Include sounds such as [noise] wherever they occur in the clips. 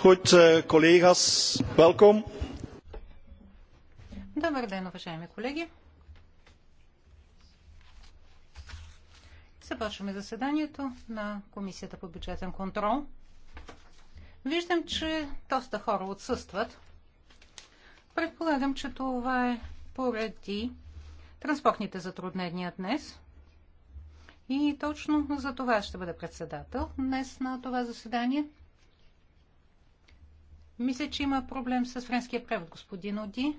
Eh, collega's, welkom. Добър ден, уважаеми колеги. Започваме заседанието на Комисията по бюджетен контрол. Виждам, че доста хора отсъстват. Предполагам, че това е поради транспортните затруднения днес. И точно за това ще бъде председател днес на това заседание – мисля, че има проблем с френския превод, господин Оди.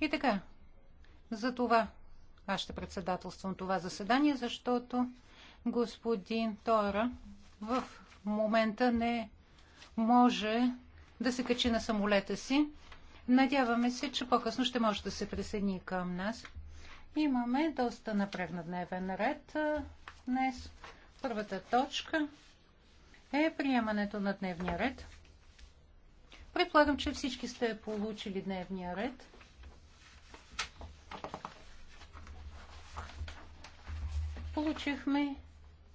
И така, за това аз ще председателствам това заседание, защото господин Тора в момента не може да се качи на самолета си. Надяваме се, че по-късно ще може да се присъедини към нас. Имаме доста напрегнат дневен ред днес. Първата точка е приемането на дневния ред. Предполагам, че всички сте получили дневния ред. Получихме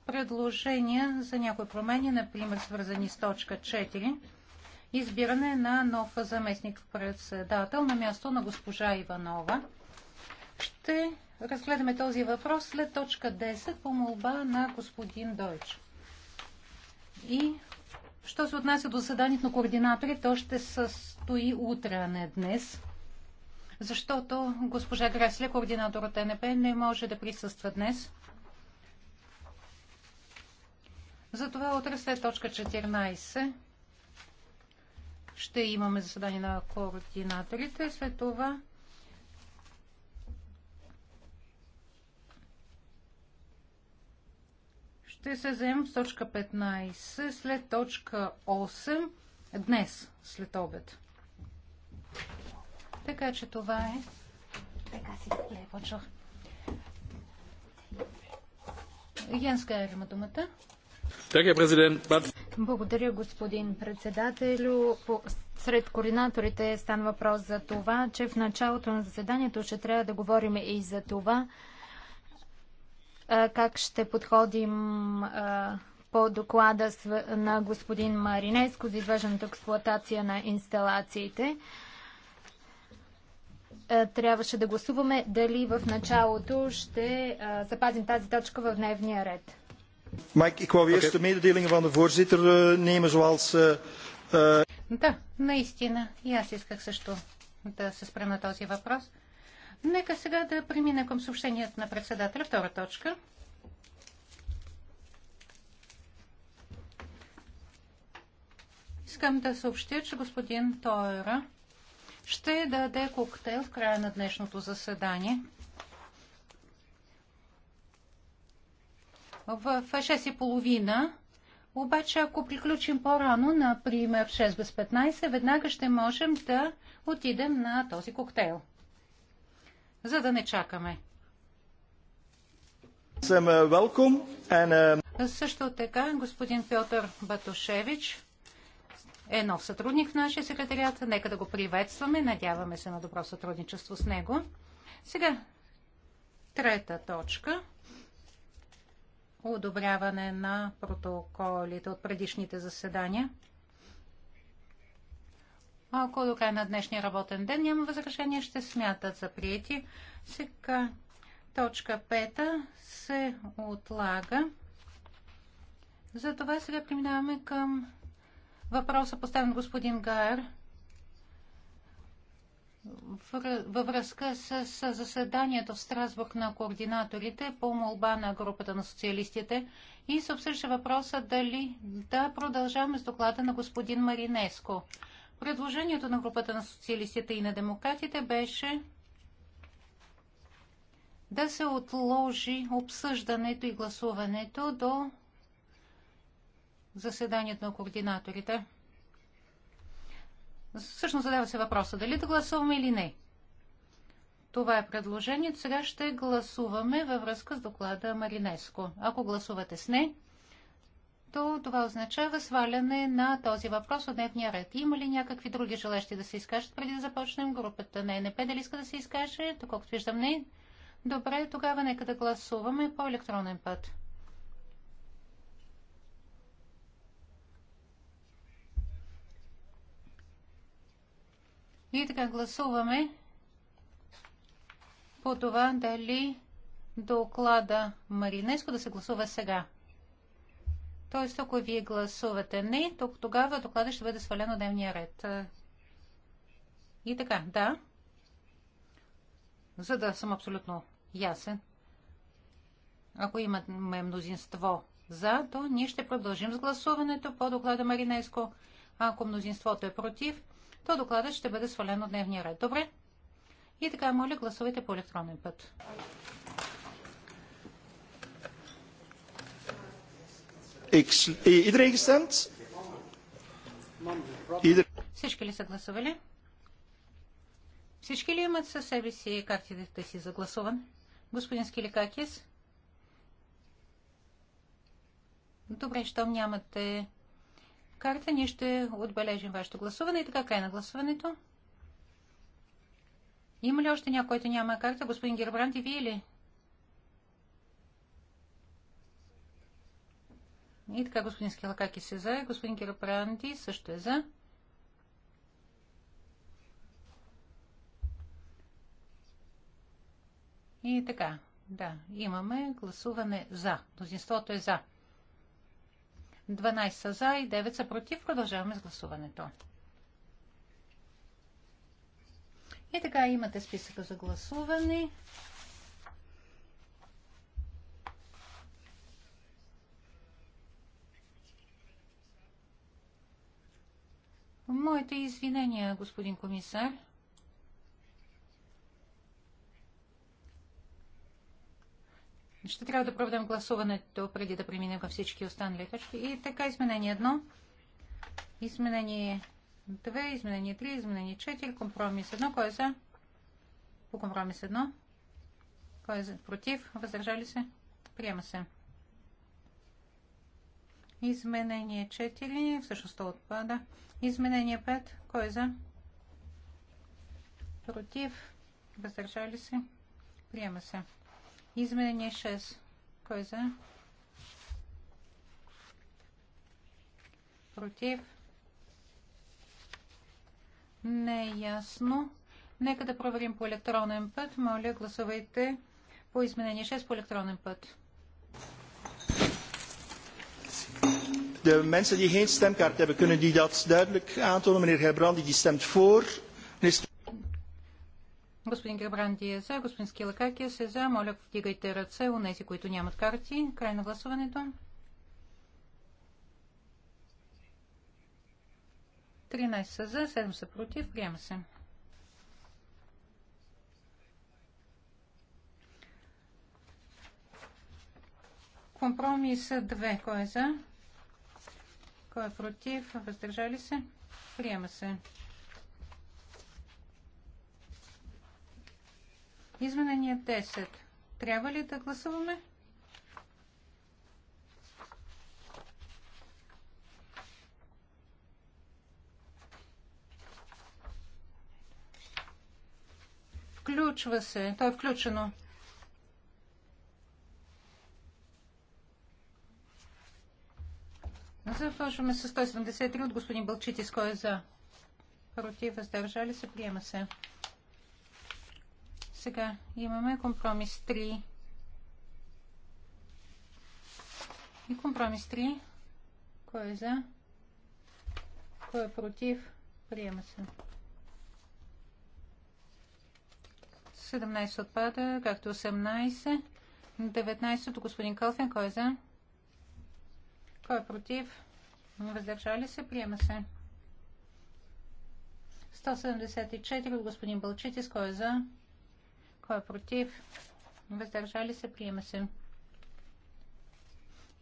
предложения за някои промени, например свързани с точка 4 избиране на нов заместник-председател на място на госпожа Иванова. Ще разгледаме този въпрос след точка 10 по молба на господин Дойч. И що се отнася до заседанието на координатори, то ще състои утре, а не днес, защото госпожа Гресле, координатор от НП, не може да присъства днес. Затова утре след точка 14 ще имаме заседание на координаторите. След това ще се вземем с точка 15 след точка 8 днес след обед. Така че това е. Така си лепочо. Янс е има думата. Е, Благодаря, господин председателю. Сред координаторите стана въпрос за това, че в началото на заседанието ще трябва да говорим и за това, как ще подходим по доклада на господин Маринеско за извеждането експлуатация на инсталациите. Трябваше да гласуваме дали в началото ще запазим тази точка в дневния ред. Майк, ik wou eerst de mededelingen van de voorzitter eh, nemen zoals... Eh, eh, да, наистина. И аз исках също да се спрем на този въпрос. Нека сега да премина към съобщението на председателя. Втора точка. Искам да съобщя, че господин Тойра ще даде коктейл в края на днешното заседание. В 6.30, обаче ако приключим по-рано, например в 6 без 15, веднага ще можем да отидем на този коктейл за да не чакаме. Е, е, Също така, господин Петър Батушевич е нов сътрудник в нашия секретарият. Нека да го приветстваме. Надяваме се на добро сътрудничество с него. Сега, трета точка. Одобряване на протоколите от предишните заседания. Ако до края на днешния работен ден няма възражения, ще смятат за приети. Сега точка 5 се отлага. Затова сега преминаваме към въпроса, поставен господин Гар във връзка с, с заседанието в Страсбург на координаторите по молба на групата на социалистите и се обсъжда въпроса дали да продължаваме с доклада на господин Маринеско. Предложението на групата на социалистите и на демократите беше да се отложи обсъждането и гласуването до заседанието на координаторите. Всъщност задава се въпроса дали да гласуваме или не. Това е предложението. Сега ще гласуваме във връзка с доклада Маринеско. Ако гласувате с не, то това означава сваляне на този въпрос от дневния ред. Има ли някакви други желащи да се изкажат преди да започнем? Групата на НП дали иска да се изкаже? Доколкото виждам не. Добре, тогава нека да гласуваме по електронен път. И така гласуваме по това дали доклада Маринеско да се гласува сега. Тоест, ако вие гласувате не, то тогава докладът ще бъде свален от дневния ред. И така, да. За да съм абсолютно ясен. Ако имаме мнозинство за, то ние ще продължим с гласуването по доклада Маринеско. А ако мнозинството е против, то докладът ще бъде свален от дневния ред. Добре? И така, моля, гласувайте по електронен път. Идрей Гестемт? Всички ли са гласували? Всички ли имат със себе си картите си за Господин Скиликакис? Добре, щом нямате карта, ние ще отбележим вашето гласуване и така край на гласуването. Има ли още някой, който няма карта? Господин Гербрант и вие ли? И така, господин Скилакакис е за, господин Герапранди също е за. И така, да, имаме гласуване за. Мнозинството е за. 12 са за и 9 са против. Продължаваме с гласуването. И така, имате списъка за гласуване. Моите извинения, господин комисар. Ще трябва да проведем гласуването преди да преминем във всички останали точки. И така, изменение 1, изменение 2, изменение 3, изменение 4, компромис 1. Кой е за? По компромис 1. Кой е за? Против? Въздържали се? Приема се. Изменение 4, всъщност то отпада. Изменение 5, кой е за? Против, въздържали се, приема се. Изменение 6, кой е за? Против, не е ясно. Нека да проверим по електронен път. Моля, гласувайте по изменение 6 по електронен път. De mensen die geen stemkaart hebben, kunnen die dat duidelijk aantonen? Meneer Gerbrandi, die stemt voor. Господин Гербранди е за, господин Скилакакис е за. Моля, вдигайте ръце у нези, които нямат карти. Край на гласуването. 13 са за, 7 са против. Приема се. Компромис 2. Кой е за? Кой е против? Въздържали се? Приема се. Изменение 10. Трябва ли да гласуваме? Включва се. То е включено. Завършваме с 173 от господин Бълчитис. Кой е за? Против, въздържали се, приема се. Сега имаме компромис 3. И компромис 3. Кой е за? Кой е против? Приема се. 17 отпада, както 18. 19 господин Калфин. Кой е за? Кой е против? Въздържали се? Приема се. 174 от господин Бълчитис. Кой е за? Кой е против? Въздържали се? Приема се.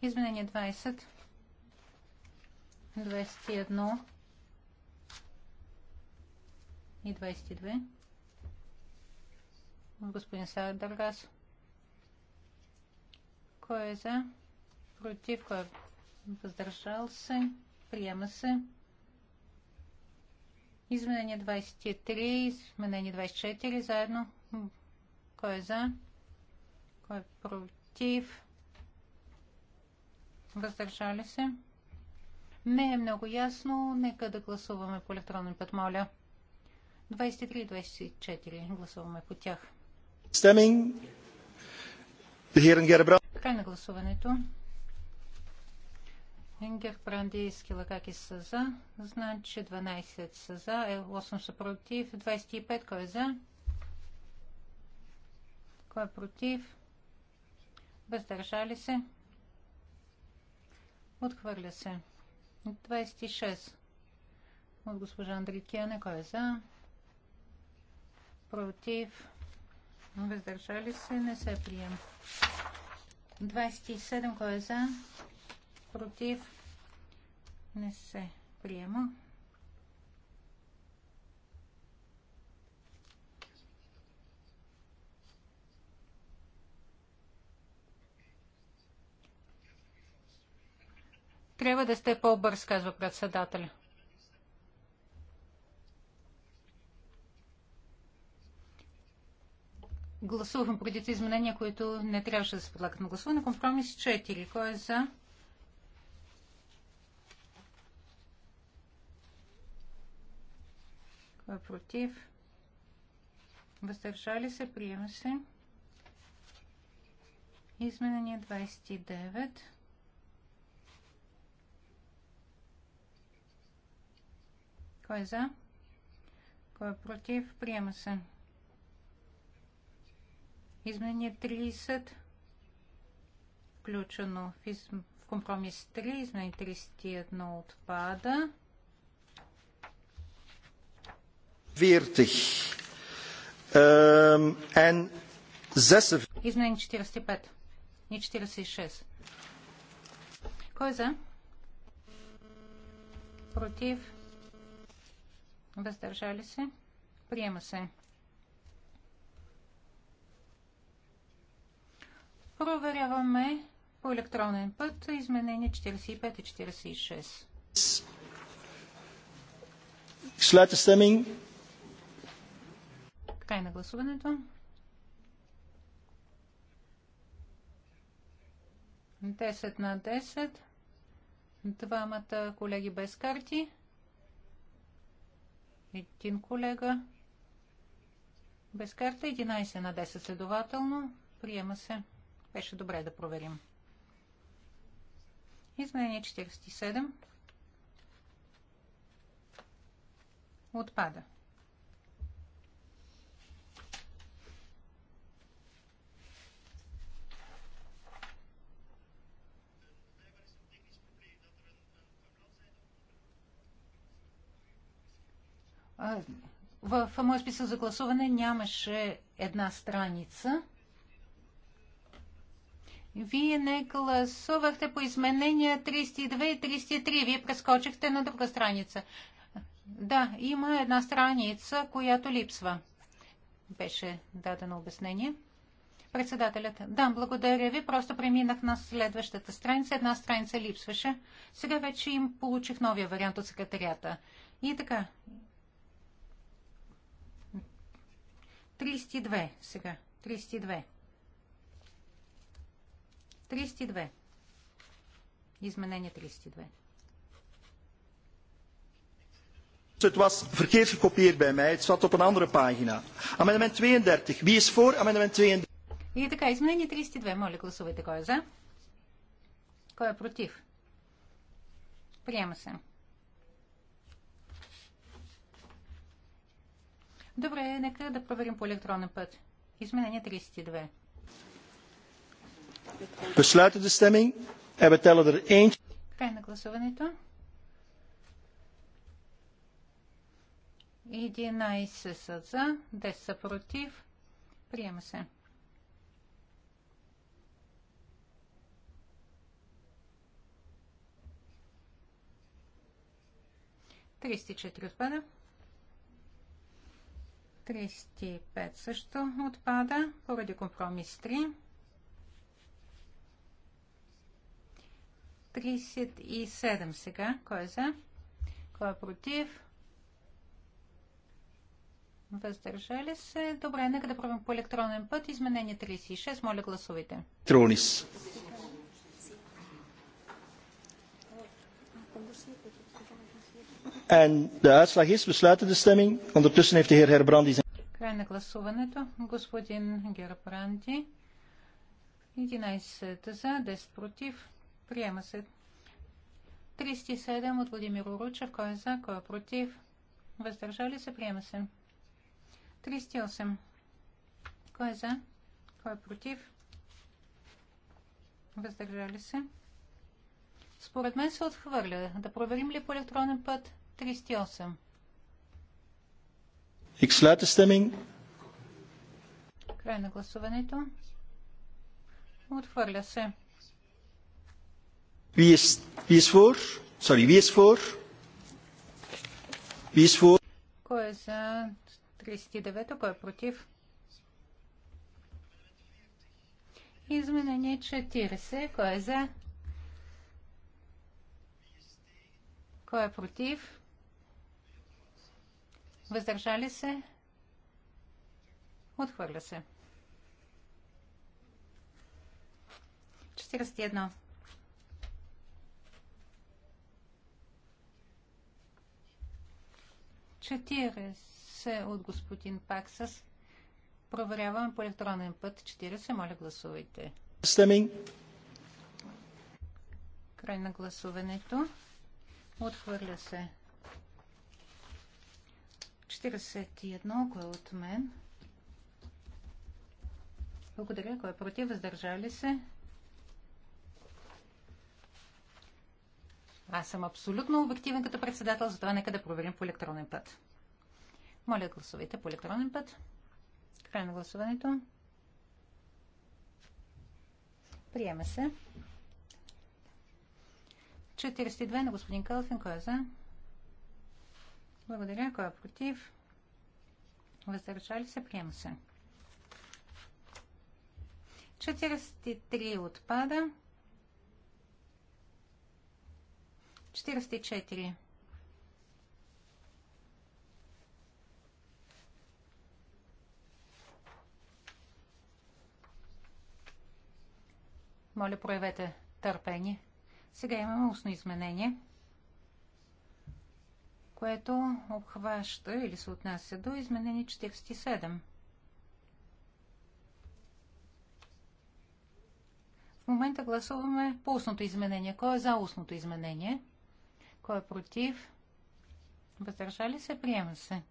Изменение 20. 21 и 22. Господин Сардъргас. Кой е за? Против? Кой е въздържал се, приема се. Изменение 23, изменение 24 заедно. Кой е за? Кой е против? Въздържали се? Не е много ясно. Нека да гласуваме по електронен път, моля. 23 и 24 гласуваме по тях. Стеминг. Край на гласуването. Гербранди Скилакакис са за. Значи 12 са за, 8 е, са против, 25 кой е за? Кой е против? Въздържали се? Отхвърля се. 26 от госпожа Андрикяне. Кой е за? Против? Въздържали се? Не се прием. 27. Кой е за? против, не се приема. Трябва да сте по-бърз, казва председателя. Гласувам преди изменения, които не трябваше да се подлагат на гласуване. Компромис 4. Кой е за? Е, против, въздържали се, приема се. Изменение 29. Кой е за? Кой е против? Приема се. Изменение 30. Включено в, в компромис 3. Изменение 31 отпада. 40 en 46. Изменение 45. Не 46. Кой е за? Против? Въздържали се? Приема се. Проверяваме по електронен път изменение 45 и 46. Sluit de stemming. Край на гласуването. Десет на десет. Двамата колеги без карти. Един колега без карта. 11 на 10 следователно. Приема се. Беше добре да проверим. Изменение 47. Отпада. В моят списък за гласуване нямаше една страница. Вие не гласувахте по изменения 32 и 33. Вие прескочихте на друга страница. Да, има една страница, която липсва. Беше дадено обяснение. Председателят. Да, благодаря ви. Просто преминах на следващата страница. Една страница липсваше. Сега вече им получих новия вариант от секретарията. И така, 32 сега. 32. 32. Изменение 32. Het was verkeerd gekopieerd bij mij. Het zat op een andere pagina. Amendement 32. Wie is voor amendement 32? И така, изменение 32. Моля, гласувайте кой е за. Кой е против? Приема се. Добре, нека да проверим по електронен път. Изменение 32. Besluiten de stemming. En we tellen er eentje. Край на гласуването. 11 са за, 10 са против. Приема се. Триста четири отпада. 35 също отпада поради компромис 3. 37 сега. Кой е за? Кой е против? Въздържали се. Добре, нека да пробвам по електронен път. Изменение 36. Моля, гласувайте. Тронис. En de uitslag is, we sluiten de stemming. Ondertussen heeft de heer Herbrandi zijn... Край на гласуването. Господин Гербранди. 11 за, 10 против. Приема се. 37 от Владимир Уручев. Кой е за, кой е против? Въздържали се? Приема се. 38. Кой е за? Кой е против? Въздържали се? Според мен се отхвърля. Да проверим ли по електронен път? 38. Ik sluit de stemming. Край на гласуването. Отхвърля се. Wie is, wie is voor? Sorry, wie is voor? Wie is voor? Кой е за 39-то, кой е против? Изменение 40. Кой е за? Кой е против? Въздържали се? Отхвърля се. 41. Четири се от господин Паксас. Проверявам по електронен път. 40. Моля, гласувайте. Стеминг. Край на гласуването. Отхвърля се. 41, кой е от мен? Благодаря, кой е против, въздържали се? Аз съм абсолютно обективен като председател, затова нека да проверим по електронен път. Моля, гласувайте по електронен път. Край на гласуването. Приема се. 42 на господин Калфин. Кой е за? Благодаря. Кой е против? Въздържали се? Приема се. 43 отпада. 44. Моля, проявете търпение. Сега имаме устно изменение което обхваща или се отнася до изменение 47. В момента гласуваме по устното изменение. Кой е за устното изменение? Кой е против? Въздържали се? Приема се.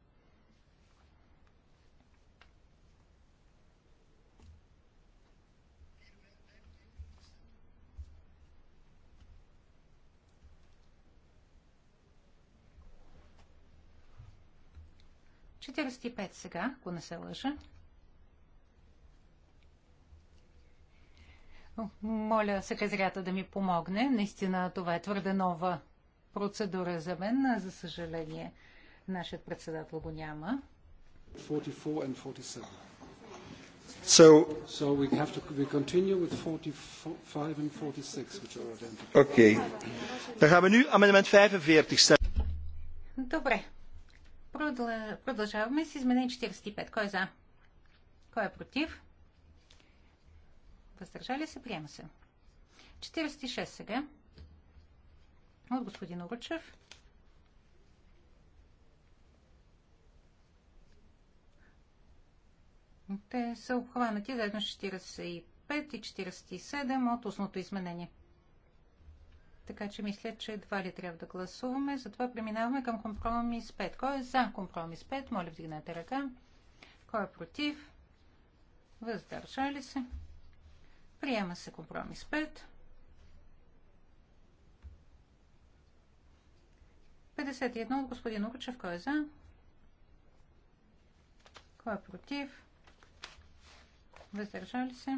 45 сега, ако не се лъжа. Моля секретарята да ми помогне. Наистина това е твърде нова процедура за мен. За съжаление, нашият председател го няма. 44 and 47. So, so we have to we continue with 45 and 46, which are identical. Okay. Dan gaan we nu amendement 45 stemmen. Добре. Продължаваме с изменение 45. Кой е за? Кой е против? Въздържали се? Приема се. 46 сега. От господин Уручев. Те са обхванати заедно с 45 и 47 от устното изменение така че мисля, че едва ли трябва да гласуваме. Затова преминаваме към компромис 5. Кой е за компромис 5? Моля, вдигнете ръка. Кой е против? Въздържали се. Приема се компромис 5. 51 от господин Урчев. Кой е за? Кой е против? Въздържали се?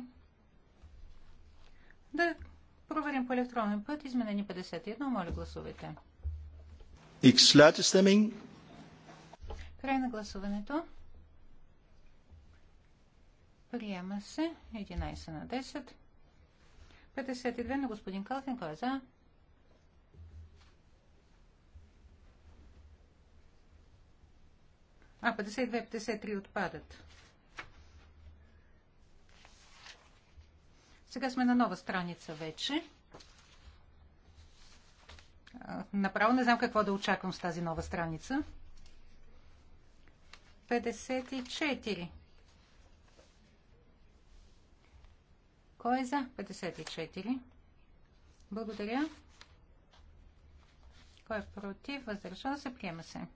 Да проверим по електронен път. Изменени 51. Моля, гласувайте. Ik Край на гласуването. Приема се 11 на 10. 52 на господин Калфин. Кой е за? А, 52-53 отпадат. Сега сме на нова страница вече. Направо не знам какво да очаквам с тази нова страница. 54. Кой е за 54? Благодаря. Кой е против? Въздържава се? Приема се.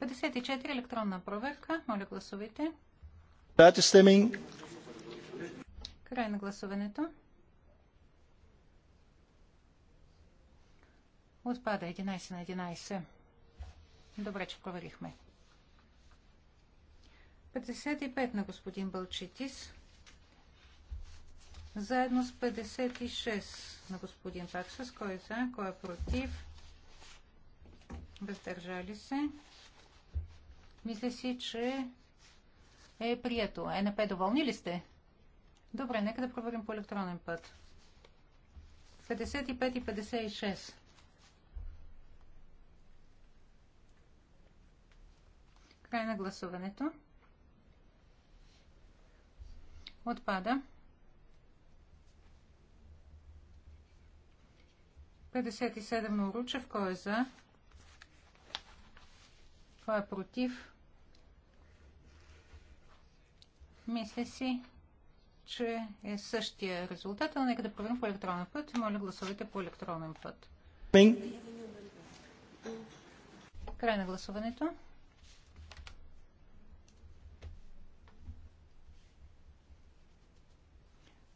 54 електронна проверка. Моля гласовите. 54. Край на гласуването. Отпада 11 на 11. Добре, че проверихме. 55 на господин Бълчитис. Заедно с 56 на господин Паксас. Кой е за, кой е против? Въздържали се. Мисля си, че е прието. Е, НП, доволни ли сте? Добре, нека да проверим по електронен път. 55 и 56. Край на гласуването. Отпада. 57 на Уручев. Кой е за? Кой е против? Мисля си, че е същия резултат, но нека да проверим по електронен път. Моля, гласувайте по електронен път. Край на гласуването.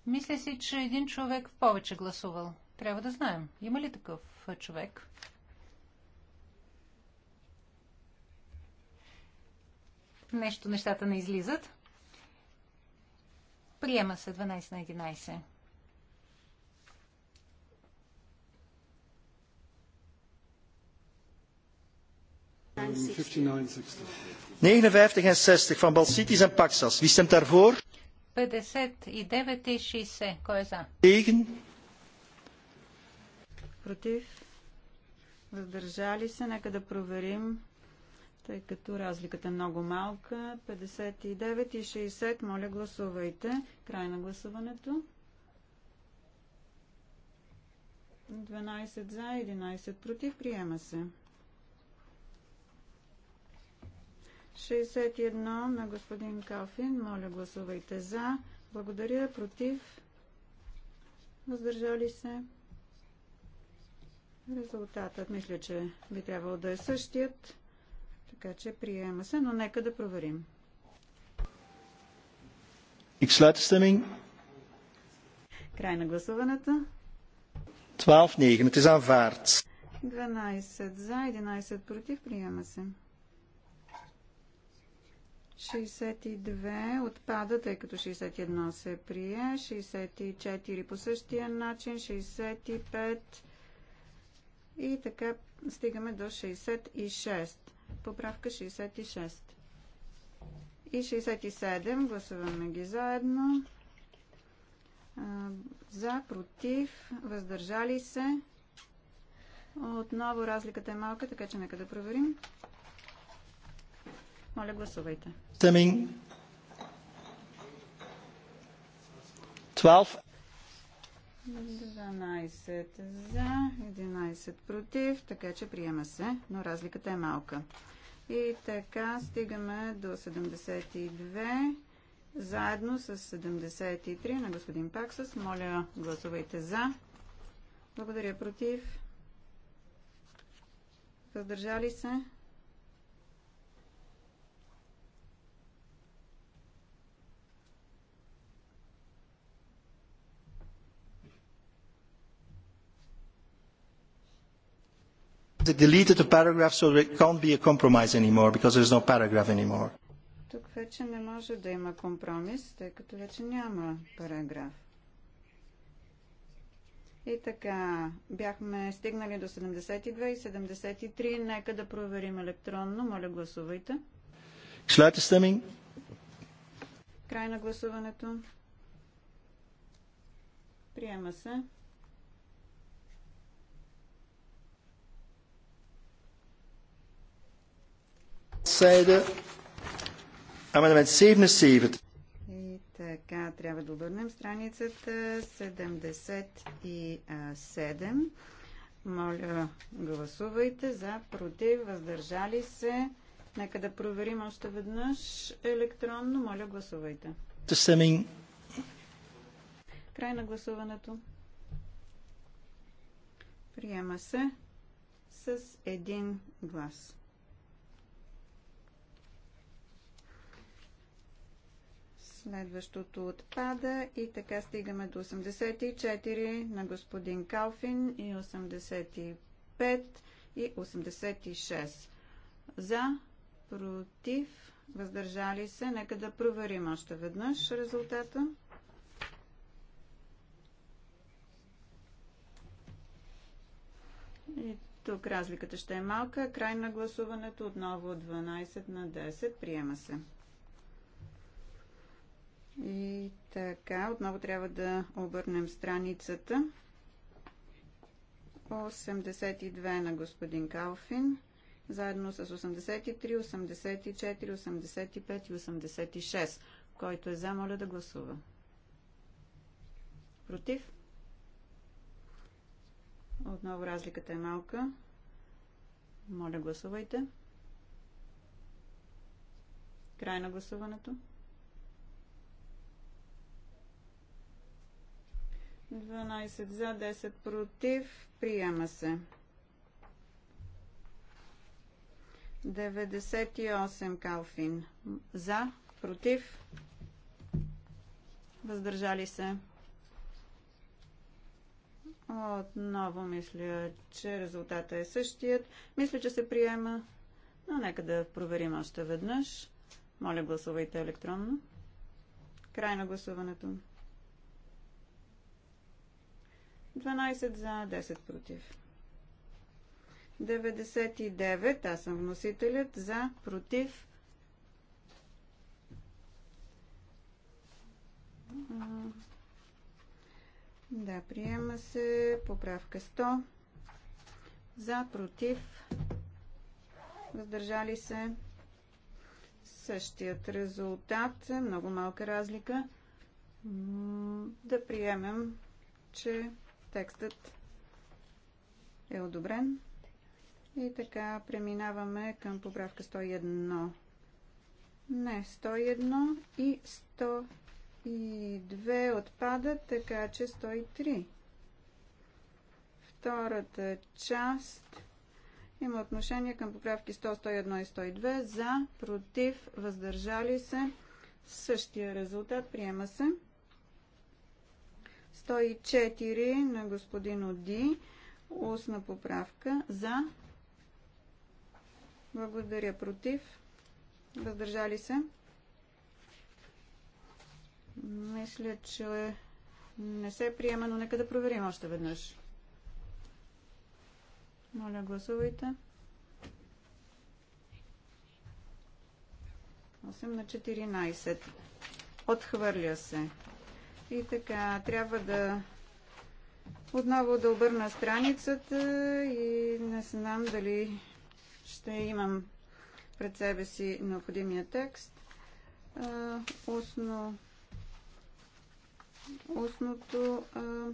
Мисля си, че един човек повече гласувал. Трябва да знаем. Има ли такъв е, човек? Нещо нещата не излизат. Приема се 12 на 11. ...59 en 60 van Balsitis en Paxas. Wie stemt daarvoor? 59 и 60. Кой е за? Tegen? Против? Въздържали се? Нека да проверим тъй като разликата е много малка. 59 и 60, моля гласувайте. Край на гласуването. 12 за, 11 против, приема се. 61 на господин Калфин, моля гласувайте за. Благодаря, против, въздържали се. Резултатът мисля, че би трябвало да е същият. Така че приема се, но нека да проверим. Край на гласуването. 12-9. Het is aanvaard. 12 за, 11 против. Приема се. 62 отпада, тъй като 61 се прие. 64 по същия начин. 65. И така стигаме до 66. Поправка 66. И 67. Гласуваме ги заедно. За, против, въздържали се. Отново разликата е малка, така че нека да проверим. Моля, гласувайте. 12. 12 за, 11 против, така че приема се, но разликата е малка. И така стигаме до 72, заедно с 73 на господин Паксас. Моля, гласувайте за. Благодаря против. Въздържали се? They deleted the paragraph so there can't be a compromise anymore because there's no paragraph anymore. Тук вече не може да има компромис, тъй като вече няма параграф. И така, бяхме стигнали до 72 и 73. Нека да проверим електронно. Моля, гласувайте. Слайте стеминг. Край на гласуването. Приема се. Сайда, амендамент 77. И така, трябва да обърнем страницата 77. Моля, гласувайте за, против, въздържали се. Нека да проверим още веднъж електронно. Моля, гласувайте. Край на гласуването. Приема се с един глас. Следващото отпада и така стигаме до 84 на господин Калфин и 85 и 86. За, против, въздържали се. Нека да проверим още веднъж резултата. И тук разликата ще е малка. Край на гласуването отново 12 на 10. Приема се. И така, отново трябва да обърнем страницата. 82 на господин Калфин, заедно с 83, 84, 85 и 86. Който е за, моля да гласува. Против? Отново разликата е малка. Моля, гласувайте. Край на гласуването. 12 за, 10 против. Приема се. 98 Калфин. За, против. Въздържали се. Отново мисля, че резултата е същият. Мисля, че се приема, но нека да проверим още веднъж. Моля, гласувайте електронно. Край на гласуването. 12 за, 10 против. 99, аз съм вносителят, за, против. Да, приема се поправка 100. За, против. Въздържали се. Същият резултат. Много малка разлика. Да приемем, че Текстът е одобрен. И така преминаваме към поправка 101. Не, 101 и 102 отпадат, така че 103. Втората част има отношение към поправки 100, 101 и 102. За, против, въздържали се. Същия резултат приема се. 104 на господин Оди. Устна поправка. За. Благодаря. Против. Въздържали се. Мисля, че не се приема, но нека да проверим още веднъж. Моля, гласувайте. 8 на 14. Отхвърля се. И така, трябва да отново да обърна страницата и не знам дали ще имам пред себе си необходимия текст. А, устно, устното, а,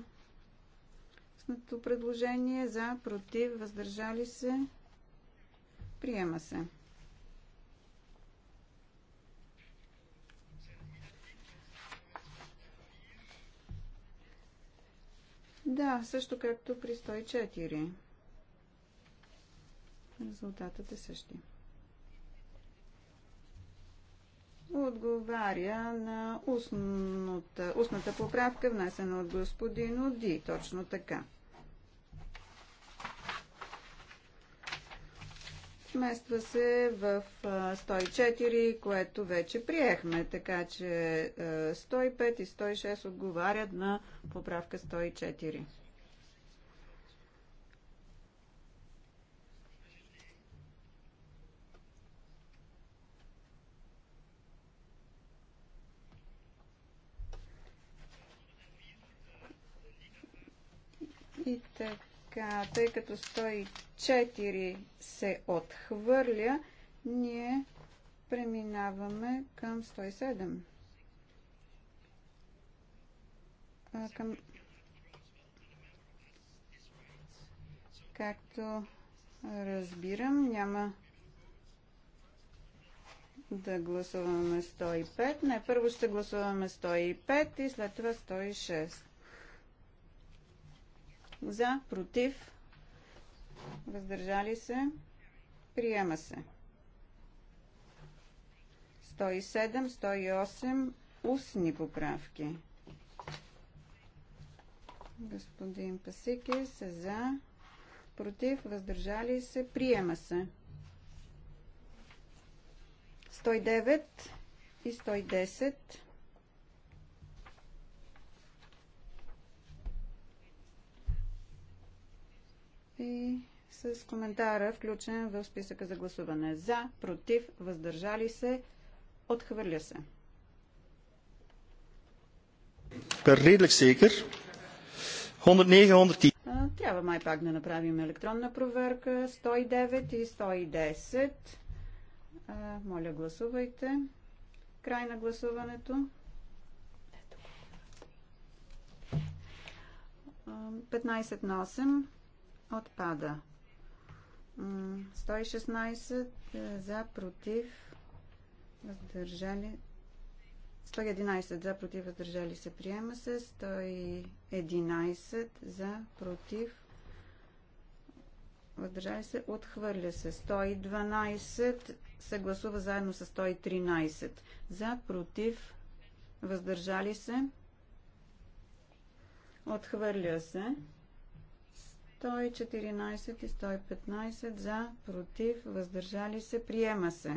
устното предложение за, против, въздържали се, приема се. Да, също както при 104. Резултатът е същия. Отговаря на устната, устната поправка, внесена от господин Оди. Точно така. вмества се в 104, което вече приехме, така че 105 и 106 отговарят на поправка 104. Така, тъй като 104 се отхвърля, ние преминаваме към 107. А, към... Както разбирам, няма да гласуваме 105. Не, първо ще гласуваме 105 и след това 106. За, против, въздържали се, приема се. 107, 108, устни поправки. Господин Пасики се за, против, въздържали се, приема се. 109 и 110 и с коментара, включен в списъка за гласуване. За, против, въздържали се, отхвърля се. Redelijk zeker. 109, 110. Трябва май пак да направим електронна проверка. 109 и 110. Моля, гласувайте. Край на гласуването. 15 на 8 отпада. 116 е, за, против, въздържали. 111 за, против, въздържали се, приема се. 111 за, против, въздържали се, отхвърля се. 112 се гласува заедно с 113. За, против, въздържали се, отхвърля се. 114 и 115 за, против, въздържали се, приема се.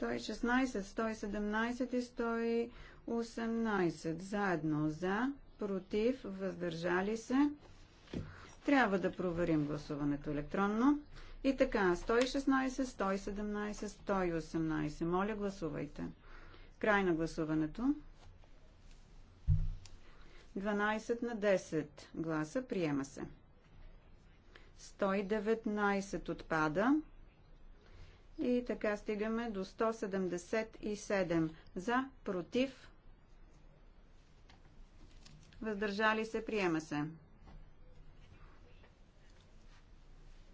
116, 117 и 118 заедно за, против, въздържали се. Трябва да проверим гласуването електронно. И така, 116, 117, 118. Моля, гласувайте. Край на гласуването. 12 на 10 гласа приема се. 119 отпада. И така стигаме до 177 за, против, въздържали се, приема се.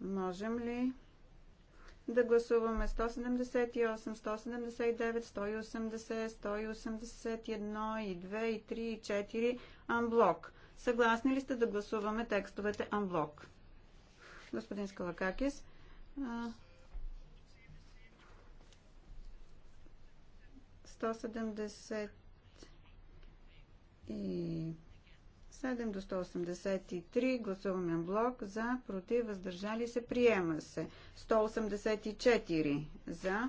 Можем ли да гласуваме 178, 179, 180, 181 и 2 и 3 и 4 Анблок. Съгласни ли сте да гласуваме текстовете анблок? Господин Скалакакис. А... 170 и с7 до 183. Гласуваме блок. За, против, въздържали се, приема се. 184. За,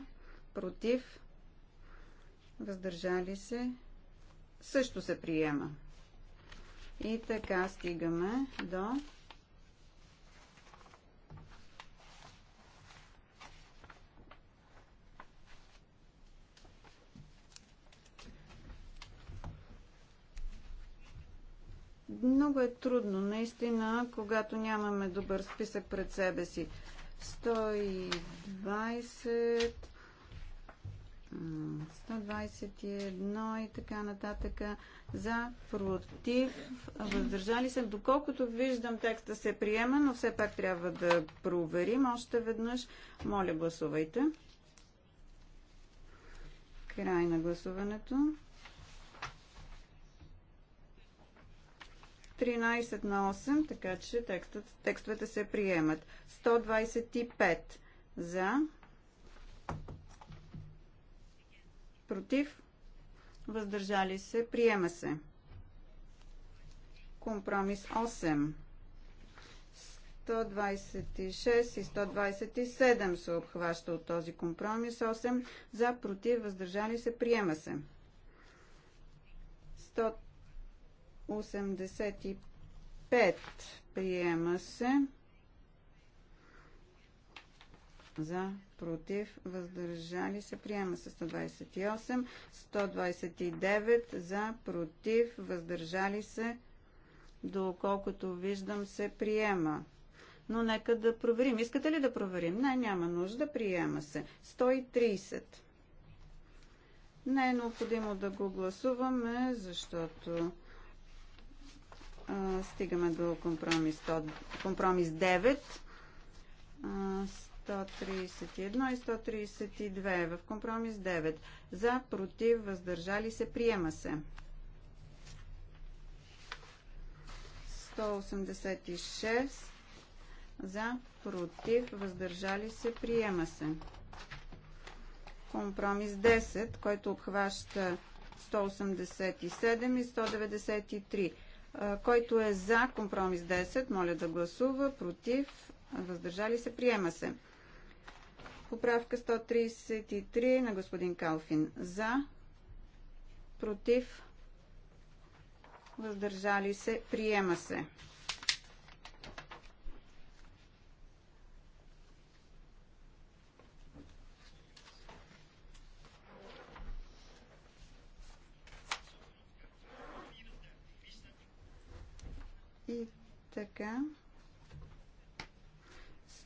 против, въздържали се, също се приема. И така стигаме до Много е трудно, наистина, когато нямаме добър списък пред себе си. 120, 121 и така нататък за, против, въздържали се. Доколкото виждам текста се приема, но все пак трябва да проверим още веднъж. Моля, гласувайте. Край на гласуването. 13 на 8, така че текстът, текстовете се приемат. 125 за, против, въздържали се, приема се. Компромис 8. 126 и 127 се обхваща от този компромис. 8 за, против, въздържали се, приема се. 85 приема се за, против, въздържали се, приема се 128, 129 за, против, въздържали се, доколкото виждам се приема. Но нека да проверим. Искате ли да проверим? Не, няма нужда, приема се. 130. Не е необходимо да го гласуваме, защото стигаме до компромис, 100, компромис 9, а, 131 и 132. В компромис 9. За, против, въздържали се, приема се. 186. За, против, въздържали се, приема се. Компромис 10, който обхваща 187 и 193. Който е за компромис 10, моля да гласува. Против, въздържали се, приема се. Поправка 133 на господин Калфин. За, против, въздържали се, приема се. И така.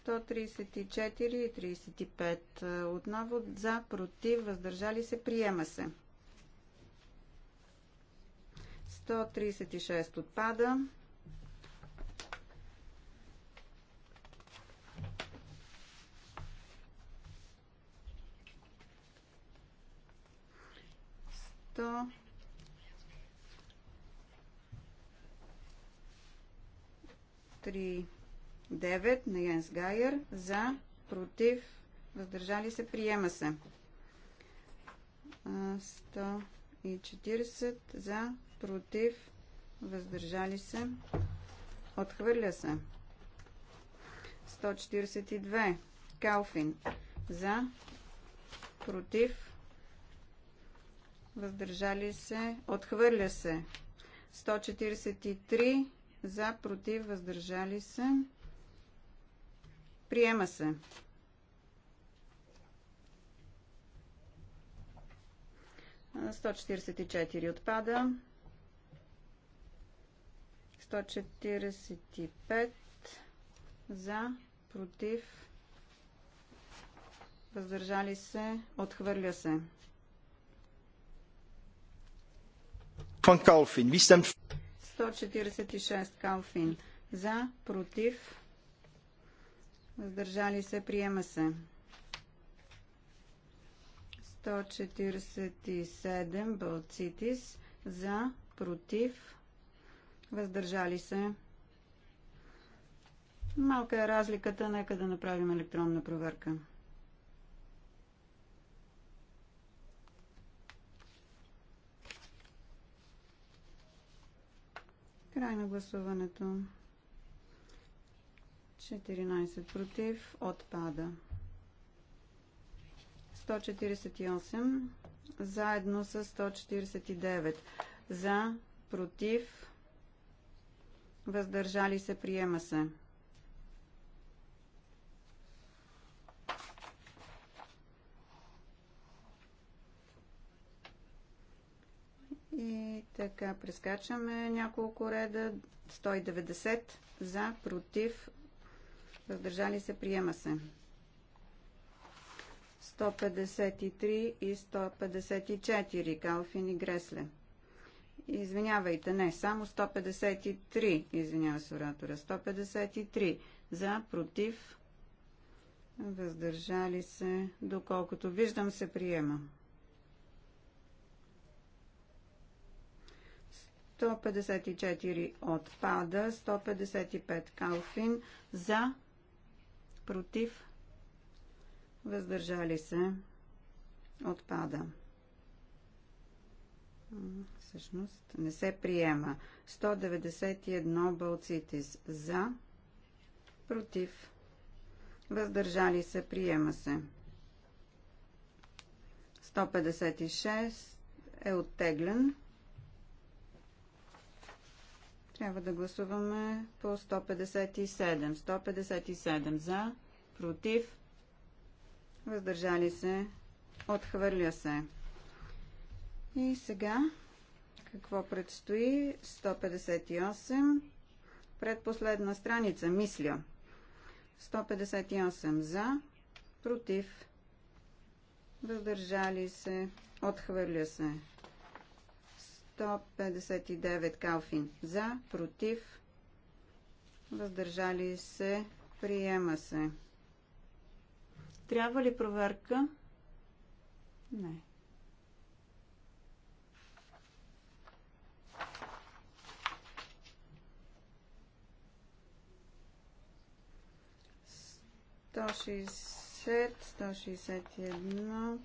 134 и 35. Отново за, против, въздържали се, приема се. 136 отпада. 136. 3-9 на Йенс Гайер. За, против, въздържали се, приема се. 140 за, против, въздържали се, отхвърля се. 142 Калфин за, против, въздържали се, отхвърля се. 143 за, против, въздържали се. Приема се. На 144 отпада. 145 за, против, въздържали се, отхвърля се. Van Kalfin, wie stemt? 146 Калфин. За, против, въздържали се, приема се. 147 Балцитис. За, против, въздържали се. Малка е разликата, нека да направим електронна проверка. Край на гласуването. 14 против. Отпада. 148 заедно с 149 за, против, въздържали се, приема се. Така, прескачаме няколко реда. 190 за, против, въздържали се, приема се. 153 и 154 Калфин и Гресле. Извинявайте, не, само 153, извинява се оратора, 153 за, против, въздържали се, доколкото виждам се приема. 154 отпада, 155 Калфин за, против, въздържали се, отпада. Всъщност не се приема. 191 Балцитис за, против, въздържали се, приема се. 156 е оттеглен. Трябва да гласуваме по 157. 157 за, против, въздържали се, отхвърля се. И сега, какво предстои? 158. Предпоследна страница, мисля. 158 за, против, въздържали се, отхвърля се. 159 Калфин за, против, въздържали се, приема се. Трябва ли проверка? Не. Сто шестьдесят, сто шестьдесят едно.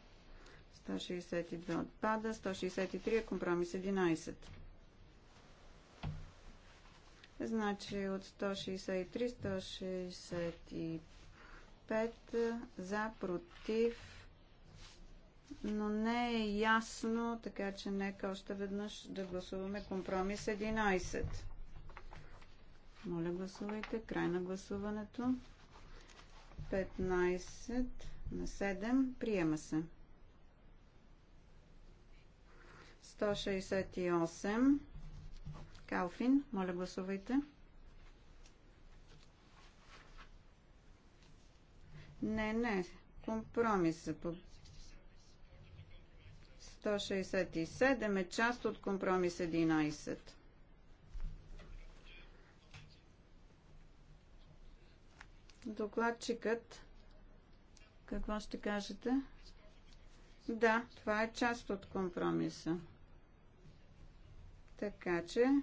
162 отпада. 163 е компромис 11. Значи от 163, 165 за, против, но не е ясно, така че нека още веднъж да гласуваме компромис 11. Моля гласувайте. Край на гласуването. 15 на 7. Приема се. 168. Калфин, моля гласувайте. Не, не. Компромис. 167 е част от компромис 11. Докладчикът. Какво ще кажете? Да, това е част от компромиса. Така че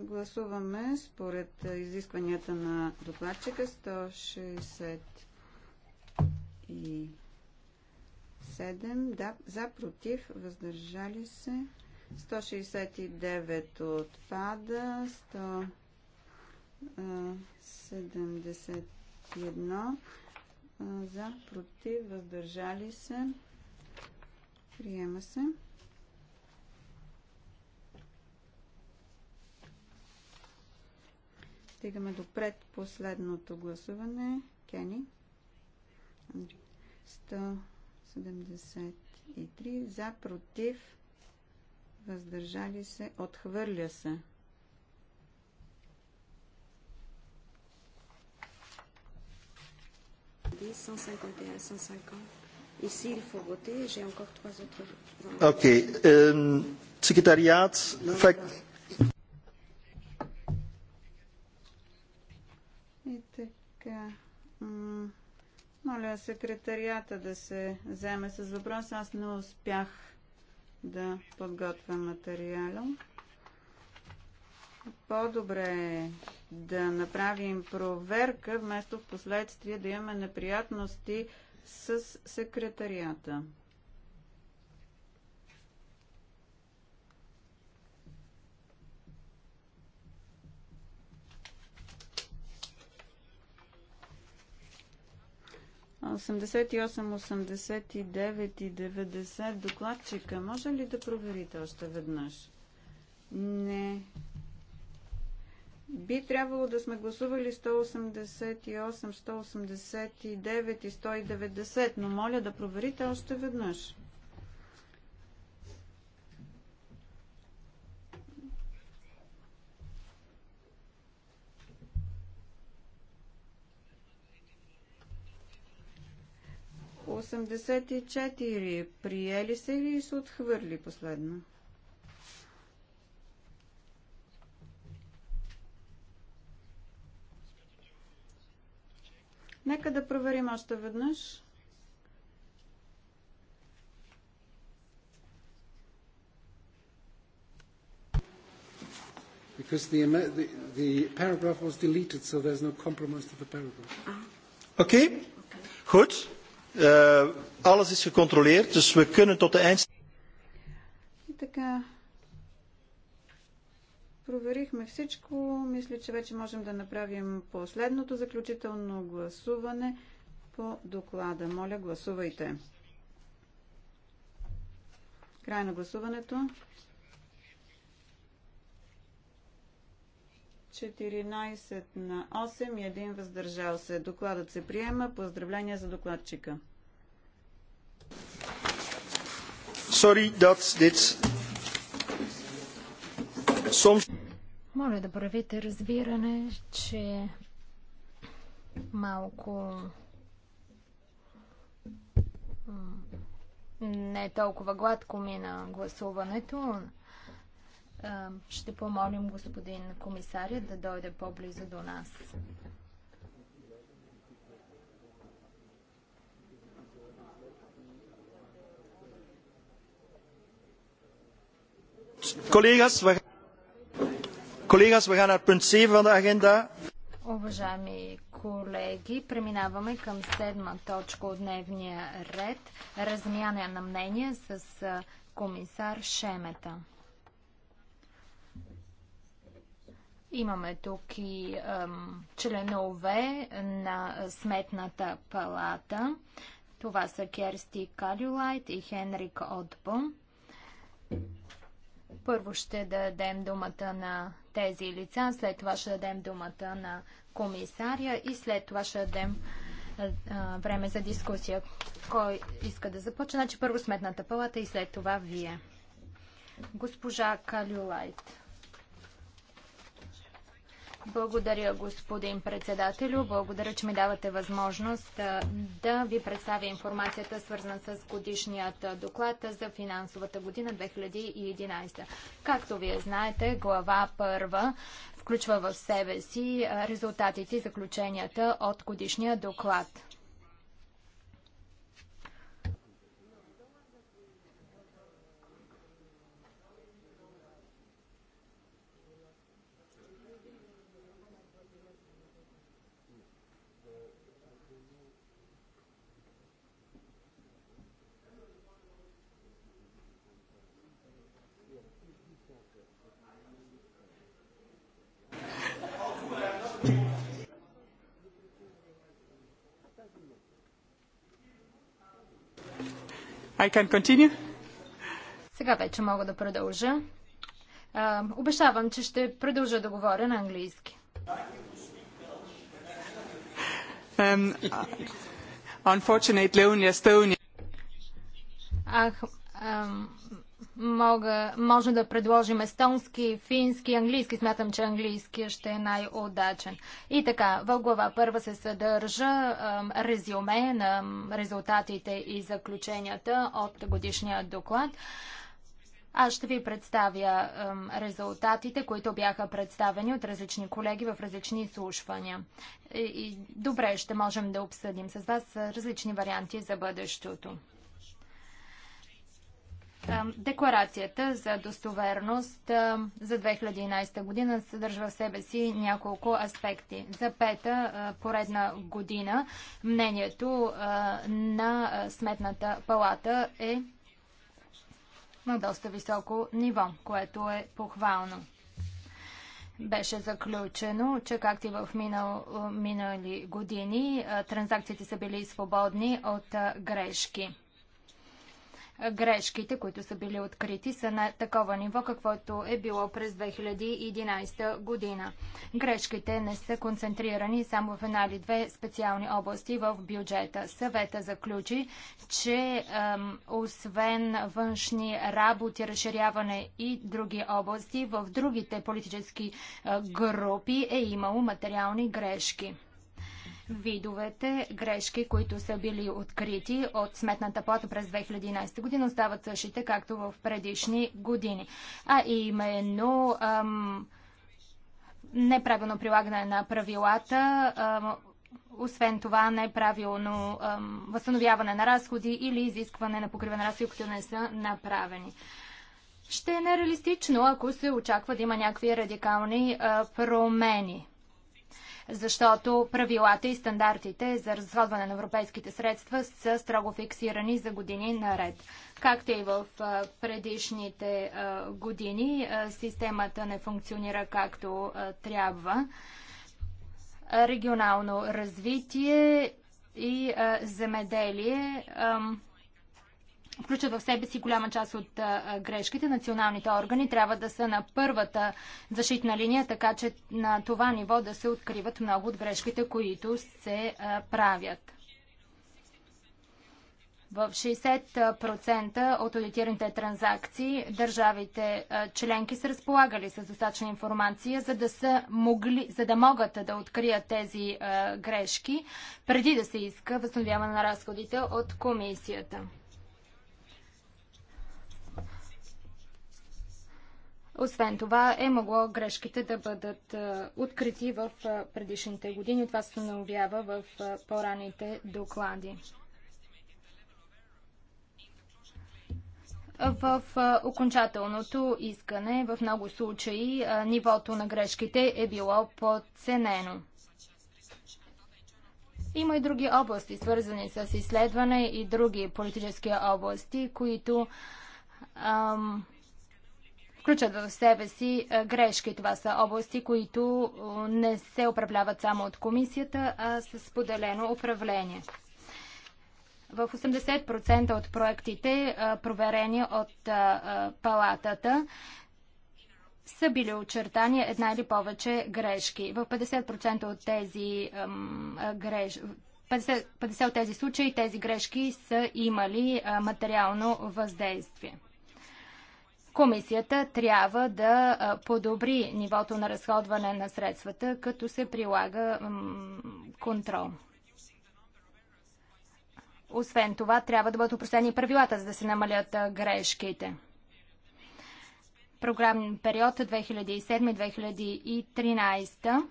гласуваме според изискванията на докладчика 167 да, за, против, въздържали се 169 отпада 171 за, против, въздържали се Приема се. Стигаме до предпоследното гласуване. Кени. 173 за, против, въздържали се, отхвърля се. Ди 150, 150. Ici, il faut voter. J'ai encore trois autres. Ok. Euh, secrétariat. Fait... И така. Моля секретарията да се вземе с въпрос. Аз не успях да подготвя материала. По-добре е да направим проверка, вместо в последствие да имаме неприятности с секретарията. Осемдесет и осем, осемдесет и девет и деветдесет докладчика. Може ли да проверите още веднъж? Не. Би трябвало да сме гласували 188, 189 и 190, но моля да проверите още веднъж. Осемдесет и четири. Приели се или се отхвърли последно? Нека да проверим още веднъж. Because the, the, the paragraph was deleted, so there's no compromise to the paragraph. Okay. okay. Goed. Uh, alles is gecontroleerd, dus we kunnen tot de eind... Така, проверихме всичко. Мисля, че вече можем да направим последното заключително гласуване по доклада. Моля, гласувайте. Край на гласуването. 14 на 8 и един въздържал се. Докладът се приема. Поздравления за докладчика. Sorry, that's, that's моля да правите разбиране, че малко не толкова гладко мина гласуването. Ще помолим господин комисаря да дойде по-близо до нас. Колегас, Collega's, we gaan naar punt 7 van de agenda. Уважаеми колеги, преминаваме към седма точка от дневния ред. Размяна на мнение с комисар Шемета. Имаме тук и ем, членове на Сметната палата. Това са Керсти Калюлайт и Хенрик Отбом. Първо ще дадем думата на тези лица, след това ще дадем думата на комисаря и след това ще дадем а, време за дискусия. Кой иска да започне? Значи първо сметната палата и след това вие. Госпожа Калюлайт. Благодаря, господин председателю. Благодаря, че ми давате възможност да ви представя информацията, свързана с годишният доклад за финансовата година 2011. Както вие знаете, глава първа включва в себе си резултатите и заключенията от годишния доклад. I can continue? Сега вече мога да продължа. обещавам, че ще продължа да говоря на английски. unfortunately, only Estonia. Ах, Мога, може да предложим естонски, фински, английски. Смятам, че английския ще е най-удачен. И така, в глава първа се съдържа резюме на резултатите и заключенията от годишния доклад. Аз ще ви представя резултатите, които бяха представени от различни колеги в различни изслушвания. И, и добре, ще можем да обсъдим с вас различни варианти за бъдещето. Декларацията за достоверност за 2011 година съдържа в себе си няколко аспекти. За пета поредна година мнението на Сметната палата е на доста високо ниво, което е похвално. Беше заключено, че както и в минал, минали години, транзакциите са били свободни от грешки грешките, които са били открити, са на такова ниво, каквото е било през 2011 година. Грешките не са концентрирани само в една или две специални области в бюджета. Съвета заключи, че ем, освен външни работи, разширяване и други области, в другите политически групи е имало материални грешки. Видовете грешки, които са били открити от Сметната плата през 2011 година, остават същите, както в предишни години. А именно ам, неправилно прилагане на правилата, ам, освен това неправилно ам, възстановяване на разходи или изискване на покриване на разходи, които не са направени. Ще е нереалистично, ако се очаква да има някакви радикални а, промени защото правилата и стандартите за разходване на европейските средства са строго фиксирани за години наред. Както и в предишните години, системата не функционира както трябва. Регионално развитие и земеделие включат в себе си голяма част от грешките. Националните органи трябва да са на първата защитна линия, така че на това ниво да се откриват много от грешките, които се правят. В 60% от аудитираните транзакции държавите членки са разполагали с достатъчна информация, за да, са могли, за да могат да открият тези грешки, преди да се иска възстановяване на разходите от комисията. Освен това е могло грешките да бъдат е, открити в е, предишните години. Това се установява в е, по-раните доклади. В окончателното искане в много случаи нивото на грешките е било подценено. Има и други области, свързани с изследване и други политически области, които ам, включат в себе си грешки. Това са области, които не се управляват само от комисията, а с поделено управление. В 80% от проектите, проверени от палатата, са били очертани една или повече грешки. В 50% от тези грешки 50, от тези случаи тези грешки са имали материално въздействие. Комисията трябва да подобри нивото на разходване на средствата, като се прилага контрол. Освен това, трябва да бъдат упростени правилата, за да се намалят грешките. Програмен период 2007-2013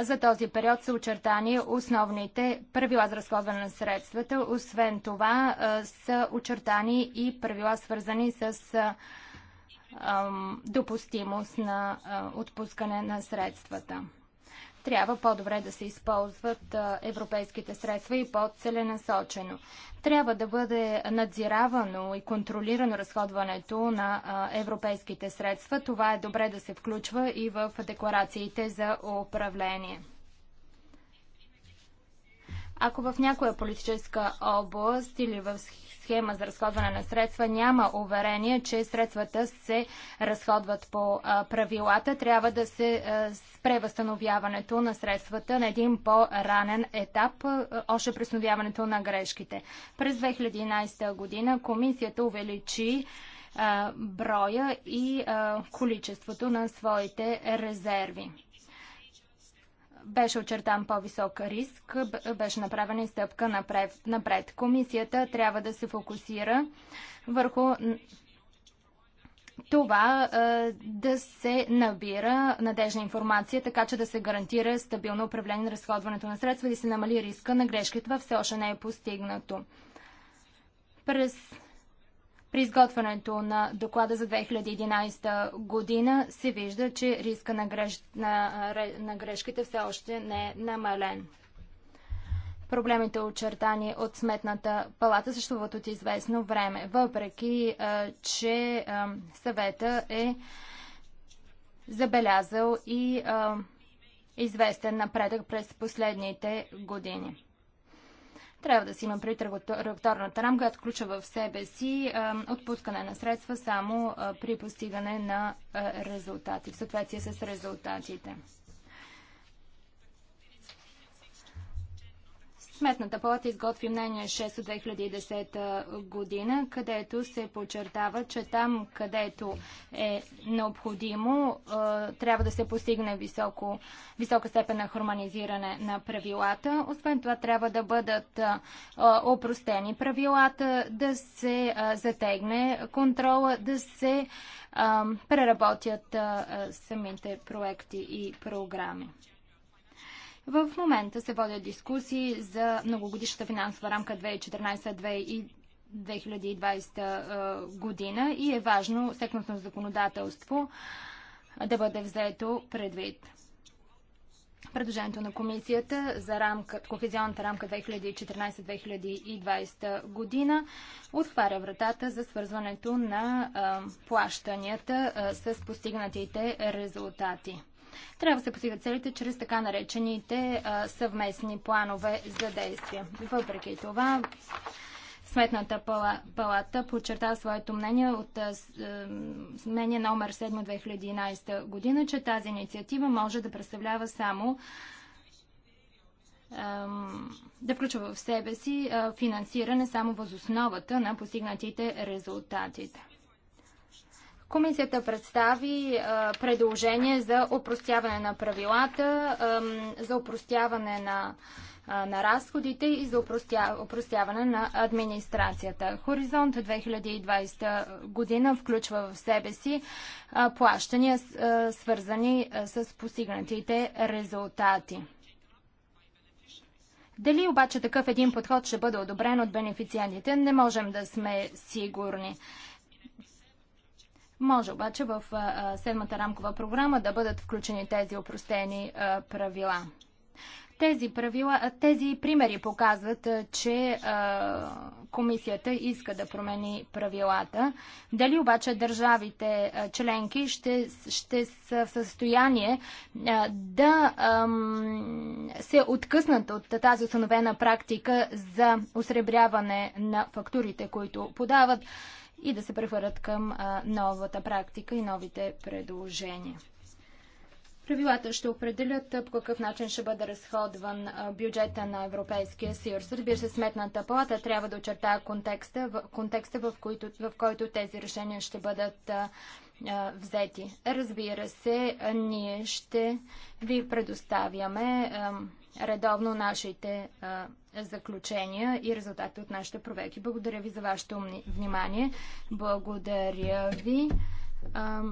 за този период са очертани основните правила за разходване на средствата. Освен това са очертани и правила свързани с допустимост на отпускане на средствата. Трябва по-добре да се използват европейските средства и по-целенасочено. Трябва да бъде надзиравано и контролирано разходването на европейските средства. Това е добре да се включва и в декларациите за управление. Ако в някоя политическа област или в схема за разходване на средства няма уверение, че средствата се разходват по правилата. Трябва да се спре възстановяването на средствата на един по-ранен етап, още пресновяването на грешките. През 2011 година комисията увеличи броя и количеството на своите резерви. Беше очертан по-висок риск, беше направена и стъпка напред, напред. Комисията трябва да се фокусира върху това да се набира надежна информация, така че да се гарантира стабилно управление на разходването на средства и да се намали риска на грешки. Това все още не е постигнато. През при изготвянето на доклада за 2011 година се вижда, че риска на, греш... на... на грешките все още не е намален. Проблемите, очертани от Сметната палата, съществуват от известно време, въпреки че съвета е забелязал и известен напредък през последните години. Трябва да си има пред регуляторната рамка, която включва в себе си отпускане на средства само при постигане на резултати, в съответствие с резултатите. Сметната палата изготви мнение 6 от 2010 година, където се подчертава, че там, където е необходимо, е, трябва да се постигне високо, висока степен на хармонизиране на правилата. Освен това, трябва да бъдат е, опростени правилата, да се е, затегне контрола, да се преработят самите проекти и програми. В момента се водят дискусии за многогодишната финансова рамка 2014 2020 година и е важно секторното законодателство да бъде взето предвид. Предложението на комисията за рамка, кохезионната рамка 2014-2020 година отваря вратата за свързването на плащанията с постигнатите резултати. Трябва да се постигат целите чрез така наречените а, съвместни планове за действие. Въпреки това, Сметната палата подчерта своето мнение от е, мнение номер 7 от 2011 година, че тази инициатива може да представлява само да включва в себе си финансиране само възосновата на постигнатите резултатите. Комисията представи а, предложение за опростяване на правилата, а, за опростяване на, а, на разходите и за опростя, опростяване на администрацията. Хоризонт 2020 година включва в себе си плащания, свързани с постигнатите резултати. Дали обаче такъв един подход ще бъде одобрен от бенефициентите, не можем да сме сигурни. Може обаче в седмата рамкова програма да бъдат включени тези опростени правила. Тези, правила, тези примери показват, че а, комисията иска да промени правилата. Дали обаче държавите а, членки ще, ще са в състояние а, да ам, се откъснат от тази установена практика за осребряване на фактурите, които подават? и да се прехвърлят към новата практика и новите предложения. Правилата ще определят по какъв начин ще бъде разходван бюджета на Европейския съюз. Разбира се, сметната палата трябва да очертава контекста, в, контекста в, който, в който тези решения ще бъдат взети. Разбира се, ние ще ви предоставяме редовно нашите а, заключения и резултати от нашите проверки. Благодаря ви за вашето внимание. Благодаря ви. А,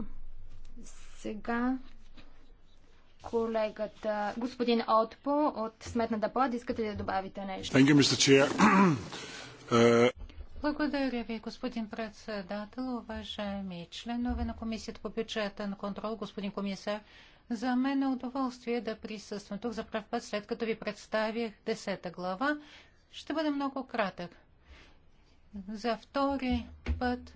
сега колегата, господин Отпо от Сметната плата, искате ли да добавите нещо? [clears throat] Uh, Благодаря ви, господин председател, уважаеми членове на Комисията по бюджетен контрол, господин комисар. За мен е удоволствие да присъствам тук за прав път, след като ви представих 10 глава. Ще бъде много кратък. За втори път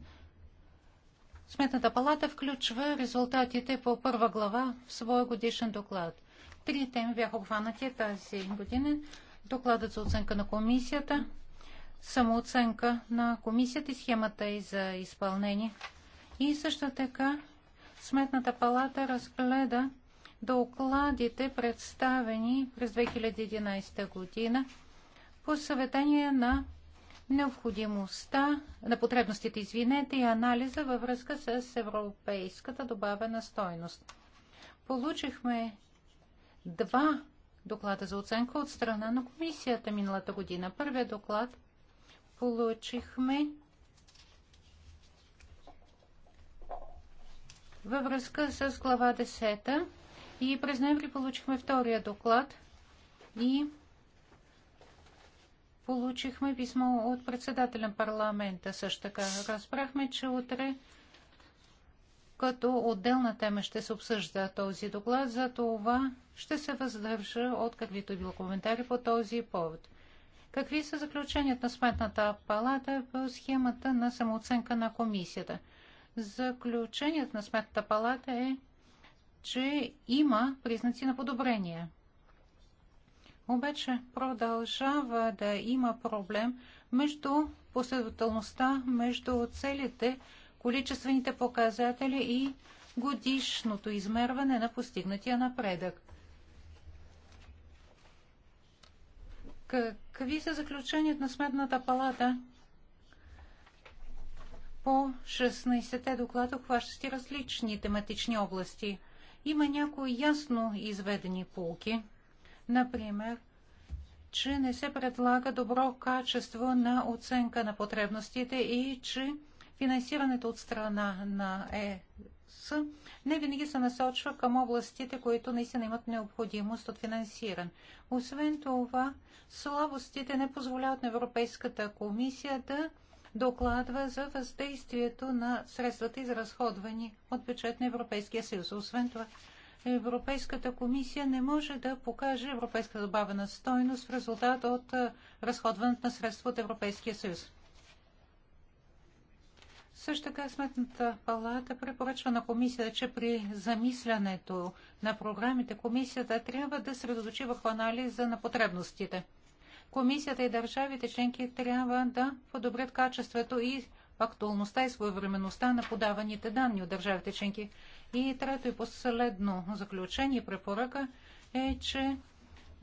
Сметната палата включва резултатите по първа глава в своя годишен доклад. Три теми бяха обхванати тази година. Докладът за оценка на комисията, самооценка на комисията и схемата и за изпълнение. И също така Сметната палата разгледа докладите, представени през 2011 година по съветение на необходимостта, на потребностите, извинете, и анализа във връзка с европейската добавена стойност. Получихме два доклада за оценка от страна на комисията миналата година. Първият доклад получихме във връзка с глава 10 и през ноември получихме втория доклад и получихме писмо от председателя на парламента. Също така разбрахме, че утре като отделна тема ще се обсъжда този доклад, за това ще се въздържа от каквито било коментари по този повод. Какви са заключенията на Сметната палата по схемата на самооценка на комисията? Заключението на Сметната палата е, че има признаци на подобрение. Обаче продължава да има проблем между последователността, между целите, количествените показатели и годишното измерване на постигнатия напредък. Какви са заключенията на Сметната палата? по 16-те доклада, обхващащи различни тематични области. Има някои ясно изведени полки. Например, че не се предлага добро качество на оценка на потребностите и че финансирането от страна на ЕС не винаги се насочва към областите, които наистина имат необходимост от финансиране. Освен това, слабостите не позволяват на Европейската комисия да докладва за въздействието на средствата, изразходвани от бюджет на Европейския съюз. Освен това, Европейската комисия не може да покаже европейска добавена стойност в резултат от разходването на средства от Европейския съюз. Също така Сметната палата препоръчва на комисията, че при замислянето на програмите комисията трябва да средоточи върху анализа на потребностите – комисията и държавите членки трябва да подобрят качеството и актуалността и своевременността на подаваните данни от държавите членки. И трето и последно заключение, препоръка е, че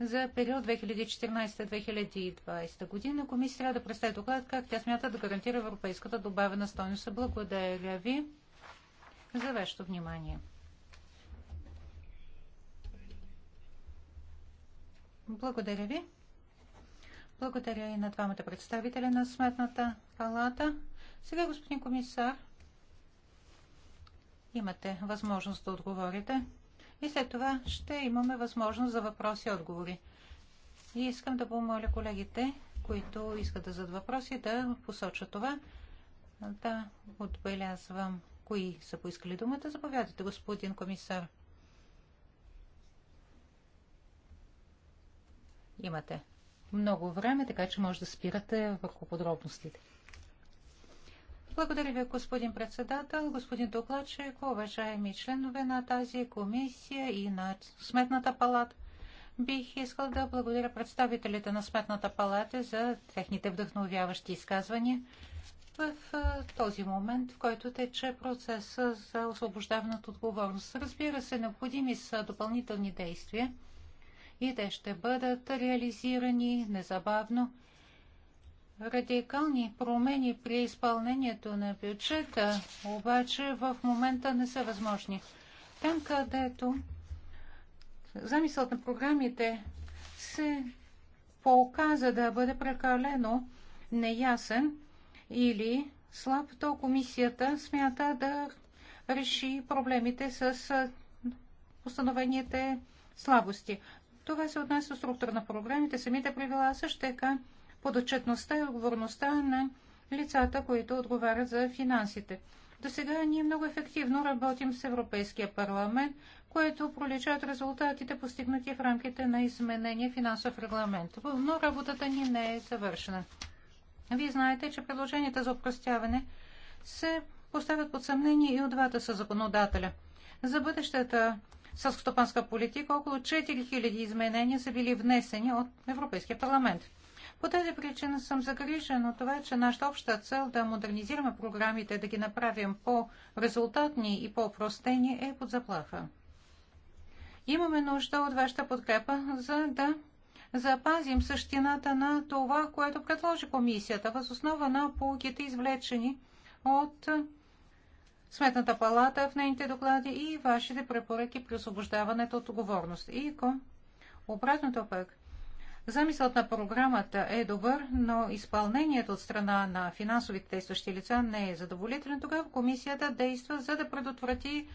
за период 2014-2020 година комисия трябва да представи доклад как тя смята да гарантира европейската добавена стойност. Благодаря ви за вашето внимание. Благодаря ви. Благодаря и на двамата представители на Сметната палата. Сега, господин комисар, имате възможност да отговорите и след това ще имаме възможност за въпроси и отговори. И искам да помоля колегите, които искат да задат въпроси, да посочат това. Да отбелязвам кои са поискали думата. Заповядайте, господин комисар. Имате много време, така че може да спирате върху подробностите. Благодаря ви, господин председател, господин докладчик, уважаеми членове на тази комисия и на Сметната палата. Бих искал да благодаря представителите на Сметната палата за техните вдъхновяващи изказвания в този момент, в който тече процеса за освобождаването отговорност. Разбира се, необходими са допълнителни действия – и те ще бъдат реализирани незабавно. Радикални промени при изпълнението на бюджета обаче в момента не са възможни. Там, където замисълът на програмите се показа да бъде прекалено неясен или слаб, то комисията смята да реши проблемите с установените слабости. Това се отнася до структура на програмите, самите правила, също така подотчетността и отговорността на лицата, които отговарят за финансите. До сега ние много ефективно работим с Европейския парламент, което проличат резултатите, постигнати в рамките на изменения финансов регламент. Но работата ни не е завършена. Вие знаете, че предложенията за опростяване се поставят под съмнение и от двата са законодателя. За бъдещата селскостопанска политика, около 4000 изменения са били внесени от Европейския парламент. По тази причина съм загрижен от това, че нашата обща цел да модернизираме програмите, да ги направим по-резултатни и по-простени е под заплаха. Имаме нужда от вашата подкрепа, за да запазим същината на това, което предложи комисията, възоснова на полуките, извлечени от Сметната палата в нейните доклади и вашите препоръки при освобождаването от отговорност. И ако обратното пък, замисълът на програмата е добър, но изпълнението от страна на финансовите действащи лица не е задоволително, тогава комисията действа за да предотврати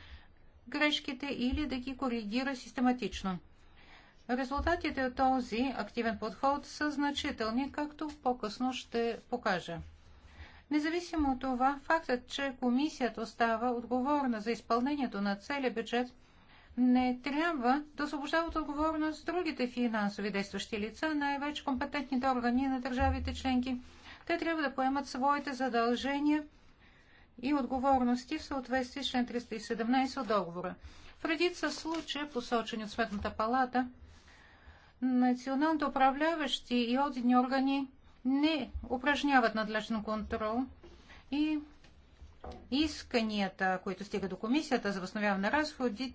грешките или да ги коригира систематично. Резултатите от този активен подход са значителни, както по-късно ще покажа. Независимо от това, фактът, че комисията остава отговорна за изпълнението на целия бюджет, не трябва да освобождава от отговорност другите финансови действащи лица, най-вече компетентните органи на държавите членки. Те трябва да поемат своите задължения и отговорности в съответствие с член 317 от договора. В редица случая, посочени от Светната палата, националните управляващи и одитни органи не упражняват надлежен контрол и исканията, които стигат до комисията за възстановяване на разходи,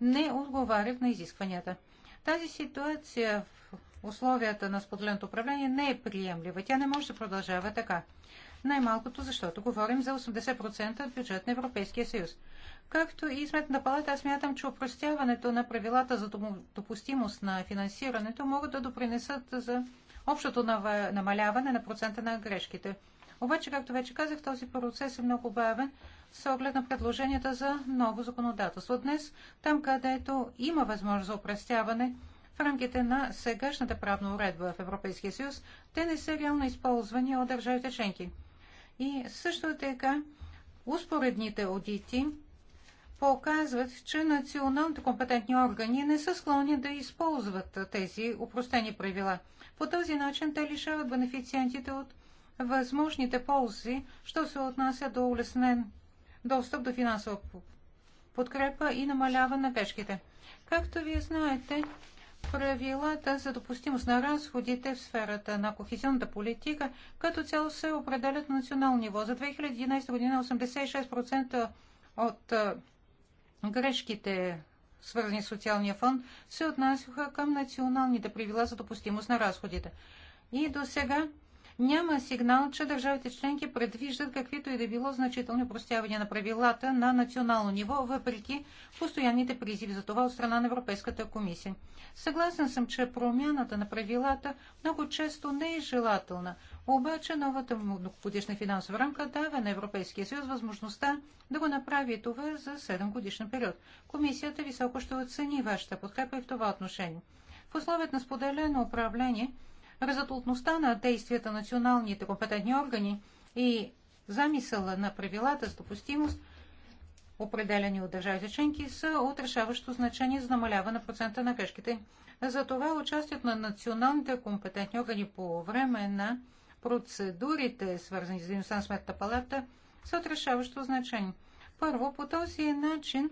не отговарят на изискванията. Тази ситуация в условията на споделеното управление не е приемлива. Тя не може да продължава така. Най-малкото, защото говорим за 80% от бюджет на Европейския съюз. Както и сметната палата, аз мятам, че упростяването на правилата за допустимост на финансирането могат да допринесат за общото намаляване на процента на грешките. Обаче, както вече казах, този процес е много бавен с оглед на предложенията за ново законодателство. Днес, там където има възможност за опрестяване, в рамките на сегашната правна уредба в Европейския съюз, те не са реално използвани от държавите членки. И също така, успоредните аудити показват, че националните компетентни органи не са склонни да използват тези упростени правила – по този начин те лишават бенефициентите от възможните ползи, що се отнася до улеснен достъп до финансова подкрепа и намаляване на грешките. Както вие знаете, правилата за допустимост на разходите в сферата на кохезионната политика като цяло се определят на национално ниво. За 2011 година 86% от грешките свързани с социалния фонд, се отнасяха към националните правила за допустимост на разходите. И до сега няма сигнал, че държавите членки предвиждат каквито и да било значителни простявания на правилата на национално ниво, въпреки постоянните призиви за това от страна на Европейската комисия. Съгласен съм, че промяната на правилата много често не е желателна, обаче новата годишна финансова рамка дава на Европейския съюз възможността да го направи това за 7 годишен период. Комисията високо ще оцени вашата подкрепа и в това отношение. В условият на споделено управление, резултатността на действията на националните компетентни органи и замисъла на правилата с допустимост – определени от държавите членки, са от решаващо значение за намаляване на процента на грешките. Затова участието на националните компетентни органи по време на процедурите, свързани с дейността на Сметната палата, са от решаващо значение. Първо, по този начин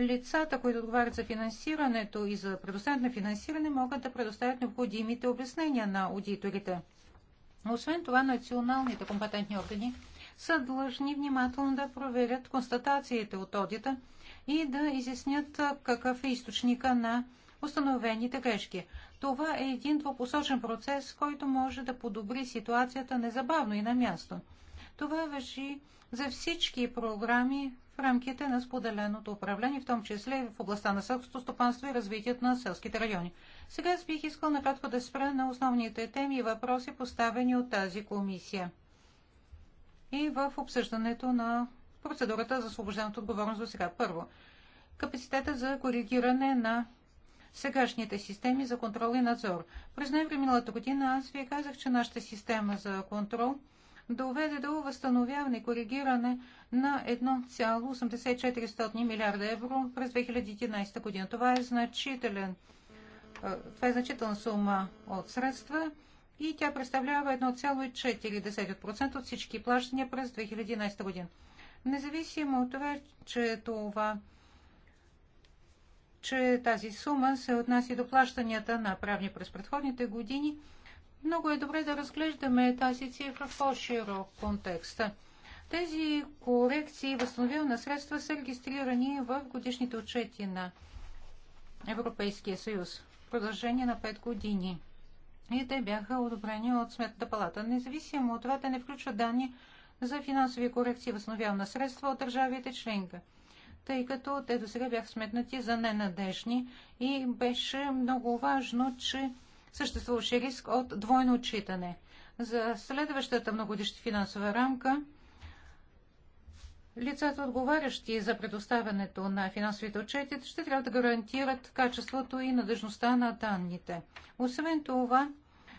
лицата, които отговарят за финансирането и за предоставянето на финансиране, могат да предоставят необходимите обяснения на аудиторите. Освен това, националните компетентни органи са длъжни внимателно да проверят констатациите от одита и да изяснят какъв е източника на установените грешки. Това е един двупосочен процес, който може да подобри ситуацията незабавно и на място. Това въжи за всички програми в рамките на споделеното управление, в том числе и в областта на селското стопанство и развитието на селските райони. Сега аз бих искал накратко да спра на основните теми и въпроси, поставени от тази комисия и в обсъждането на процедурата за освобождената отговорност до сега. Първо, капацитета за коригиране на сегашните системи за контрол и надзор. През ноември миналата година аз ви казах, че нашата система за контрол доведе до възстановяване и коригиране на 1,84 милиарда евро през 2011 година. Това е, значителен, това е значителна сума от средства и тя представлява 1,4% от всички плащания през 2011 година. Независимо от това, че това че тази сума се отнася до плащанията, на правни през предходните години. Много е добре да разглеждаме тази цифра в по-широк контекст. Тези корекции и на средства са регистрирани в годишните отчети на Европейския съюз в продължение на 5 години. И те бяха одобрени от Сметната палата. Независимо от това, те не включват данни за финансови корекции и възстановяване на средства от държавите членка тъй като те до сега бяха сметнати за ненадежни и беше много важно, че съществуваше риск от двойно отчитане. За следващата многодишна финансова рамка лицата, отговарящи за предоставянето на финансовите отчети, ще трябва да гарантират качеството и надежността на данните. Освен това,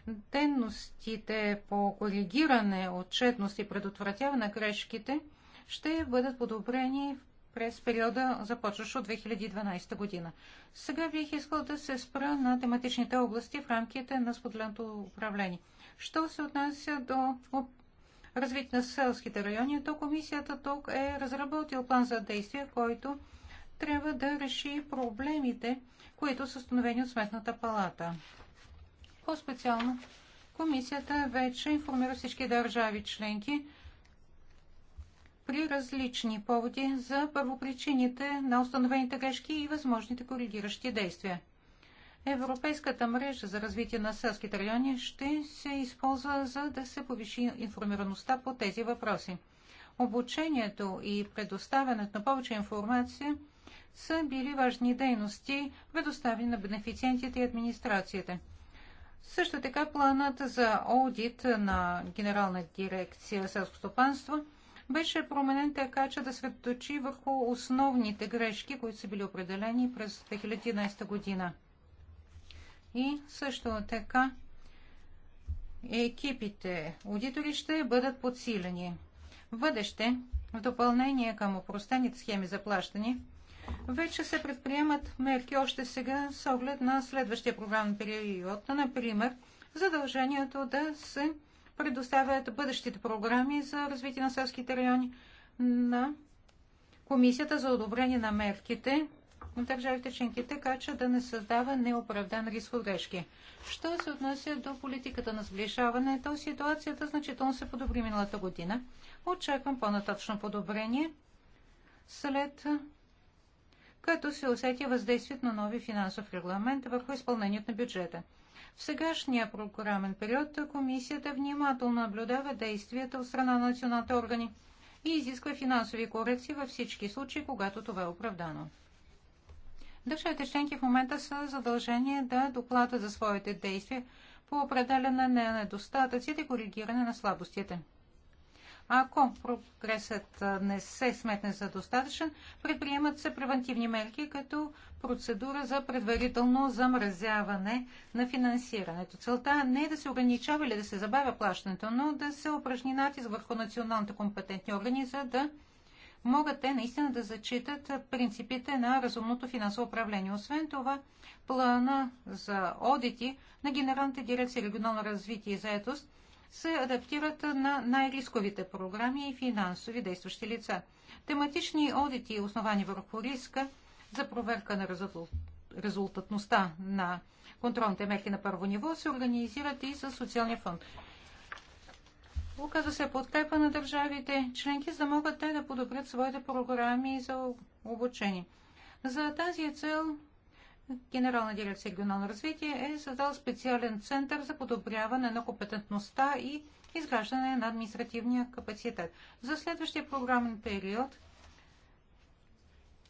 дейностите по коригиране, отчетност и предотвратяване на грешките ще бъдат подобрени в през периода, започващ от 2012 година. Сега бих искал да се спра на тематичните области в рамките на споделеното управление. Що се отнася до развитие на селските райони, то комисията тук е разработил план за действие, който трябва да реши проблемите, които са установени от Сметната палата. По-специално, комисията вече информира всички държави членки, при различни поводи за първопричините на установените грешки и възможните коригиращи действия. Европейската мрежа за развитие на селските райони ще се използва за да се повиши информираността по тези въпроси. Обучението и предоставянето на повече информация са били важни дейности, предоставени на бенефициентите и администрацията. Също така планът за аудит на Генерална дирекция селско стопанство – беше променен така, че да светочи върху основните грешки, които са били определени през 2011 година. И също така екипите аудитори ще бъдат подсилени. В бъдеще, в допълнение към упростените схеми за плащане, вече се предприемат мерки още сега с оглед на следващия програмен период, например, задължението да се предоставят бъдещите програми за развитие на селските райони на Комисията за одобрение на мерките на държавите членки, така че да не създава неоправдан риск от грешки. Що се отнася до политиката на сближаване, то ситуацията значително се подобри миналата година. Очаквам по-нататъчно подобрение след като се усети въздействието на нови финансов регламент върху изпълнението на бюджета. В сегашния програмен период комисията внимателно наблюдава действията от страна на националните органи и изисква финансови корекции във всички случаи, когато това е оправдано. Държавите членки в момента са задължени да докладат за своите действия по определяне на недостатъците и коригиране на слабостите. Ако прогресът не се сметне за достатъчен, предприемат се превентивни мерки, като процедура за предварително замразяване на финансирането. Целта не е да се ограничава или да се забавя плащането, но да се упражни натиск върху националните компетентни органи, за да могат те наистина да зачитат принципите на разумното финансово управление. Освен това, плана за одити на Генералната дирекция регионално развитие и заедост – се адаптират на най-рисковите програми и финансови действащи лица. Тематични одити, основани върху риска за проверка на резултатността на контролните мерки на първо ниво, се организират и със социалния фонд. Оказва се подкрепа на държавите членки, за да могат те да подобрят своите програми за обучение. За тази цел Генерална дирекция регионално развитие е създал специален център за подобряване на компетентността и изграждане на административния капацитет. За следващия програмен период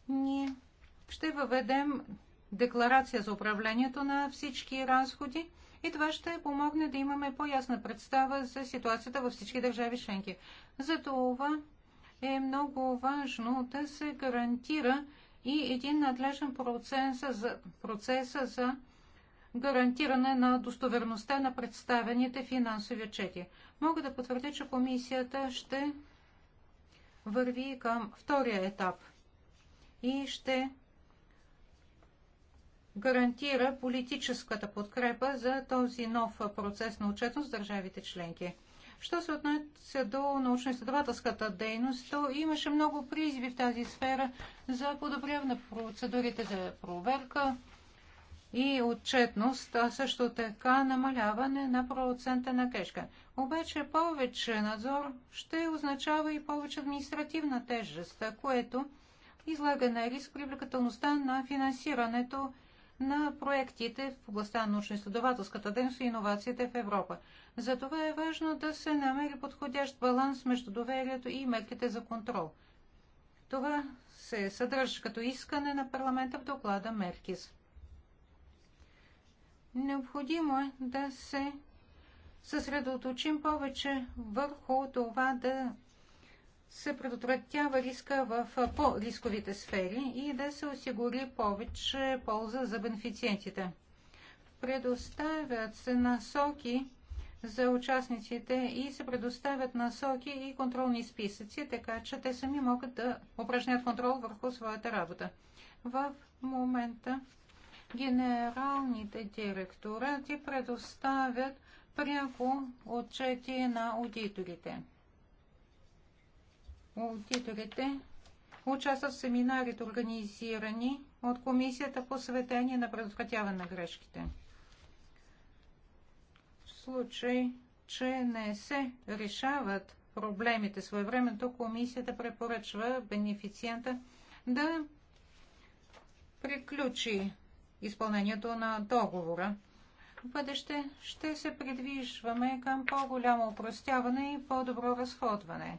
ние ще въведем декларация за управлението на всички разходи и това ще помогне да имаме по-ясна представа за ситуацията във всички държави членки. За това е много важно да се гарантира и един надлежен процес за, процеса за гарантиране на достоверността на представените финансови отчети. Мога да потвърдя, че комисията ще върви към втория етап и ще гарантира политическата подкрепа за този нов процес на отчетност с държавите членки. Що се отнася до научно-изследователската дейност, то имаше много призиви в тази сфера за подобряване процедурите за проверка и отчетност, а също така намаляване на процента на грешка. Обаче повече надзор ще означава и повече административна тежест, което излага на риск привлекателността на финансирането на проектите в областта на научно-изследователската дейност и иновациите в Европа. Затова е важно да се намери подходящ баланс между доверието и мерките за контрол. Това се съдържа като искане на парламента в доклада Меркис. Необходимо е да се съсредоточим повече върху това да се предотвратява риска в по-рисковите сфери и да се осигури повече полза за бенефициентите. Предоставят се насоки за участниците и се предоставят насоки и контролни списъци, така че те сами могат да упражнят контрол върху своята работа. В момента генералните директорати предоставят пряко отчети на аудиторите. Аудиторите участват в семинарите, организирани от комисията, посветени на предотвратяване на грешките случай, че не се решават проблемите своевременно, комисията препоръчва бенефициента да приключи изпълнението на договора. В бъдеще ще се придвижваме към по-голямо упростяване и по-добро разходване.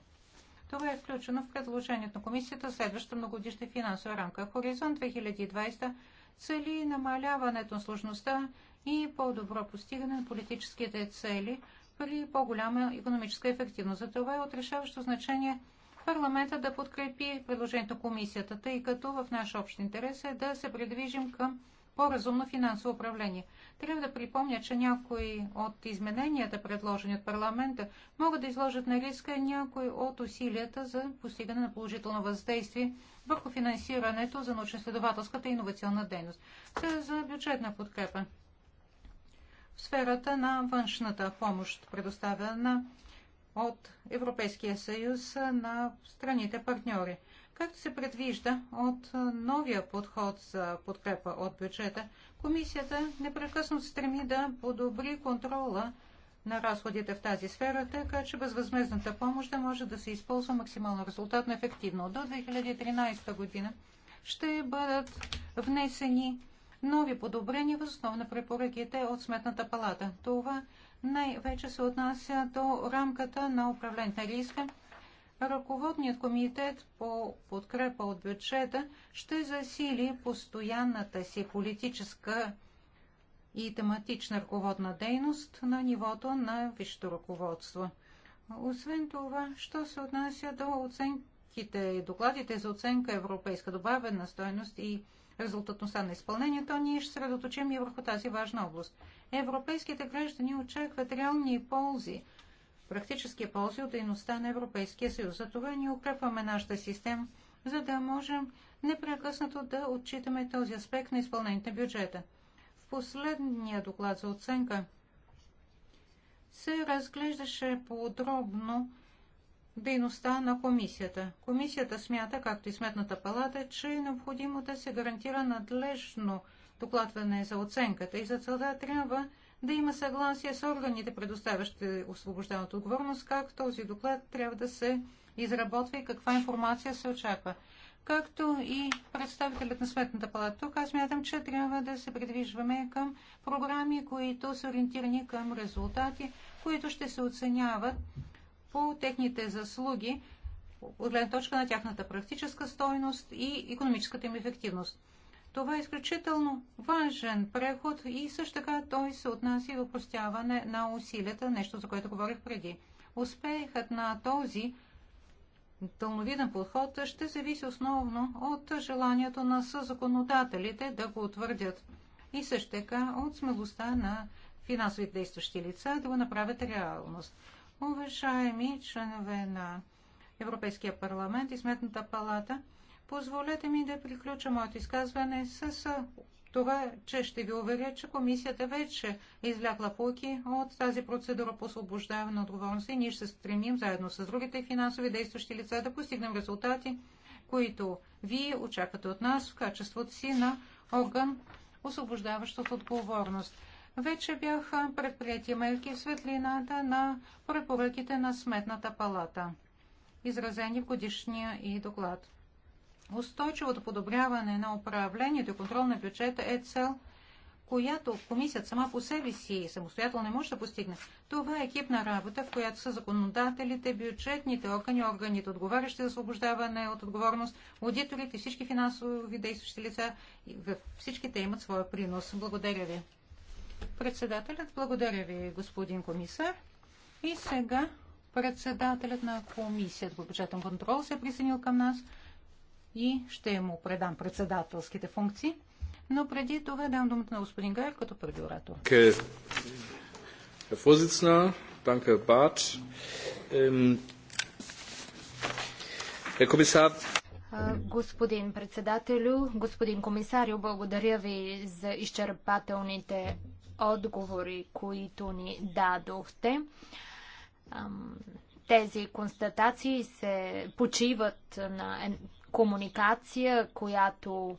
Това е включено в предложението на комисията следваща многодишна финансова рамка. Хоризонт 2020 цели намаляването на сложността и по-добро постигане на политическите цели при по-голяма економическа ефективност. За това е отрешаващо значение парламента да подкрепи предложението на комисията, тъй като в наш общ интерес е да се придвижим към по-разумно финансово управление. Трябва да припомня, че някои от измененията, предложени от парламента, могат да изложат на риска някои от усилията за постигане на положително въздействие върху финансирането за научно-следователската и иновационна дейност. Те за бюджетна подкрепа сферата на външната помощ, предоставена от Европейския съюз на страните партньори. Както се предвижда от новия подход за подкрепа от бюджета, комисията непрекъснато стреми да подобри контрола на разходите в тази сфера, така че безвъзмезната помощ да може да се използва максимално резултатно ефективно. До 2013 година ще бъдат внесени нови подобрения в основна препоръките от Сметната палата. Това най-вече се отнася до рамката на управление на риска. Ръководният комитет по подкрепа от бюджета ще засили постоянната си политическа и тематична ръководна дейност на нивото на висшето ръководство. Освен това, що се отнася до оценките и докладите за оценка европейска добавена стойност и резултатността на изпълнението, ние ще средоточим и върху тази важна област. Европейските граждани очакват реални ползи, практически ползи от дейността на Европейския съюз. За това ние укрепваме нашата система, за да можем непрекъснато да отчитаме този аспект на изпълнението на бюджета. В последния доклад за оценка се разглеждаше подробно дейността на комисията. Комисията смята, както и Сметната палата, че е необходимо да се гарантира надлежно докладване за оценката и за целта трябва да има съгласие с органите, предоставящи освобождена от отговорност, как този доклад трябва да се изработва и каква информация се очаква. Както и представителят на Сметната палата, тук аз мятам, че трябва да се придвижваме към програми, които са ориентирани към резултати, които ще се оценяват по техните заслуги от гледна точка на тяхната практическа стойност и економическата им ефективност. Това е изключително важен преход и също така той се отнася и въпростяване на усилията, нещо за което говорих преди. Успехът на този дълновиден подход ще зависи основно от желанието на съзаконодателите да го утвърдят и също така от смелостта на финансовите действащи лица да го направят реалност. Уважаеми членове на Европейския парламент и Сметната палата, позволете ми да приключа моето изказване с това, че ще ви уверя, че комисията вече е излякла полки от тази процедура по освобождаване на отговорност и ние ще се стремим заедно с другите финансови действащи лица да постигнем резултати, които вие очаквате от нас в качеството си на орган, освобождаващ от отговорност вече бяха предприяти мерки в светлината на препоръките на Сметната палата, изразени в годишния и доклад. Устойчивото подобряване на управлението и контрол на бюджета е цел, която комисията сама по себе си самостоятелно не може да постигне. Това е екипна работа, в която са законодателите, бюджетните органи, органите, отговарящи за освобождаване от отговорност, аудиторите, всички финансови действащи лица, всичките имат своя принос. Благодаря ви. Председателят, благодаря ви, господин комисар. И сега председателят на комисията по бюджетен контрол се е присъединил към нас и ще му предам председателските функции. Но преди това дам думата на господин Гайер като първи оратор. Господин председателю, господин комисарио, благодаря ви за изчерпателните отговори, които ни дадохте. Тези констатации се почиват на комуникация, която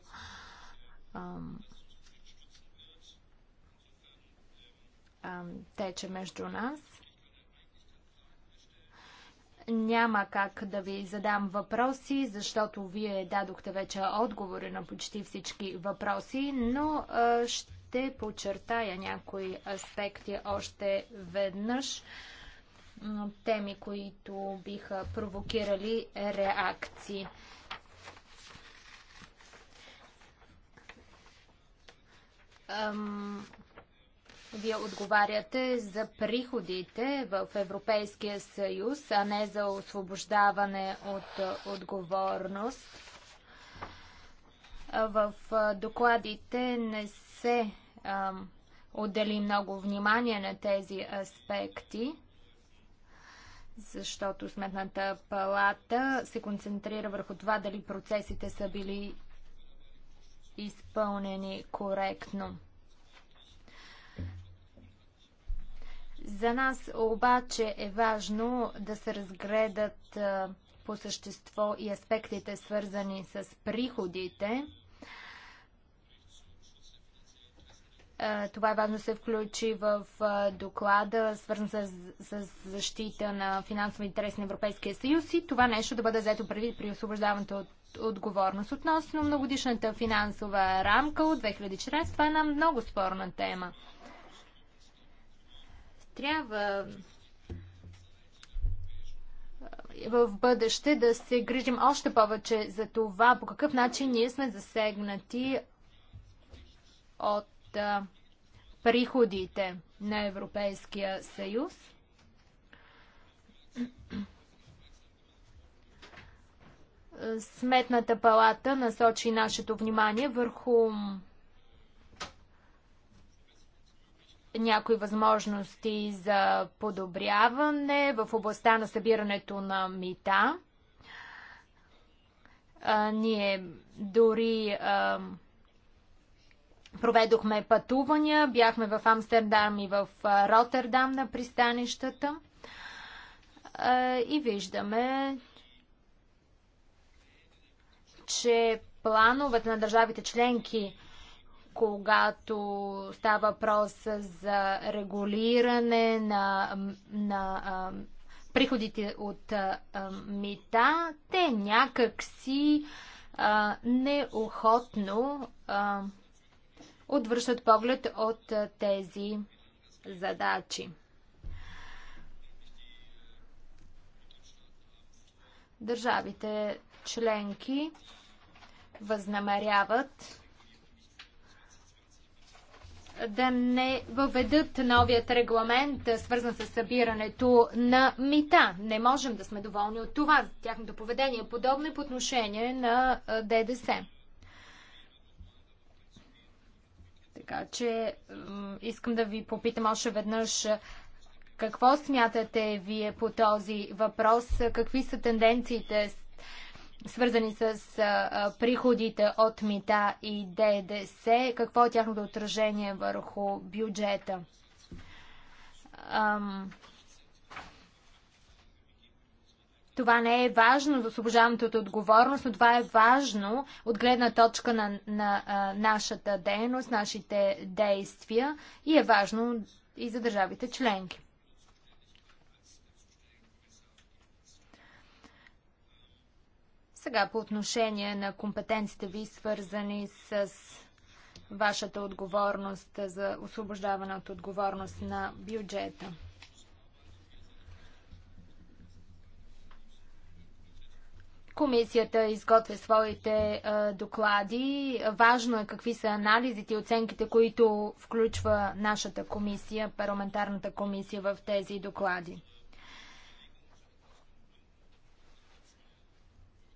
тече между нас. Няма как да ви задам въпроси, защото вие дадохте вече отговори на почти всички въпроси, но ще ще подчертая някои аспекти още веднъж. Теми, които биха провокирали реакции. Ам... Вие отговаряте за приходите в Европейския съюз, а не за освобождаване от отговорност. В докладите не се отдели много внимание на тези аспекти, защото Сметната палата се концентрира върху това дали процесите са били изпълнени коректно. За нас обаче е важно да се разгледат по същество и аспектите свързани с приходите – Е, това е важно да се включи в е, доклада, свързан с, с защита на финансови интереси на Европейския съюз и това нещо да бъде взето преди при освобождаването от отговорност. Относно многодишната финансова рамка от 2014, това е една много спорна тема. Трябва е, в бъдеще да се грижим още повече за това по какъв начин ние сме засегнати от приходите на Европейския съюз. Сметната палата насочи нашето внимание върху някои възможности за подобряване в областта на събирането на мита. А, ние дори а, Проведохме пътувания, бяхме в Амстердам и в Роттердам на пристанищата и виждаме, че плановете на държавите членки, когато става въпрос за регулиране на, на а, приходите от а, мита, те някакси а, неохотно а, отвършат поглед от тези задачи. Държавите членки възнамеряват да не въведат новият регламент, свързан с събирането на мита. Не можем да сме доволни от това. Тяхното поведение е подобно е по отношение на ДДС. Така че искам да ви попитам още веднъж какво смятате вие по този въпрос? Какви са тенденциите свързани с приходите от мита и ДДС? Какво е тяхното отражение върху бюджета? Ам, Това не е важно за освобождаването от отговорност, но това е важно от гледна точка на, на а, нашата дейност, нашите действия и е важно и за държавите членки. Сега по отношение на компетенциите ви, свързани с вашата отговорност за освобождаване от отговорност на бюджета. Комисията изготвя своите а, доклади. Важно е какви са анализите и оценките, които включва нашата комисия, парламентарната комисия в тези доклади.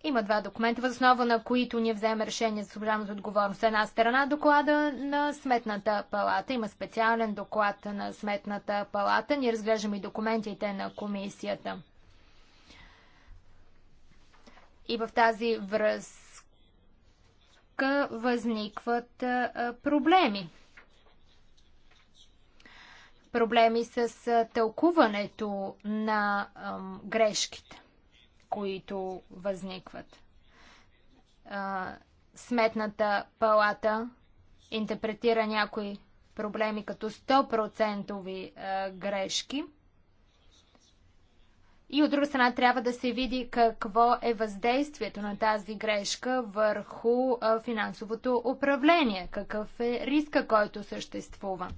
Има два документа, възоснова основа на които ние вземем решение за служебната отговорност. Една страна доклада на Сметната палата. Има специален доклад на Сметната палата. Ние разглеждаме и документите на комисията. И в тази връзка възникват проблеми. Проблеми с тълкуването на грешките, които възникват. Сметната палата интерпретира някои проблеми като 100% грешки – и от друга страна трябва да се види какво е въздействието на тази грешка върху финансовото управление, какъв е риска, който съществува.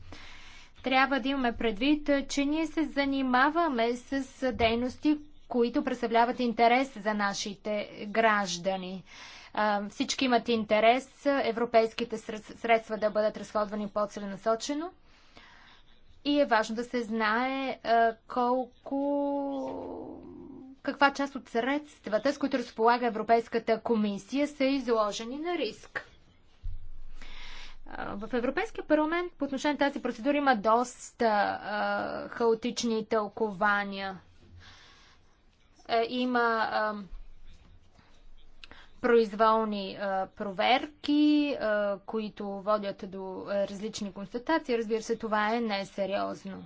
Трябва да имаме предвид, че ние се занимаваме с дейности, които представляват интерес за нашите граждани. Всички имат интерес европейските средства да бъдат разходвани по-целенасочено и е важно да се знае а, колко каква част от средствата, с които разполага Европейската комисия, са изложени на риск. В Европейския парламент по отношение на тази процедура има доста а, хаотични тълкования. Е, има а, произволни а, проверки, а, които водят до а, различни констатации. Разбира се, това е несериозно.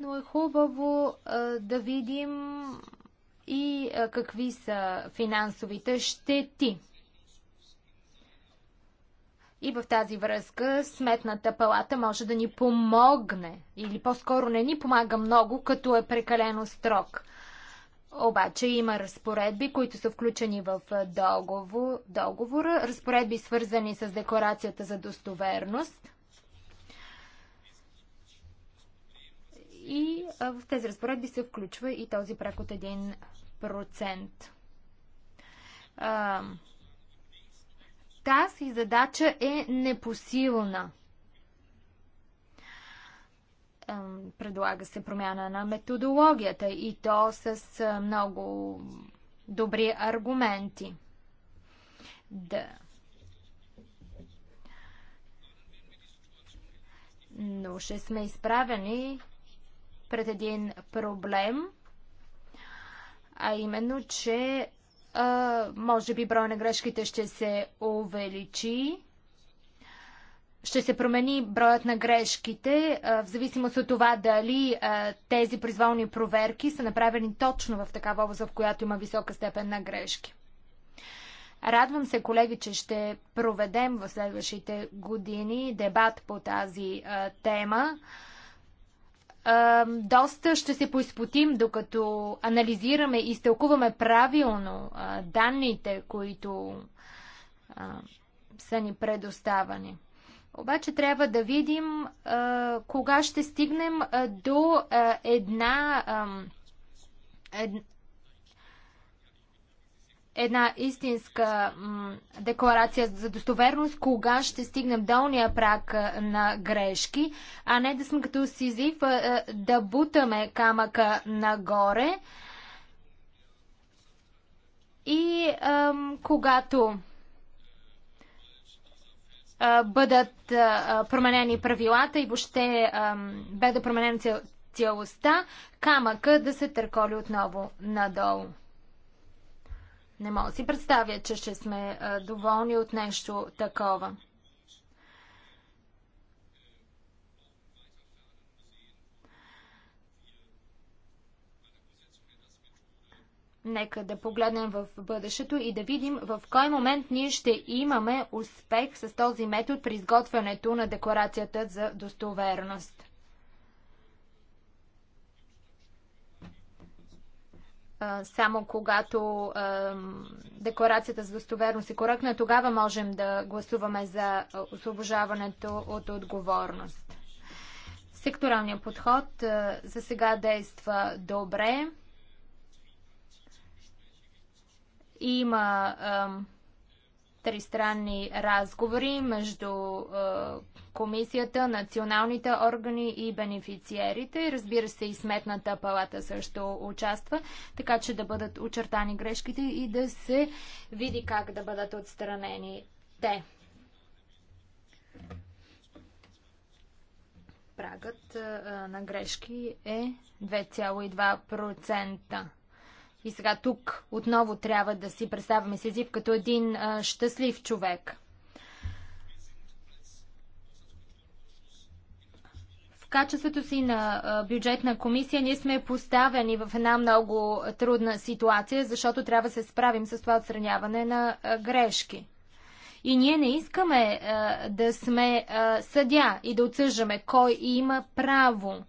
Но е хубаво а, да видим и а, какви са финансовите щети. И в тази връзка Сметната палата може да ни помогне, или по-скоро не ни помага много, като е прекалено строг. Обаче има разпоредби, които са включени в договор, договора, разпоредби свързани с декларацията за достоверност. И в тези разпоредби се включва и този прак от 1%. А, тази задача е непосилна предлага се промяна на методологията и то с много добри аргументи. Да. Но ще сме изправени пред един проблем, а именно, че а, може би броя на грешките ще се увеличи ще се промени броят на грешките, в зависимост от това дали тези произволни проверки са направени точно в такава област, в която има висока степен на грешки. Радвам се, колеги, че ще проведем в следващите години дебат по тази тема. Доста ще се поизпотим, докато анализираме и изтълкуваме правилно данните, които са ни предоставани. Обаче трябва да видим а, кога ще стигнем а, до а, една, а, една истинска м, декларация за достоверност, кога ще стигнем долния прак а, на грешки, а не да сме като Сизиф а, а, да бутаме камъка нагоре. И а, когато бъдат променени правилата и въобще бе да променен цялостта, камъка да се търколи отново надолу. Не мога да си представя, че ще сме доволни от нещо такова. Нека да погледнем в бъдещето и да видим в кой момент ние ще имаме успех с този метод при изготвянето на декларацията за достоверност. Само когато декларацията за достоверност е коректна, тогава можем да гласуваме за освобождаването от отговорност. Секторалният подход за сега действа добре. Има тристранни разговори между комисията, националните органи и бенефициерите. разбира се, и сметната палата също участва, така че да бъдат очертани грешките и да се види как да бъдат отстранени те. Прагът на грешки е 2,2%. И сега тук отново трябва да си представяме Сизиф като един а, щастлив човек. В качеството си на а, бюджетна комисия ние сме поставени в една много трудна ситуация, защото трябва да се справим с това отстраняване на а, грешки. И ние не искаме а, да сме а, съдя и да отсъждаме кой има право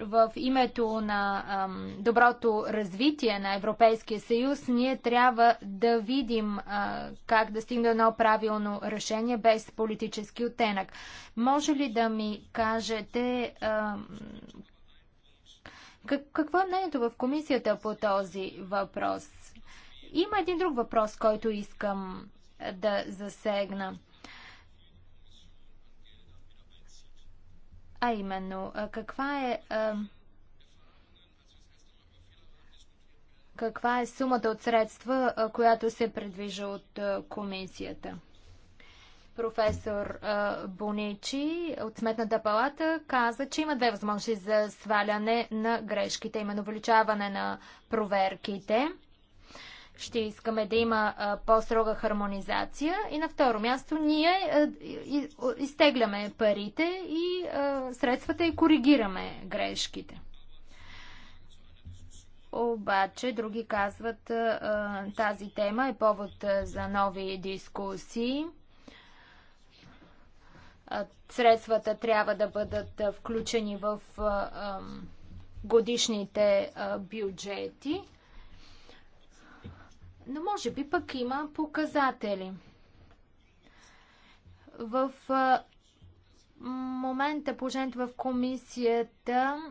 в името на ам, доброто развитие на Европейския съюз, ние трябва да видим а, как да стигне едно правилно решение без политически оттенък. Може ли да ми кажете ам, какво е мнението в комисията по този въпрос? Има един друг въпрос, който искам да засегна. А именно, каква е, каква е сумата от средства, която се предвижда от комисията? професор Боничи от Сметната палата каза, че има две възможности за сваляне на грешките, именно увеличаване на проверките ще искаме да има по-строга хармонизация. И на второ място, ние изтегляме парите и средствата и коригираме грешките. Обаче, други казват, тази тема е повод за нови дискусии. Средствата трябва да бъдат включени в годишните бюджети. Но може би пък има показатели. В момента положението в комисията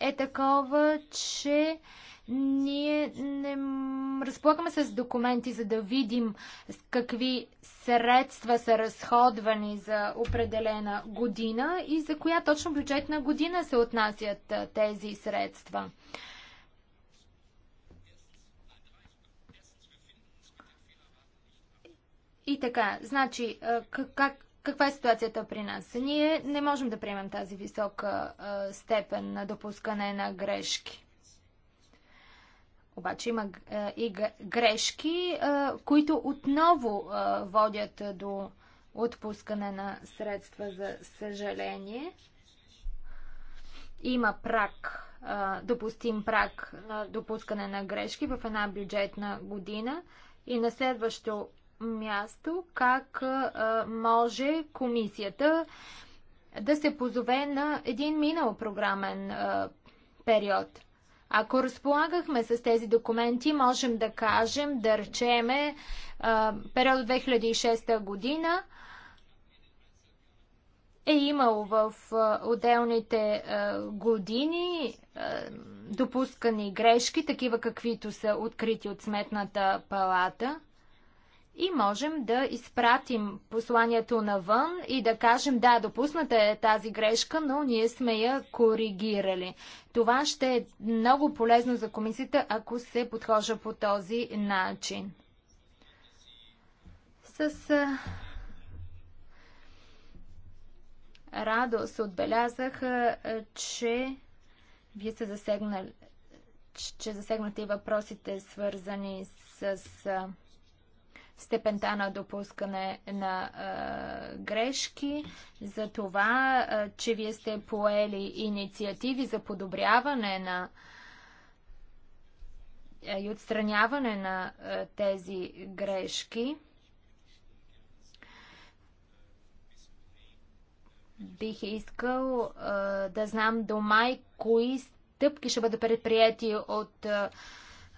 е такова, че ние не разполагаме с документи, за да видим какви средства са разходвани за определена година и за коя точно бюджетна година се отнасят тези средства. И така, значи, как, каква е ситуацията при нас? Ние не можем да приемем тази висока степен на допускане на грешки. Обаче има и грешки, които отново водят до отпускане на средства за съжаление. Има прак, допустим прак на допускане на грешки в една бюджетна година. И на следващо място как може комисията да се позове на един минал програмен период. Ако разполагахме с тези документи, можем да кажем, да речеме, период 2006 година е имало в отделните години допускани грешки, такива каквито са открити от Сметната палата и можем да изпратим посланието навън и да кажем да, допусната е тази грешка, но ние сме я коригирали. Това ще е много полезно за комисията, ако се подхожа по този начин. С радост отбелязах, че вие сте засегнали че засегнати въпросите свързани с степента на допускане на а, грешки, за това, а, че вие сте поели инициативи за подобряване на а, и отстраняване на а, тези грешки. Бих искал а, да знам до май кои стъпки ще бъдат предприяти от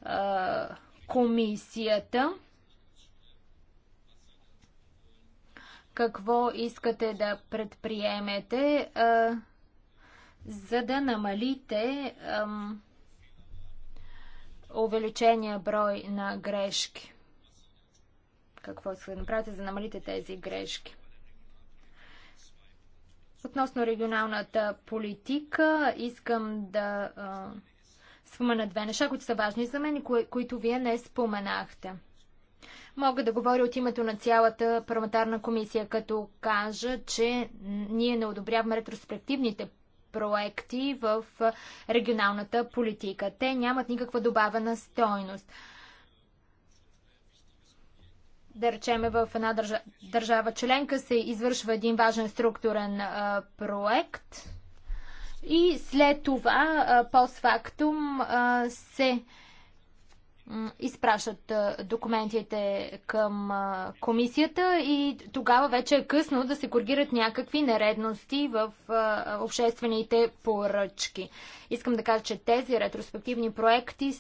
а, комисията. какво искате да предприемете, а, за да намалите а, увеличения брой на грешки. Какво искате да направите, за да намалите тези грешки? Относно регионалната политика, искам да а, спомена две неща, които са важни за мен и кои, които вие не споменахте. Мога да говоря от името на цялата парламентарна комисия, като кажа, че ние не одобряваме ретроспективните проекти в регионалната политика. Те нямат никаква добавена стойност. Да речеме, в една държа, държава членка се извършва един важен структурен а, проект и след това а, постфактум а, се а, изпращат документите към комисията и тогава вече е късно да се коригират някакви нередности в обществените поръчки. Искам да кажа, че тези ретроспективни проекти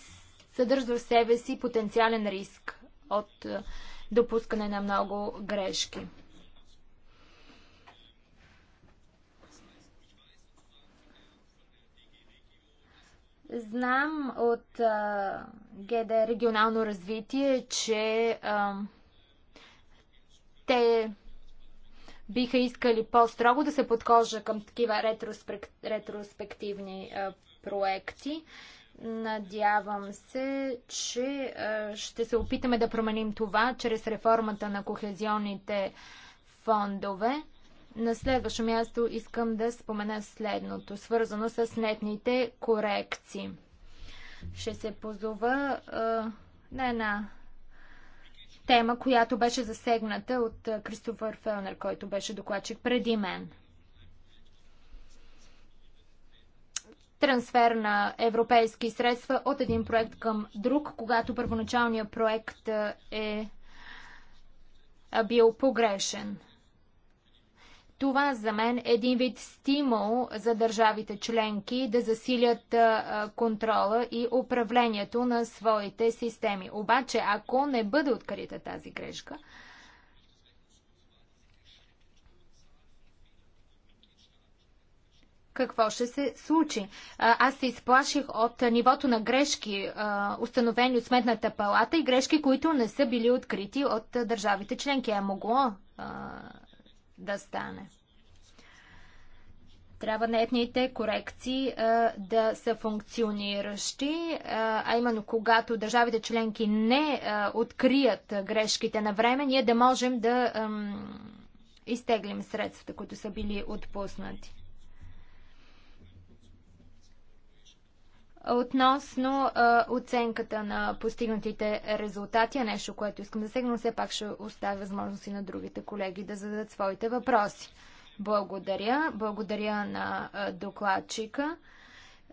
съдържат в себе си потенциален риск от допускане на много грешки. Знам от а, ГД регионално развитие, че а, те биха искали по-строго да се подхожа към такива ретроспек... ретроспективни а, проекти. Надявам се, че а, ще се опитаме да променим това чрез реформата на кохезионните фондове. На следващо място искам да спомена следното, свързано с нетните корекции. Ще се позова а, на една тема, която беше засегната от Кристофър Фелнер, който беше докладчик преди мен. трансфер на европейски средства от един проект към друг, когато първоначалният проект е бил погрешен. Това за мен е един вид стимул за държавите членки да засилят контрола и управлението на своите системи. Обаче, ако не бъде открита тази грешка, какво ще се случи. Аз се изплаших от нивото на грешки, установени от Сметната палата и грешки, които не са били открити от държавите членки. А могло да стане. Трябва нетните корекции а, да са функциониращи, а, а именно когато държавите членки не а, открият грешките на време, ние да можем да изтеглим средствата, които са били отпуснати. Относно а, оценката на постигнатите резултати, е нещо, което искам да сегна, но все пак ще оставя възможност и на другите колеги да зададат своите въпроси. Благодаря. Благодаря на а, докладчика.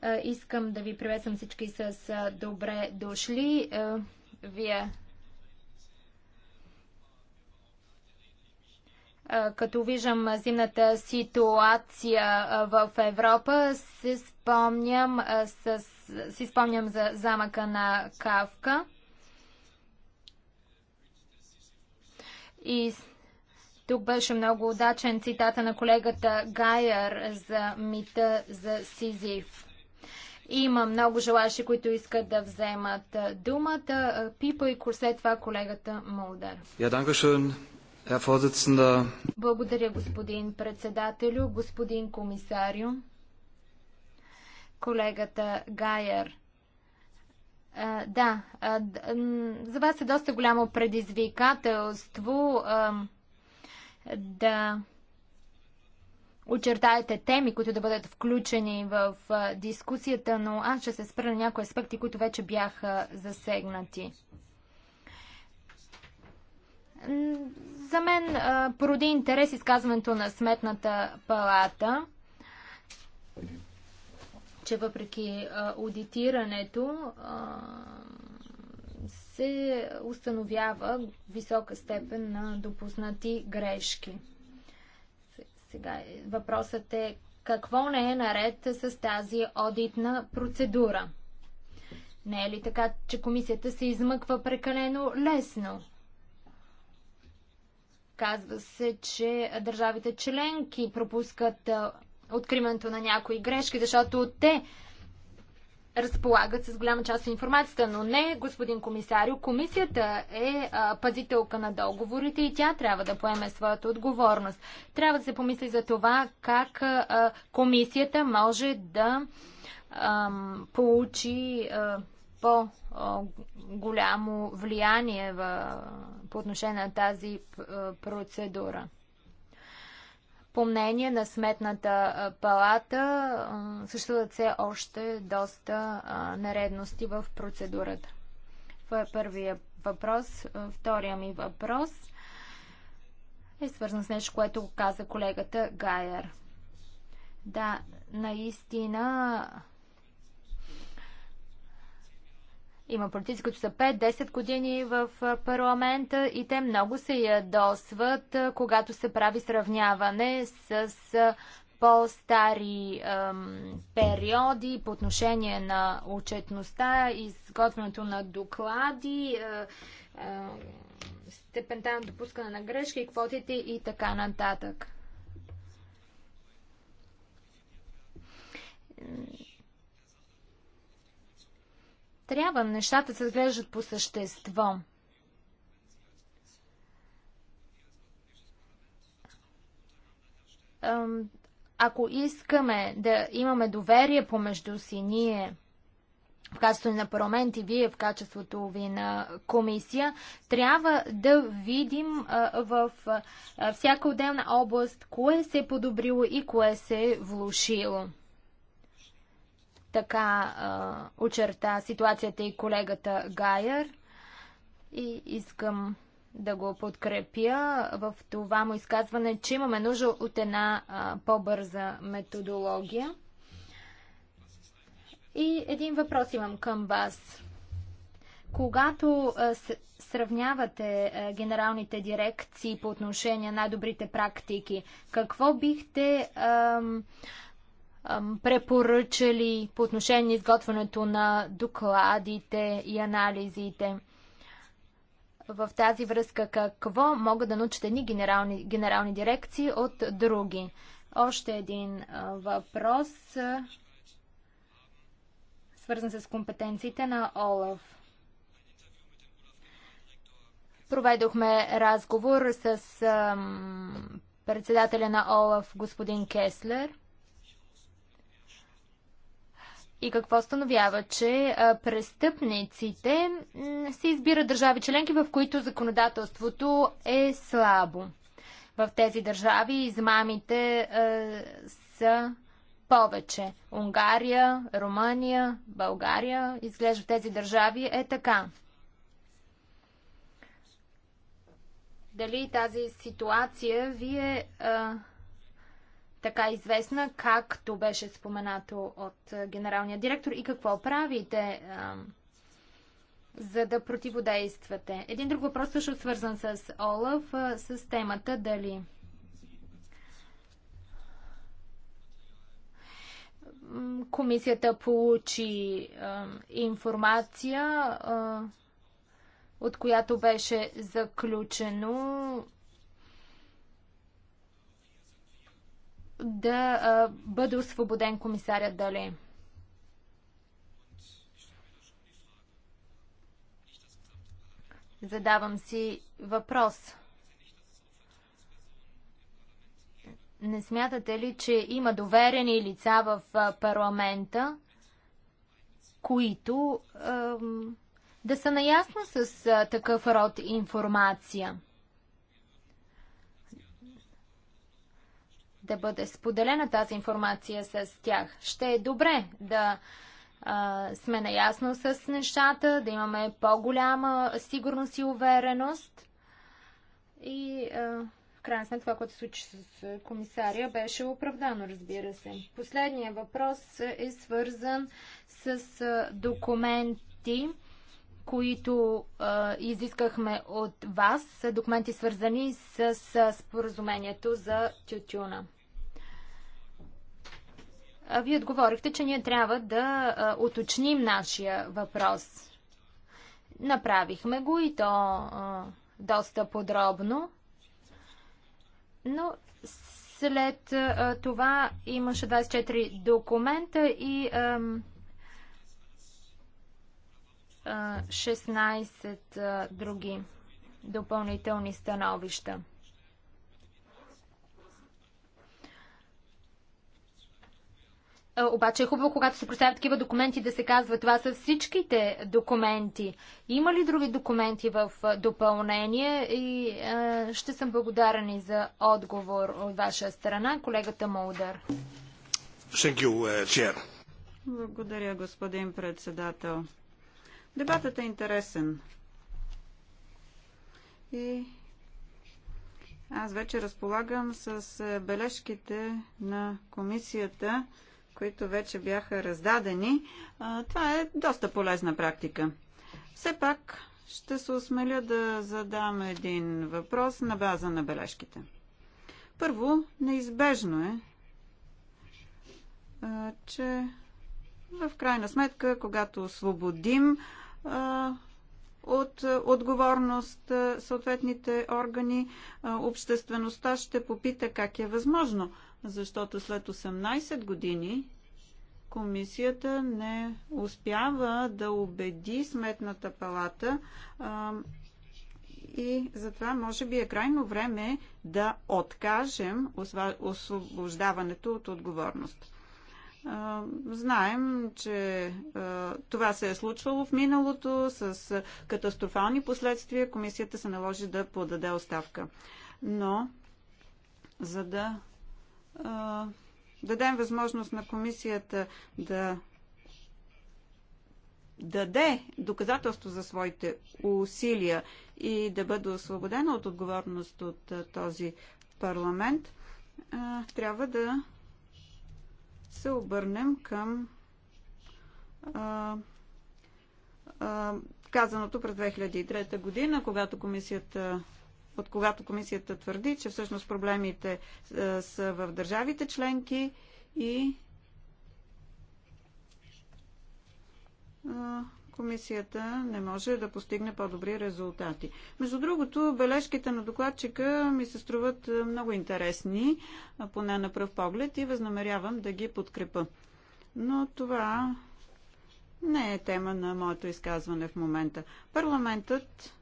А, искам да ви приветствам всички с а, добре дошли. А, вие като виждам зимната ситуация в Европа, се спомням с си спомням за замъка на Кавка. И тук беше много удачен цитата на колегата Гайер за мита за Сизиф. Има много желащи, които искат да вземат думата. Пипа и Курсе, това колегата Молдер. Благодаря, господин председателю, господин комисарю колегата Гайер. Да, за вас е доста голямо предизвикателство да очертаете теми, които да бъдат включени в дискусията, но аз ще се спра на някои аспекти, които вече бяха засегнати. За мен породи интерес изказването на Сметната палата – че въпреки аудитирането се установява висока степен на допуснати грешки. Сега е, въпросът е какво не е наред с тази одитна процедура? Не е ли така, че комисията се измъква прекалено лесно? Казва се, че държавите членки пропускат откриването на някои грешки, защото те разполагат с голяма част от информацията, но не, господин комисарио, комисията е а, пазителка на договорите и тя трябва да поеме своята отговорност. Трябва да се помисли за това как а, комисията може да а, получи по-голямо влияние в, по отношение на тази процедура. По мнение на Сметната палата съществуват все още доста наредности в процедурата. Това е първия въпрос. Втория ми въпрос е свързан с нещо, което каза колегата Гайер. Да, наистина Има политици, които са 5-10 години в парламента и те много се ядосват, когато се прави сравняване с по-стари периоди по отношение на отчетността, изготвянето на доклади, е, е, степента на допускане на грешки, квотите и така нататък трябва нещата се разглеждат по същество. Ако искаме да имаме доверие помежду си, ние в качеството на парламент и вие в качеството ви на комисия, трябва да видим в всяка отделна област кое се е подобрило и кое се е влушило така а, очерта ситуацията и колегата Гайер и искам да го подкрепя в това му изказване, че имаме нужда от една по-бърза методология. И един въпрос имам към вас. Когато а, сравнявате а, генералните дирекции по отношение на добрите практики, какво бихте А, препоръчали по отношение на изготвянето на докладите и анализите. В тази връзка какво могат да научат едни генерални, генерални дирекции от други? Още един въпрос, свързан с компетенциите на ОЛАФ. Проведохме разговор с председателя на ОЛАФ, господин Кеслер. И какво становява, че престъпниците се избират държави членки, в които законодателството е слабо. В тези държави измамите са повече. Унгария, Румъния, България, изглежда в тези държави е така. Дали тази ситуация ви е е така известна, както беше споменато от генералния директор и какво правите, за да противодействате. Един друг въпрос също свързан с Олаф, с темата дали комисията получи информация, от която беше заключено да а, бъде освободен комисарят Дали. Задавам си въпрос. Не смятате ли, че има доверени лица в парламента, които е, да са наясно с такъв род информация? да бъде споделена тази информация с тях. Ще е добре да а, сме наясно с нещата, да имаме по-голяма сигурност и увереност. И а, в крайна сметка това, което се случи с комисария, беше оправдано, разбира се. Последният въпрос е свързан с документи които а, изискахме от вас, са документи свързани с, с споразумението за тютюна. Вие отговорихте, че ние трябва да а, уточним нашия въпрос. Направихме го и то а, доста подробно, но след а, това имаше 24 документа и 16 други допълнителни становища. Е, обаче е хубаво, когато се представят такива документи, да се казва това са всичките документи. Има ли други документи в е, допълнение? И е, ще съм благодарен и за отговор от ваша страна, колегата Молдър. Е, Благодаря, господин председател. Дебатът е интересен. И аз вече разполагам с бележките на комисията които вече бяха раздадени. Това е доста полезна практика. Все пак ще се осмеля да задам един въпрос на база на бележките. Първо, неизбежно е, че в крайна сметка, когато освободим от отговорност съответните органи, обществеността ще попита как е възможно – защото след 18 години комисията не успява да убеди сметната палата а, и затова може би е крайно време да откажем освобождаването от отговорност. знаем, че това се е случвало в миналото с катастрофални последствия. Комисията се наложи да подаде оставка. Но, за да дадем възможност на комисията да даде доказателство за своите усилия и да бъде освободена от отговорност от този парламент, трябва да се обърнем към казаното през 2003 година, когато комисията от когато комисията твърди, че всъщност проблемите е, са в държавите членки и е, комисията не може да постигне по-добри резултати. Между другото, бележките на докладчика ми се струват е, много интересни, поне на пръв поглед, и възнамерявам да ги подкрепа. Но това не е тема на моето изказване в момента. Парламентът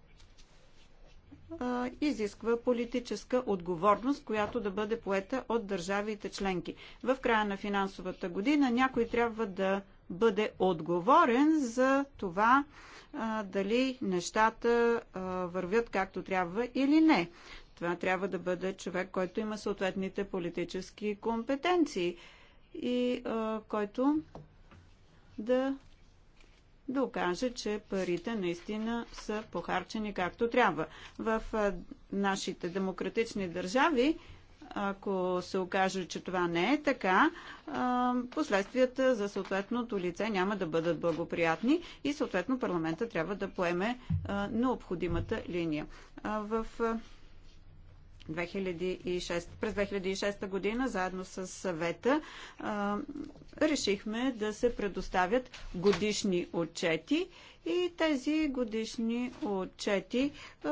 а, изисква политическа отговорност, която да бъде поета от държавите членки. В края на финансовата година някой трябва да бъде отговорен за това а, дали нещата а, вървят както трябва или не. Това трябва да бъде човек, който има съответните политически компетенции и а, който да да окаже, че парите наистина са похарчени както трябва. В нашите демократични държави, ако се окаже, че това не е така, последствията за съответното лице няма да бъдат благоприятни и съответно парламента трябва да поеме необходимата линия. В 2006. През 2006 година, заедно с съвета, а, решихме да се предоставят годишни отчети и тези годишни отчети а,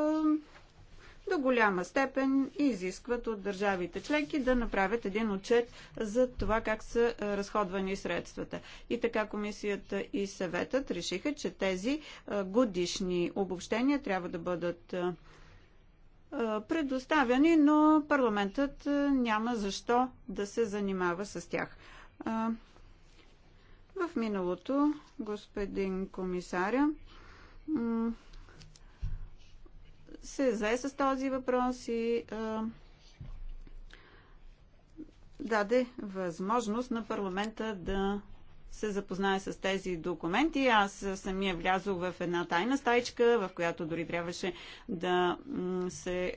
до голяма степен изискват от държавите членки да направят един отчет за това как са разходвани средствата. И така комисията и съветът решиха, че тези годишни обобщения трябва да бъдат е, предоставяни, но парламентът е, няма защо да се занимава с тях. Е, в миналото, господин комисаря, се зае с този въпрос и даде възможност на парламента да се запознае с тези документи. Аз самия влязох в една тайна стайчка, в която дори трябваше да се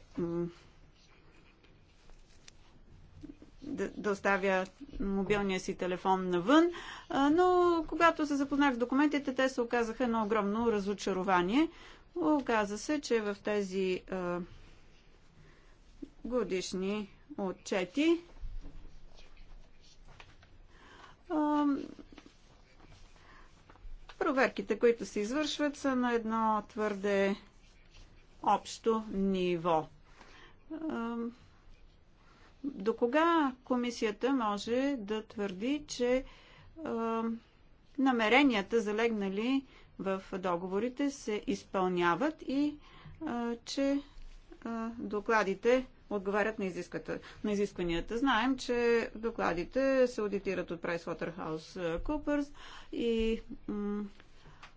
да, оставя мобилния си телефон навън, но когато се запознах с документите, те се оказаха едно огромно разочарование. Оказа се, че в тези а, годишни отчети а, Проверките, които се извършват, са на едно твърде общо ниво. До кога комисията може да твърди, че намеренията, залегнали в договорите, се изпълняват и че докладите отговарят на, на изискванията. Знаем, че докладите се аудитират от PricewaterhouseCoopers и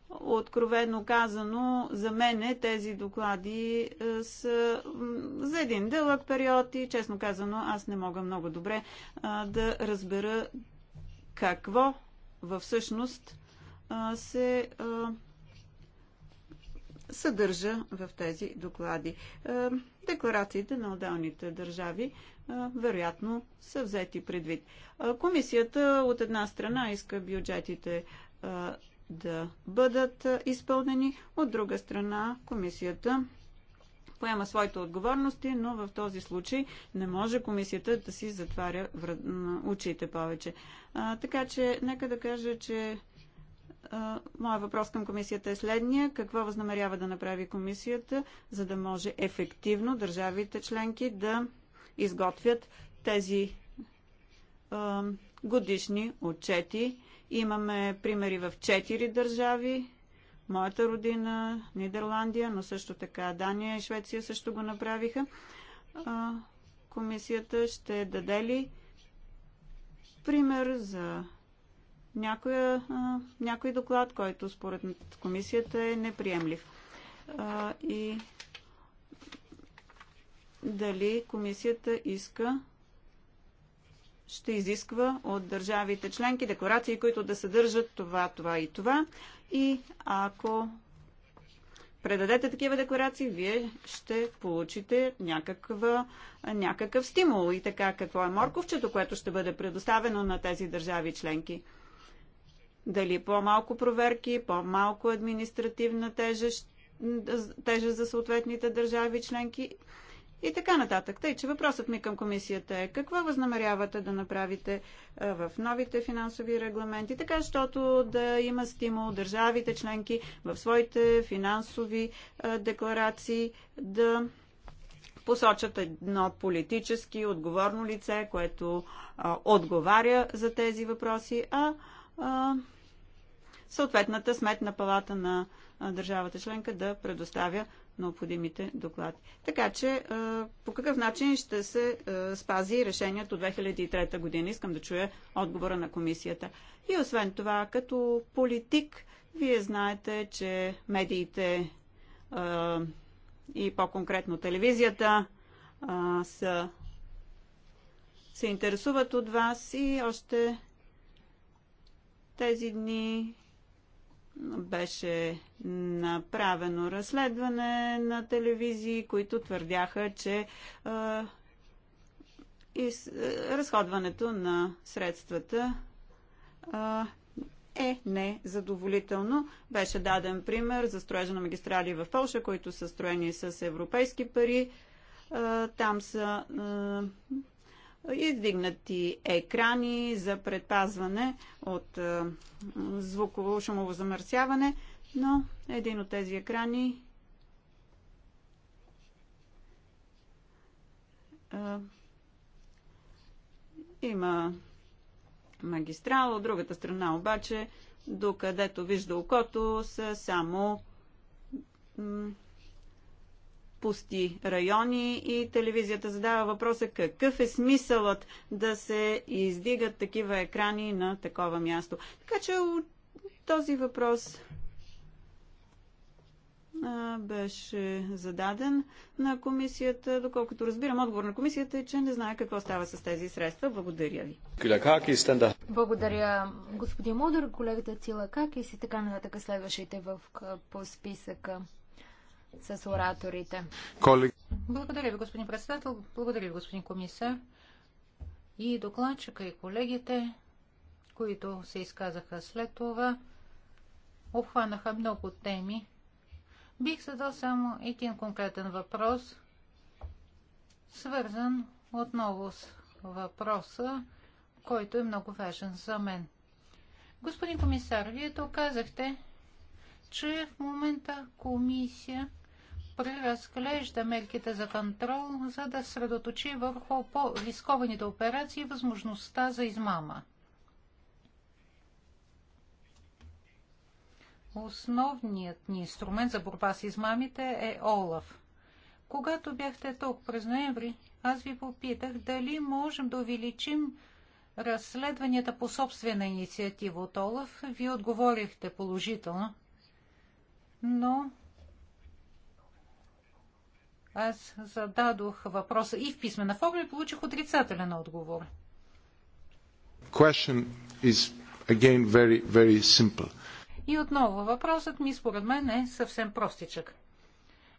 откровено казано, за мене тези доклади е, са за един дълъг период и честно казано, аз не мога много добре е, да разбера какво във всъщност е, се съдържа в тези доклади. Е, декларациите на отделните държави е, вероятно са взети предвид. Е, комисията от една страна иска бюджетите да бъдат изпълнени, от друга страна комисията поема своите отговорности, но в този случай не може комисията да си затваря очите повече. така че, нека да кажа, че Моя въпрос към комисията е следния. Какво възнамерява да направи комисията, за да може ефективно държавите членки да изготвят тези годишни отчети? Имаме примери в четири държави. Моята родина, Нидерландия, но също така Дания и Швеция също го направиха. комисията ще даде ли пример за някоя, някой доклад, който според комисията е неприемлив. И дали комисията иска ще изисква от държавите членки декларации, които да съдържат това, това и това. И ако предадете такива декларации, вие ще получите някаква, някакъв стимул. И така, какво е морковчето, което ще бъде предоставено на тези държави членки? Дали по-малко проверки, по-малко административна тежест, тежест за съответните държави членки и така нататък. Тъй, че въпросът ми към комисията е какво възнамерявате да направите е, в новите финансови регламенти, така защото да има стимул държавите членки в своите финансови е, декларации да посочат едно политически отговорно лице, което а, е, отговаря за тези въпроси, а, а съответната сметна палата на държавата членка да предоставя необходимите доклади. Така че по какъв начин ще се спази решението 2003 година? Искам да чуя отговора на комисията. И освен това, като политик, вие знаете, че медиите и по-конкретно телевизията са, се интересуват от вас и още тези дни беше направено разследване на телевизии, които твърдяха, че а, из, а, разходването на средствата а, е незадоволително. Беше даден пример за строежа на магистрали в Польша, които са строени с европейски пари. Там са издигнати екрани за предпазване от звуково шумово замърсяване, но един от тези екрани има магистрала, от другата страна обаче, докъдето вижда окото, са само пусти райони и телевизията задава въпроса какъв е смисълът да се издигат такива екрани на такова място. Така че този въпрос беше зададен на комисията. Доколкото разбирам, отговор на комисията е, че не знае какво става с тези средства. Благодаря ви. Благодаря, господин Мудър, колегата Какис и така нататък следващите в по списъка с ораторите. Благодаря ви, господин председател. Благодаря ви, господин комисар. И докладчика, и колегите, които се изказаха след това, обхванаха много теми. Бих задал само един конкретен въпрос, свързан отново с въпроса, който е много важен за мен. Господин комисар, вие то казахте, че в момента комисия преразглежда мерките за контрол, за да средоточи върху по-рискованите операции и възможността за измама. Основният ни инструмент за борба с измамите е ОЛАФ. Когато бяхте тук през ноември, аз ви попитах дали можем да увеличим разследванията по собствена инициатива от ОЛАФ. Вие отговорихте положително, но аз зададох въпроса и в писмена форма и получих отрицателен отговор. Question is again very, very simple. И отново въпросът ми според мен е съвсем простичък.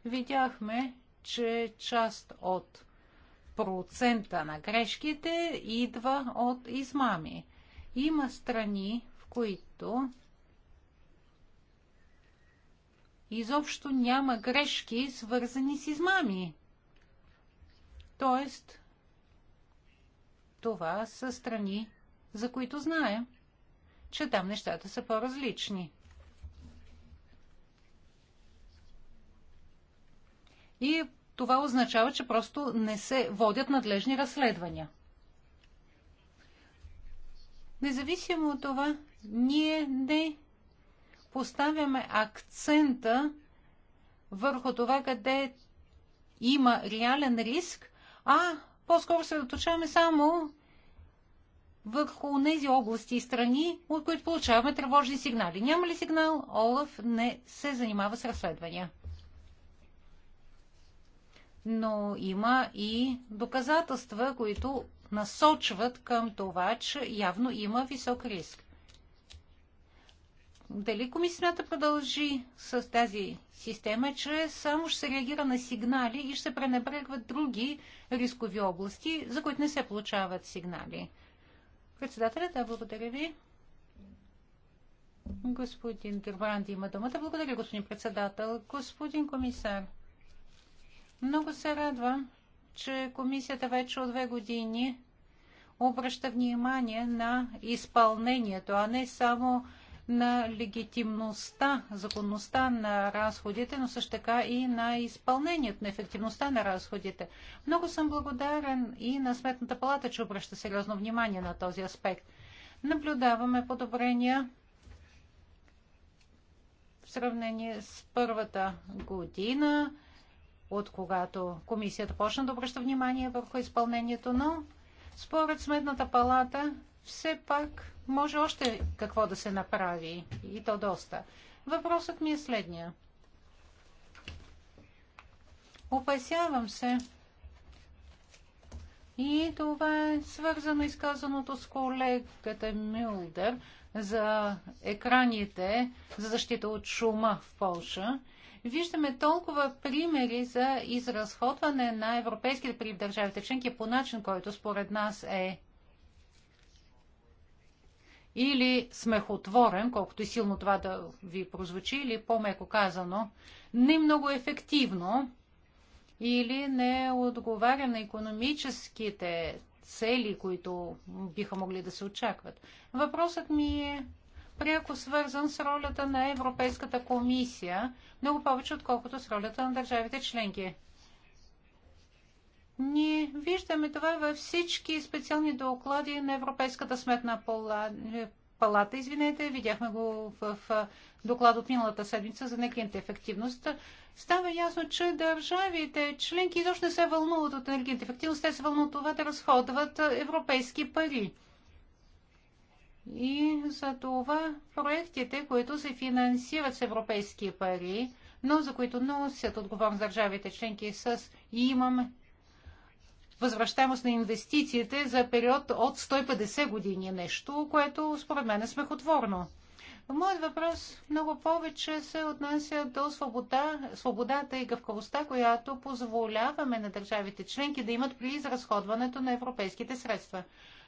Видяхме, че част от процента на грешките идва от измами. Има страни, в които изобщо няма грешки, свързани с измами. Тоест, това са страни, за които знаем, че там нещата са по-различни. И това означава, че просто не се водят надлежни разследвания. Независимо от това, ние не поставяме акцента върху това, къде има реален риск, а по-скоро се заточаваме само върху тези области и страни, от които получаваме тревожни сигнали. Няма ли сигнал, Олаф не се занимава с разследвания. Но има и доказателства, които насочват към това, че явно има висок риск дали комисията продължи с тази система, че само ще се реагира на сигнали и ще се пренебрегват други рискови области, за които не се получават сигнали. Председателя, да, благодаря ви. Господин Гербранди има думата. Благодаря, господин председател. Господин комисар, много се радвам, че комисията вече от две години обръща внимание на изпълнението, а не само на легитимността, законността на разходите, но също така и на изпълнението, на ефективността на разходите. Много съм благодарен и на Сметната палата, че обръща сериозно внимание на този аспект. Наблюдаваме подобрения в сравнение с първата година, от когато комисията почна да обръща внимание върху изпълнението, но според Сметната палата все пак може още какво да се направи и то доста. Въпросът ми е следния. Опасявам се. И това е свързано изказаното с колегата Милдер за екраните за защита от шума в Польша. Виждаме толкова примери за изразходване на европейските пари в държавите членки по начин, който според нас е или смехотворен, колкото и силно това да ви прозвучи, или по-меко казано, не много ефективно или не отговаря на економическите цели, които биха могли да се очакват. Въпросът ми е пряко свързан с ролята на Европейската комисия, много повече отколкото с ролята на държавите членки. Ние виждаме това във всички специални доклади на Европейската сметна е, палата. Извинете, видяхме го в доклад от миналата седмица за енергийната ефективност. Става ясно, че държавите членки изобщо не се вълнуват от енергийната ефективност, те се вълнуват това да разходват европейски пари. И за това проектите, които се финансират с европейски пари, но за които носят отговорност държавите членки с и имам възвръщаемост на инвестициите за период от 150 години. Е нещо, което според мен е смехотворно. Моят въпрос много повече се отнася до свобода, свободата и гъвкавостта, която позволяваме на държавите членки да имат при изразходването на европейските средства.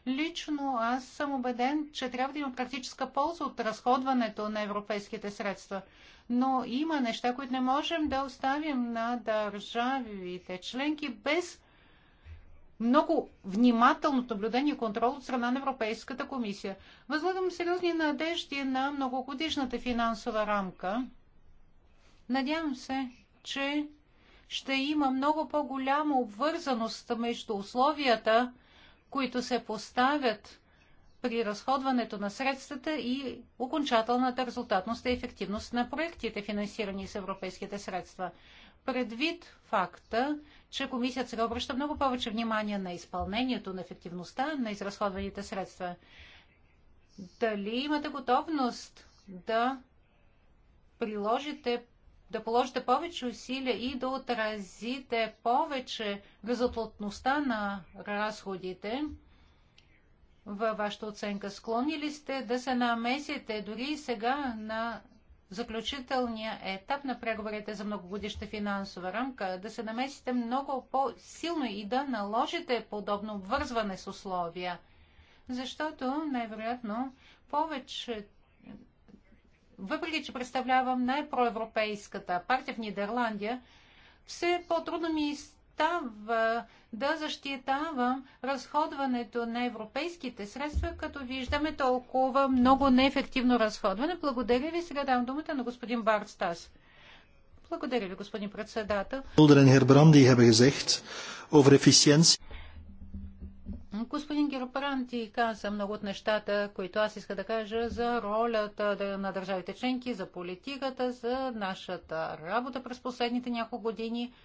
Лично аз съм убеден, че трябва да има практическа полза от разходването на европейските средства. Но има неща, които не можем да оставим на държавите членки без много внимателно наблюдение и контрол от страна на Европейската комисия. Възлагам сериозни надежди на многогодишната финансова рамка. Надявам се, че ще има много по-голяма обвързаност между условията, които се поставят при разходването на средствата и окончателната резултатност и ефективност на проектите, финансирани с европейските средства предвид факта, че комисията сега обръща много повече внимание на изпълнението, на ефективността на изразходваните средства. Дали имате готовност да приложите, да положите повече усилия и да отразите повече резултатността на разходите във вашата оценка? Склонили сте да се намесите дори сега на заключителния етап на преговорите за многогодишна финансова рамка да се намесите много по-силно и да наложите подобно обвързване с условия. Защото, най-вероятно, повече въпреки че представлявам най-проевропейската партия в Нидерландия, все по-трудно ми защитава, да защитавам разходването на европейските средства, като виждаме толкова много неефективно разходване. Благодаря ви. Сега давам думата на господин Барстас. Благодаря ви, господин председател. Господин Геропаранти каза много от нещата, които аз иска да кажа за ролята на държавите членки, за политиката, за нашата работа през последните няколко години –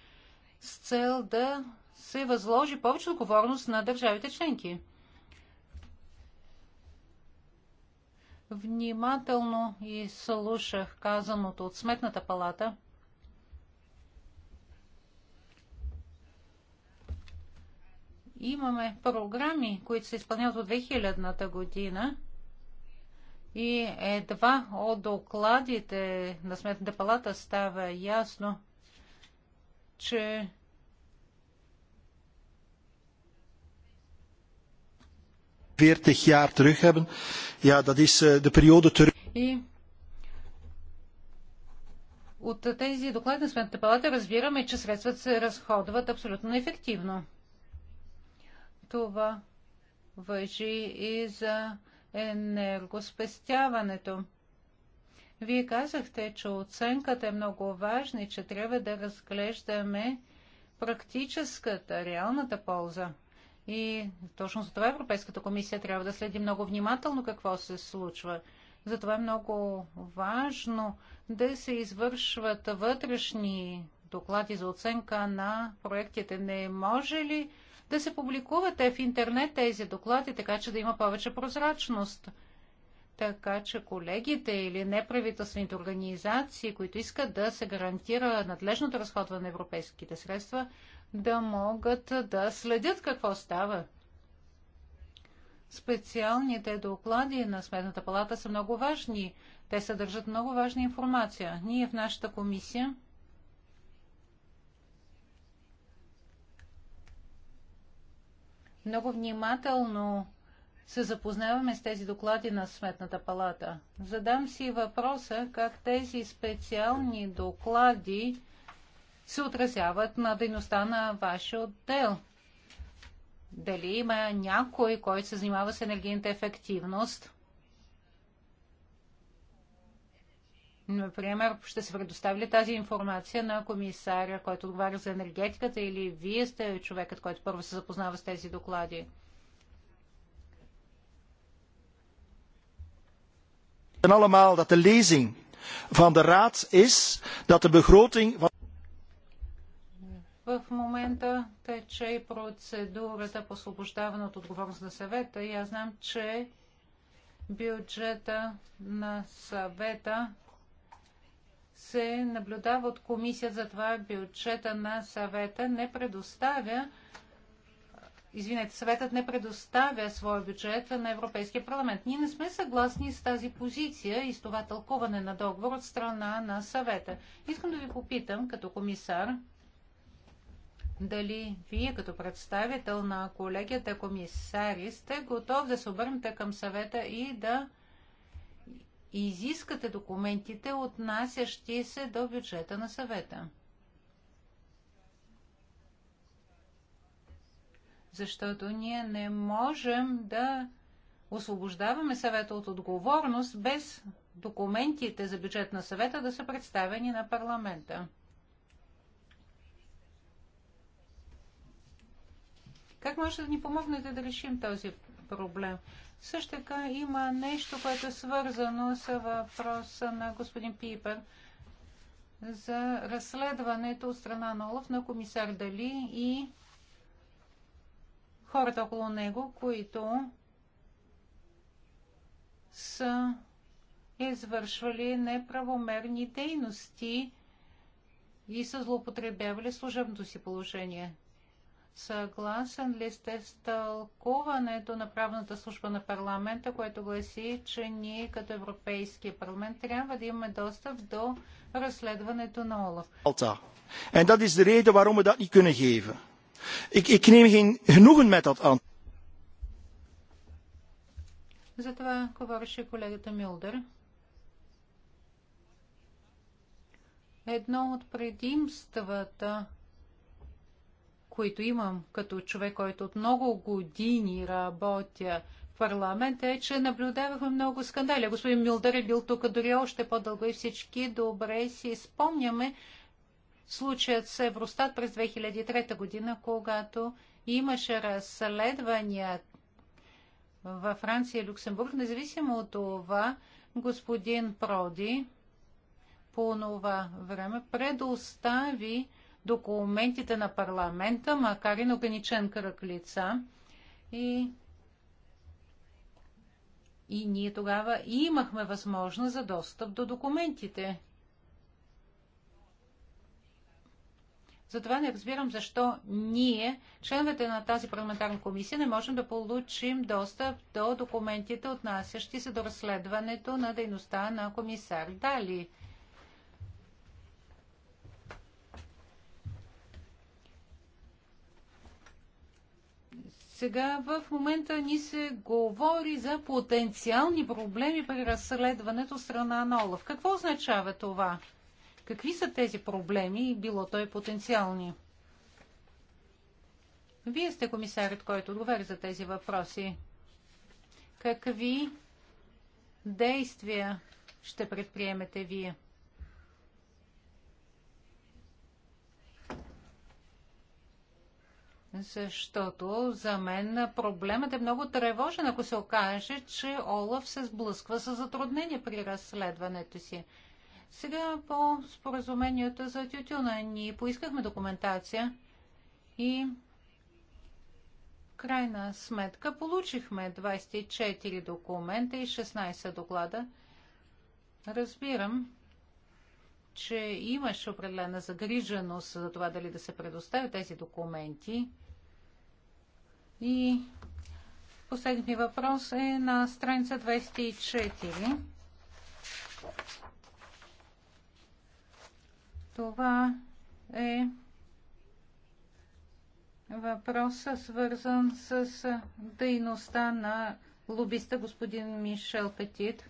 с цел да се възложи повече отговорност на държавите членки. Внимателно и слушах казаното от Сметната палата. Имаме програми, които се изпълняват от 2000-та година и едва от докладите на Сметната палата става ясно, че jaar terug hebben. Ja, dat is eh, de periode terug. И от тези доклади на Сметната палата разбираме, че средствата се разходват абсолютно неефективно. Това въжи и за енергоспестяването. Вие казахте, че оценката е много важна и че трябва да разглеждаме практическата, реалната полза. И точно за това Европейската комисия трябва да следи много внимателно какво се случва. Затова е много важно да се извършват вътрешни доклади за оценка на проектите. Не може ли да се публикуват в интернет тези доклади, така че да има повече прозрачност? така че колегите или неправителствените организации, които искат да се гарантира надлежното разходване на европейските средства, да могат да следят какво става. Специалните доклади на Сметната палата са много важни. Те съдържат много важна информация. Ние в нашата комисия много внимателно се запознаваме с тези доклади на Сметната палата. Задам си въпроса как тези специални доклади се отразяват на дейността на вашия отдел. Дали има някой, който се занимава с енергийната ефективност? Например, ще се предостави тази информация на комисаря, който отговаря за енергетиката или вие сте човекът, който първо се запознава с тези доклади? allemaal dat de lezing van de Raad is dat de begroting van. В момента тече процедурата по освобождаване от отговорност на съвета и аз знам, че бюджета на съвета се наблюдава от комисия, затова бюджета на съвета не предоставя извинете, съветът не предоставя своя бюджет на Европейския парламент. Ние не сме съгласни с тази позиция и с това тълкуване на договор от страна на съвета. Искам да ви попитам, като комисар, дали вие като представител на колегията комисари сте готов да се обърнете към съвета и да изискате документите, отнасящи се до бюджета на съвета. защото ние не можем да освобождаваме съвета от отговорност без документите за бюджет на съвета да са представени на парламента. Как може да ни помогнете да решим този проблем? Също така има нещо, което е свързано с въпроса на господин Пипер за разследването от страна на Олаф на комисар Дали и хората около него, които са извършвали неправомерни дейности и са злоупотребявали служебното си положение. Съгласен ли сте с тълкуването на правната служба на парламента, което гласи, че ние като Европейския парламент трябва да имаме достъп до разследването на Олаф? is reden waarom we dat niet kunnen geven. Ik, ik neem geen genoegen met dat antwoord. Едно от предимствата, които имам като човек, който от много години работя в парламента, е, че наблюдавахме много скандали. Господин Милдър е бил тук дори още по-дълго и всички добре си спомняме, случаят с Евростат през 2003 година, когато имаше разследвания във Франция и Люксембург. Независимо от това, господин Проди по това време предостави документите на парламента, макар и на ограничен кръг лица. И, и ние тогава имахме възможност за достъп до документите. Затова не разбирам защо ние, членовете на тази парламентарна комисия, не можем да получим достъп до документите, отнасящи се до разследването на дейността на комисар Дали. Сега в момента ни се говори за потенциални проблеми при разследването страна на Олаф. Какво означава това? Какви са тези проблеми, и било той потенциални? Вие сте комисарят, който отговаря за тези въпроси. Какви действия ще предприемете вие? Защото за мен проблемът е много тревожен, ако се окаже, че Олаф се сблъсква с затруднения при разследването си. Сега по споразуменията за тютюна ни поискахме документация и в крайна сметка получихме 24 документа и 16 доклада. Разбирам, че имаше определена загриженост за това дали да се предоставят тези документи. И последният въпрос е на страница 24. Това е въпроса, свързан с дейността на лобиста господин Мишел Петит.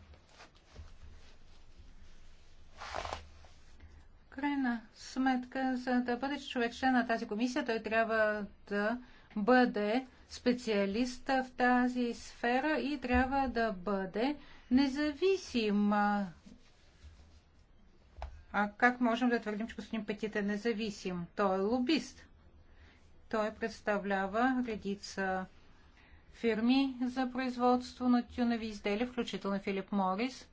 В крайна сметка, за да бъде човек член на тази комисия, той трябва да бъде специалист в тази сфера и трябва да бъде независим а как можем да твърдим, че господин Петит е независим? Той е лобист. Той представлява редица фирми за производство на тюневи изделия, включително Филип Морис.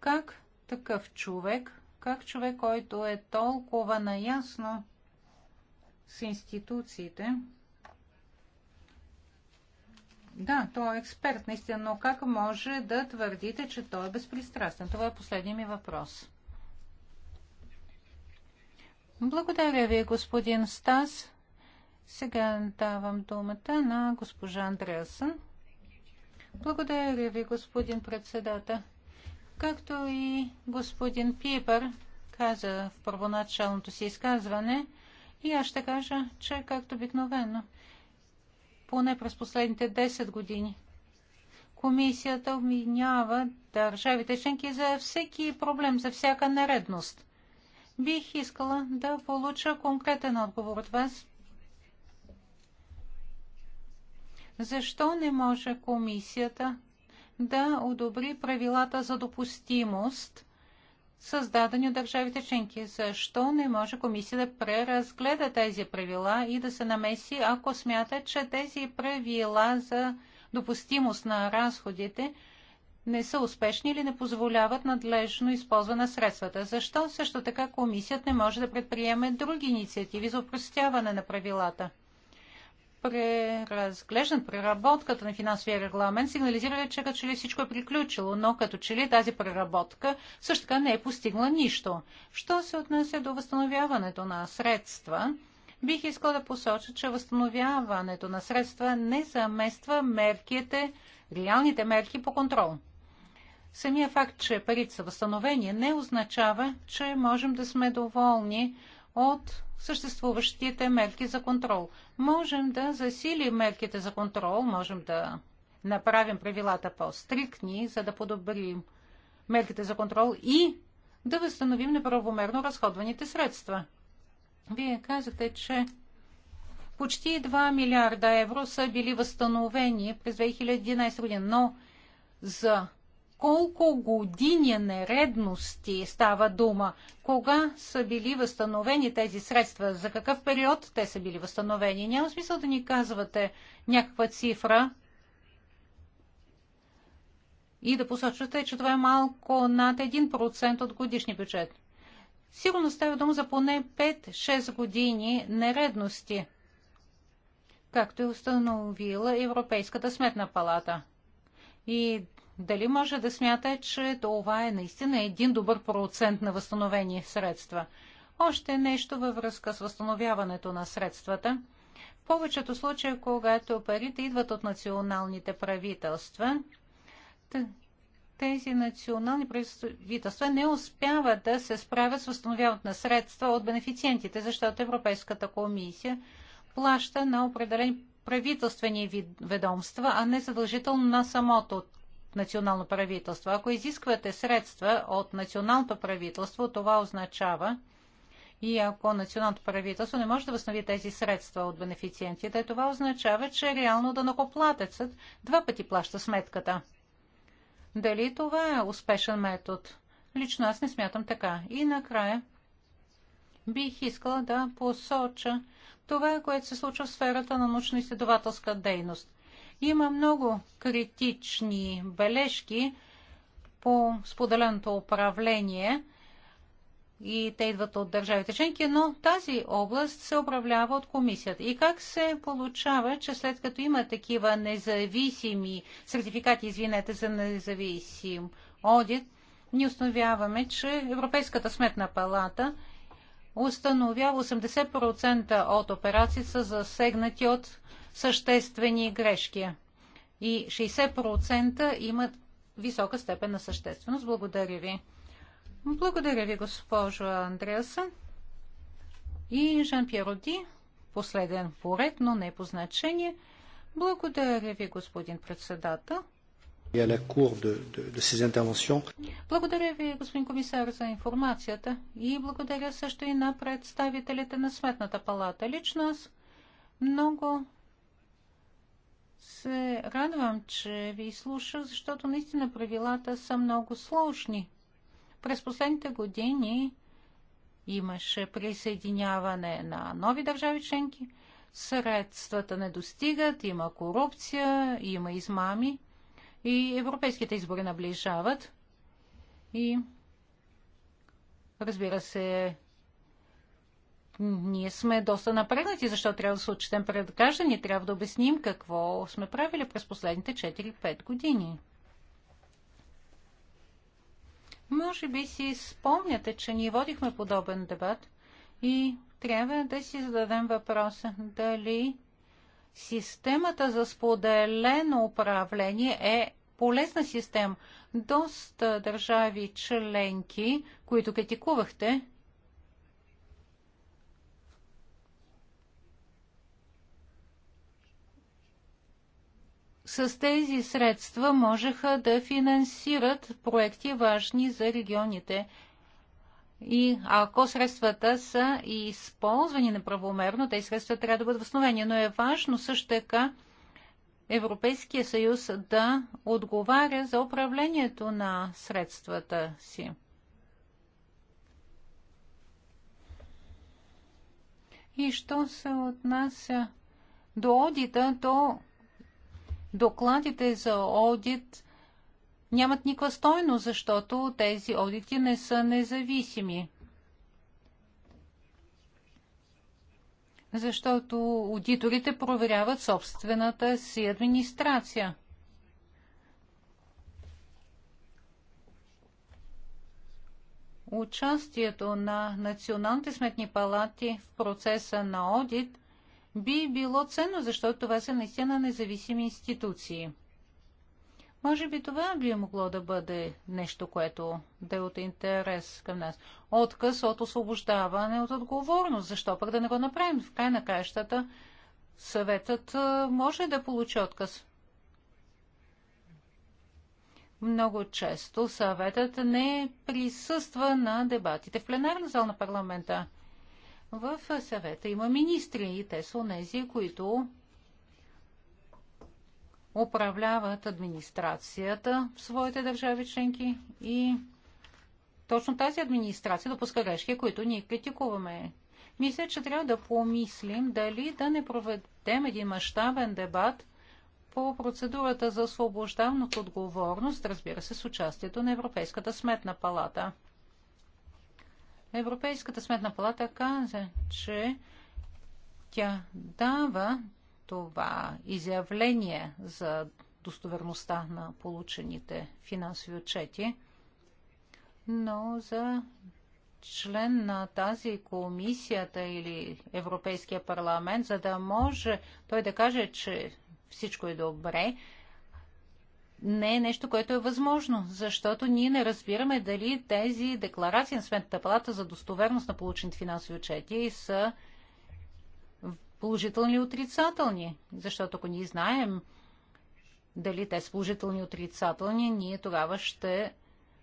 Как такъв човек, как човек, който е толкова наясно с институциите, да, той е експерт, наистина, но как може да твърдите, че той е безпристрастен? Това е последният ми въпрос. Благодаря ви, господин Стас. Сега давам думата на госпожа Андреасън. Благодаря ви, господин председател. Както и господин Пипър каза в първоначалното си изказване, и аз ще кажа, че както обикновено, поне през последните 10 години, комисията обвинява държавите членки за всеки проблем, за всяка наредност. Бих искала да получа конкретен отговор от вас. Защо не може комисията да одобри правилата за допустимост, създадени от държавите членки? Защо не може комисия да преразгледа тези правила и да се намеси, ако смята, че тези правила за допустимост на разходите – не са успешни или не позволяват надлежно използване на средствата. Защо също така комисията не може да предприеме други инициативи за упростяване на правилата? преразглеждат преработката на финансовия регламент сигнализира, че като че ли всичко е приключило, но като че ли тази преработка също така не е постигнала нищо. Що се отнесе до възстановяването на средства, бих искал да посоча, че възстановяването на средства не замества мерките, реалните мерки по контрол. Самия факт, че парите са възстановени, не означава, че можем да сме доволни от съществуващите мерки за контрол. Можем да засилим мерките за контрол, можем да направим правилата по-стриктни, за да подобрим мерките за контрол и да възстановим неправомерно разходваните средства. Вие казвате, че почти 2 милиарда евро са били възстановени през 2011 година, но за колко години е нередности става дума? Кога са били възстановени тези средства? За какъв период те са били възстановени? Няма смисъл да ни казвате някаква цифра и да посочвате, че това е малко над 1% от годишния бюджет. Сигурно става дума за поне 5-6 години нередности, както е установила Европейската сметна палата. И дали може да смята, че това е наистина един добър процент на възстановени средства. Още нещо във връзка с възстановяването на средствата. В повечето случаи, когато парите идват от националните правителства, тези национални правителства не успяват да се справят с възстановяването на средства от бенефициентите, защото Европейската комисия плаща на определени правителствени ведомства, а не задължително на самото национално правителство. Ако изисквате средства от националното правителство, това означава, и ако националното правителство не може да възстанови тези средства от бенефициентите, това означава, че реално данокоплатецът два пъти плаща сметката. Дали това е успешен метод? Лично аз не смятам така. И накрая бих искала да посоча това, което се случва в сферата на научно-изследователска дейност. Има много критични бележки по споделеното управление и те идват от държавите членки, но тази област се управлява от комисията. И как се получава, че след като има такива независими сертификати, извинете за независим одит, ние установяваме, че Европейската сметна палата установява 80% от операции са засегнати от съществени грешки. И 60% имат висока степен на същественост. Благодаря ви. Благодаря ви, госпожо Андреаса И Жан Пьероди, последен поред, но не по значение. Благодаря ви, господин председател. Е благодаря ви, господин комисар, за информацията и благодаря също и на представителите на Сметната палата. Лично аз много се радвам, че ви слушах, защото наистина правилата са много сложни. През последните години имаше присъединяване на нови държави членки, средствата не достигат, има корупция, има измами и европейските избори наближават. И разбира се, ние сме доста напрегнати, защото трябва да се отчетем пред граждани, трябва да обясним какво сме правили през последните 4-5 години. Може би си спомняте, че ние водихме подобен дебат и трябва да си зададем въпроса дали системата за споделено управление е полезна система. Доста държави членки, които критикувахте, с тези средства можеха да финансират проекти важни за регионите. И ако средствата са използвани неправомерно, тези средства трябва да бъдат възстановени. Но е важно също така Европейския съюз да отговаря за управлението на средствата си. И що се отнася до одита, то докладите за одит нямат никаква стойност, защото тези одити не са независими. Защото аудиторите проверяват собствената си администрация. Участието на националните сметни палати в процеса на одит – би било ценно, защото това са наистина независими институции. Може би това би могло да бъде нещо, което да е от интерес към нас. Отказ от освобождаване от отговорност. Защо пък да не го направим? В край на кащата съветът може да получи отказ. Много често съветът не присъства на дебатите в пленарна зал на парламента. В съвета има министри и те са тези, които управляват администрацията в своите държави членки и точно тази администрация допуска грешки, които ние критикуваме. Мисля, че трябва да помислим дали да не проведем един мащабен дебат по процедурата за освобождаване отговорност, разбира се, с участието на Европейската сметна палата. Европейската сметна палата каза, че тя дава това изявление за достоверността на получените финансови отчети, но за член на тази комисията или Европейския парламент, за да може той да каже, че всичко е добре, не е нещо, което е възможно, защото ние не разбираме дали тези декларации на Сметната палата за достоверност на получените финансови отчети са положителни или отрицателни. Защото ако ние знаем дали те са положителни или отрицателни, ние тогава ще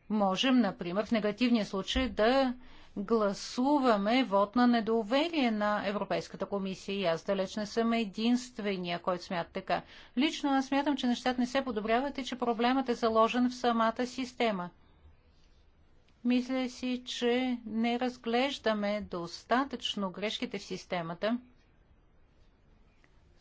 можем, например, в негативния случай да гласуваме вод на недоверие на Европейската комисия и аз далеч не съм единствения, който смята така. Лично аз смятам, че нещата не се подобряват и че проблемът е заложен в самата система. Мисля си, че не разглеждаме достатъчно грешките в системата –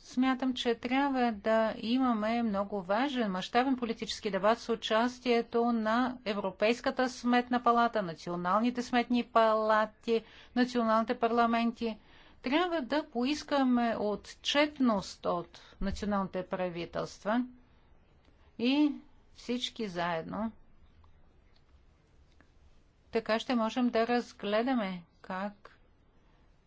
Смятам, че трябва да имаме много важен мащабен политически дебат с участието на Европейската сметна палата, националните сметни палати, националните парламенти. Трябва да поискаме отчетност от националните правителства и всички заедно. Така ще можем да разгледаме как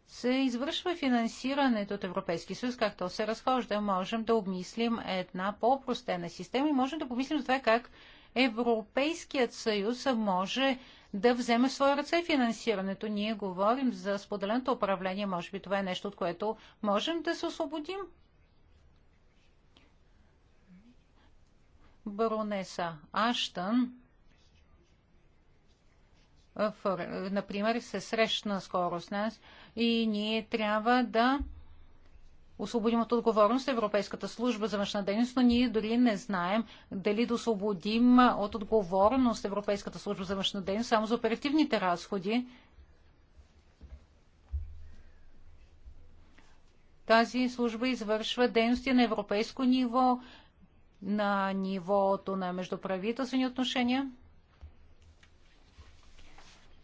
се извършва финансирането от Европейски съюз, както се разхожда, можем да обмислим една по-простена система и можем да помислим за това как Европейският съюз може да вземе в своя ръце финансирането. Ние говорим за споделеното управление. Може би това е нещо, от което можем да се освободим. Баронеса Аштън например, се срещна скоро с нас и ние трябва да освободим от отговорност Европейската служба за външна дейност, но ние дори не знаем дали да освободим от отговорност Европейската служба за външна дейност само за оперативните разходи. Тази служба извършва дейности на европейско ниво, на нивото на междуправителствени отношения.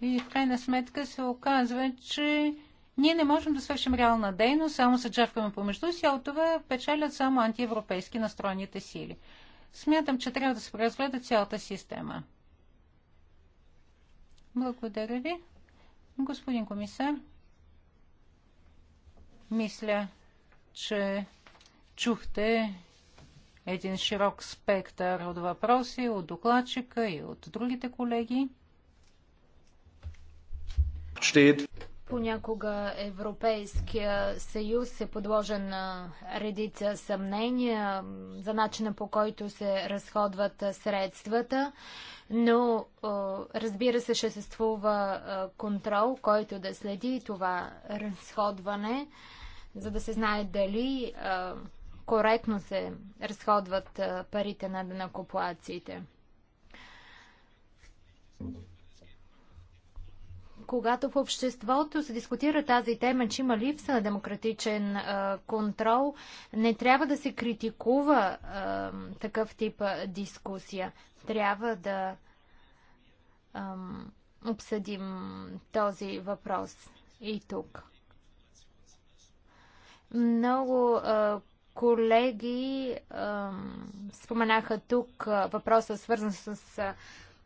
И в крайна сметка се оказва, че ние не можем да свършим реална дейност, само се джавкаме помежду си, а от това печалят само антиевропейски настроените сили. Смятам, че трябва да се преразгледа цялата система. Благодаря ви. Господин комисар, мисля, че чухте един широк спектър от въпроси от докладчика и от другите колеги. Steht. Понякога Европейския съюз е подложен на редица съмнения за начина по който се разходват средствата, но разбира се, съществува контрол, който да следи това разходване, за да се знае дали коректно се разходват парите на накоплаците когато в обществото се дискутира тази тема, че има липса на демократичен а, контрол, не трябва да се критикува а, такъв тип а, дискусия. Трябва да а, обсъдим този въпрос и тук. Много а, колеги а, споменаха тук въпроса, свързан с. А,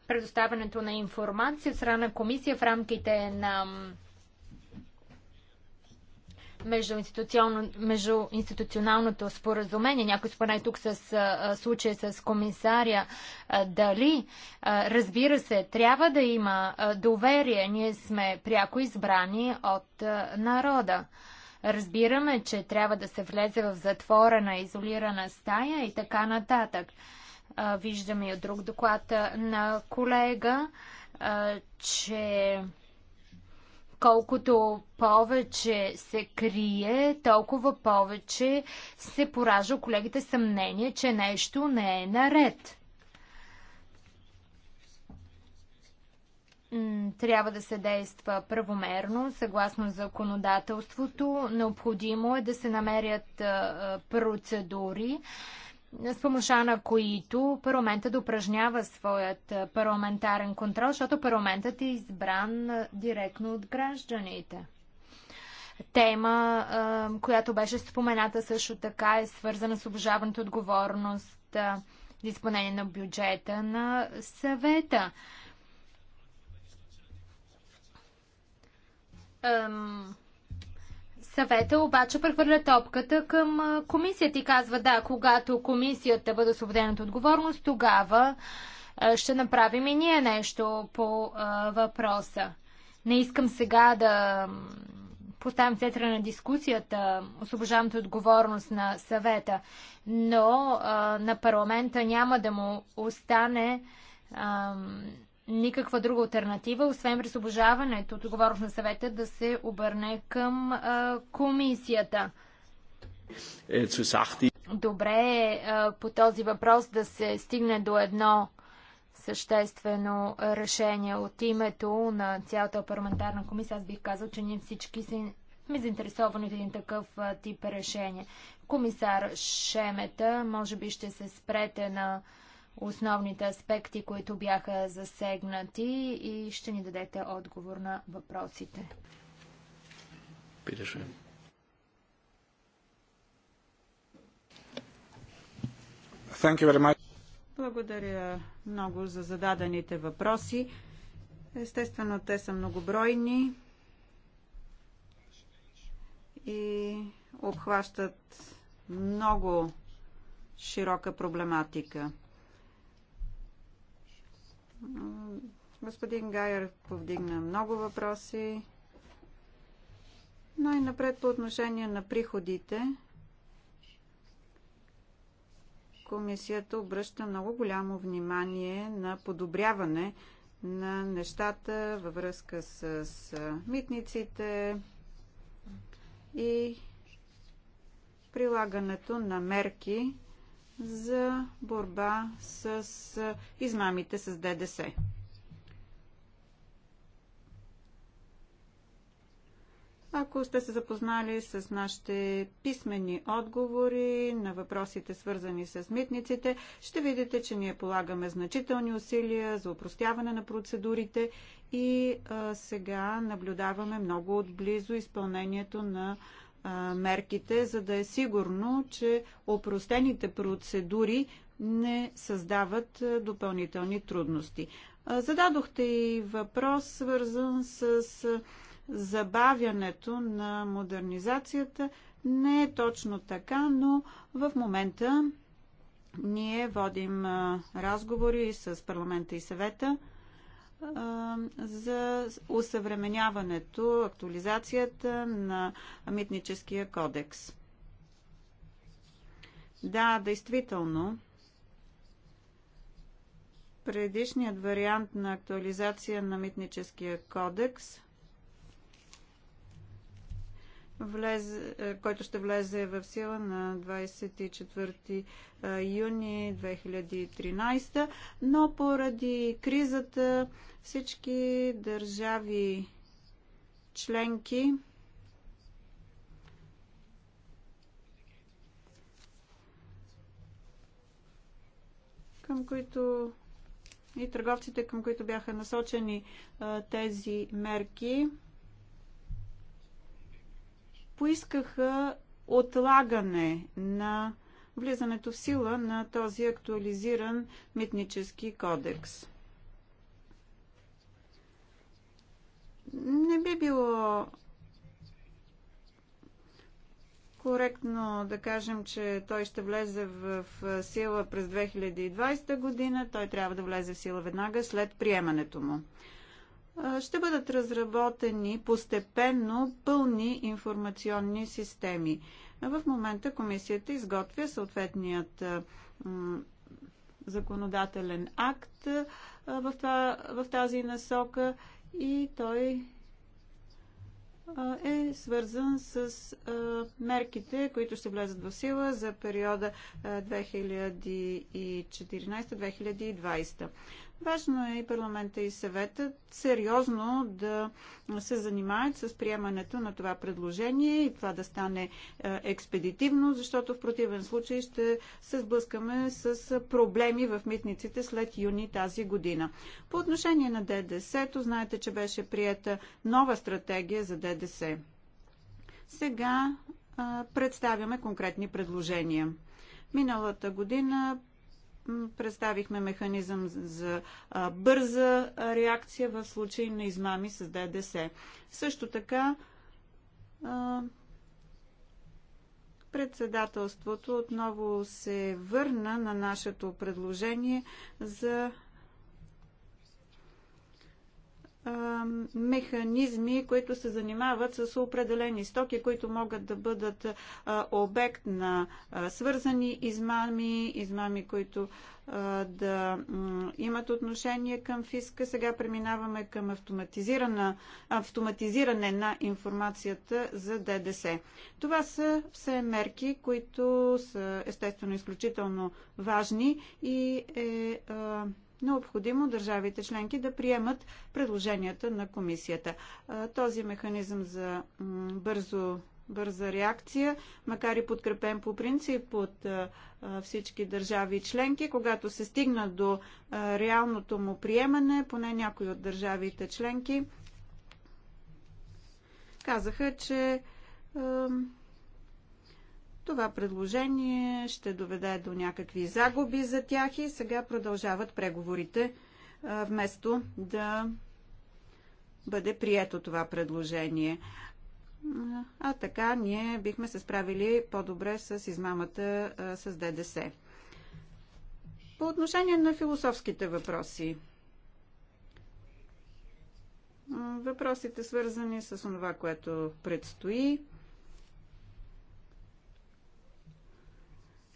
предоставянето на информация от страна на комисия в рамките на междуинституционалното между споразумение. Някой спомена тук с случая с комисаря Дали. Разбира се, трябва да има доверие. Ние сме пряко избрани от народа. Разбираме, че трябва да се влезе в затворена, изолирана стая и така нататък. Виждаме и от друг доклад на колега, че колкото повече се крие, толкова повече се поража у колегите съмнение, че нещо не е наред. Трябва да се действа правомерно, съгласно законодателството. Необходимо е да се намерят процедури, с помощта на които парламентът упражнява своят парламентарен контрол, защото парламентът е избран директно от гражданите. Тема, която беше спомената също така, е свързана с обжаването отговорност за изпълнение на бюджета на съвета. Um, Съвета обаче прехвърля топката към комисията и казва да, когато комисията бъде освободена от отговорност, тогава ще направим и ние нещо по а, въпроса. Не искам сега да поставям центъра на дискусията, освобождаваната отговорност на съвета, но а, на парламента няма да му остане а, никаква друга альтернатива, освен през обожаването от отговорност на съвета да се обърне към а, комисията. Е, Добре е по този въпрос да се стигне до едно съществено решение от името на цялата парламентарна комисия. Аз бих казал, че ние всички сме заинтересовани от един такъв тип решение. Комисар Шемета, може би ще се спрете на основните аспекти, които бяха засегнати и ще ни дадете отговор на въпросите. Питаше. Благодаря много за зададените въпроси. Естествено, те са многобройни и обхващат много широка проблематика. Господин Гайер повдигна много въпроси. Най-напред по отношение на приходите. Комисията обръща много голямо внимание на подобряване на нещата във връзка с митниците и прилагането на мерки за борба с измамите с ДДС. Ако сте се запознали с нашите писмени отговори на въпросите свързани с митниците, ще видите, че ние полагаме значителни усилия за упростяване на процедурите и а, сега наблюдаваме много отблизо изпълнението на мерките, за да е сигурно, че опростените процедури не създават допълнителни трудности. Зададохте и въпрос, свързан с забавянето на модернизацията. Не е точно така, но в момента ние водим разговори с парламента и съвета – за усъвременяването, актуализацията на митническия кодекс. Да, действително, предишният вариант на актуализация на митническия кодекс – влезе, е, който ще влезе в сила на 24 е, юни 2013, но поради кризата всички държави членки към които и търговците, към които бяха насочени е, тези мерки, поискаха отлагане на влизането в сила на този актуализиран митнически кодекс. Не би било коректно да кажем, че той ще влезе в сила през 2020 година. Той трябва да влезе в сила веднага след приемането му ще бъдат разработени постепенно пълни информационни системи. В момента комисията изготвя съответният законодателен акт в, това, в тази насока и той е свързан с мерките, които ще влезат в сила за периода 2014-2020. Важно е и парламента и съвета сериозно да се занимаят с приемането на това предложение и това да стане е, експедитивно, защото в противен случай ще се сблъскаме с проблеми в митниците след юни тази година. По отношение на ДДС, знаете, че беше приета нова стратегия за ДДС. Сега представяме конкретни предложения. Миналата година представихме механизъм за бърза реакция в случай на измами с ДДС. Също така председателството отново се върна на нашето предложение за механизми, които се занимават с определени стоки, които могат да бъдат обект на свързани измами, измами, които да имат отношение към фиска. Сега преминаваме към автоматизиране на информацията за ДДС. Това са все мерки, които са естествено изключително важни и е необходимо държавите членки да приемат предложенията на комисията. Този механизъм за бързо бърза реакция, макар и подкрепен по принцип от всички държави и членки. Когато се стигна до реалното му приемане, поне някои от държавите членки казаха, че това предложение ще доведе до някакви загуби за тях и сега продължават преговорите вместо да бъде прието това предложение. А така ние бихме се справили по-добре с измамата с ДДС. По отношение на философските въпроси. Въпросите свързани с това, което предстои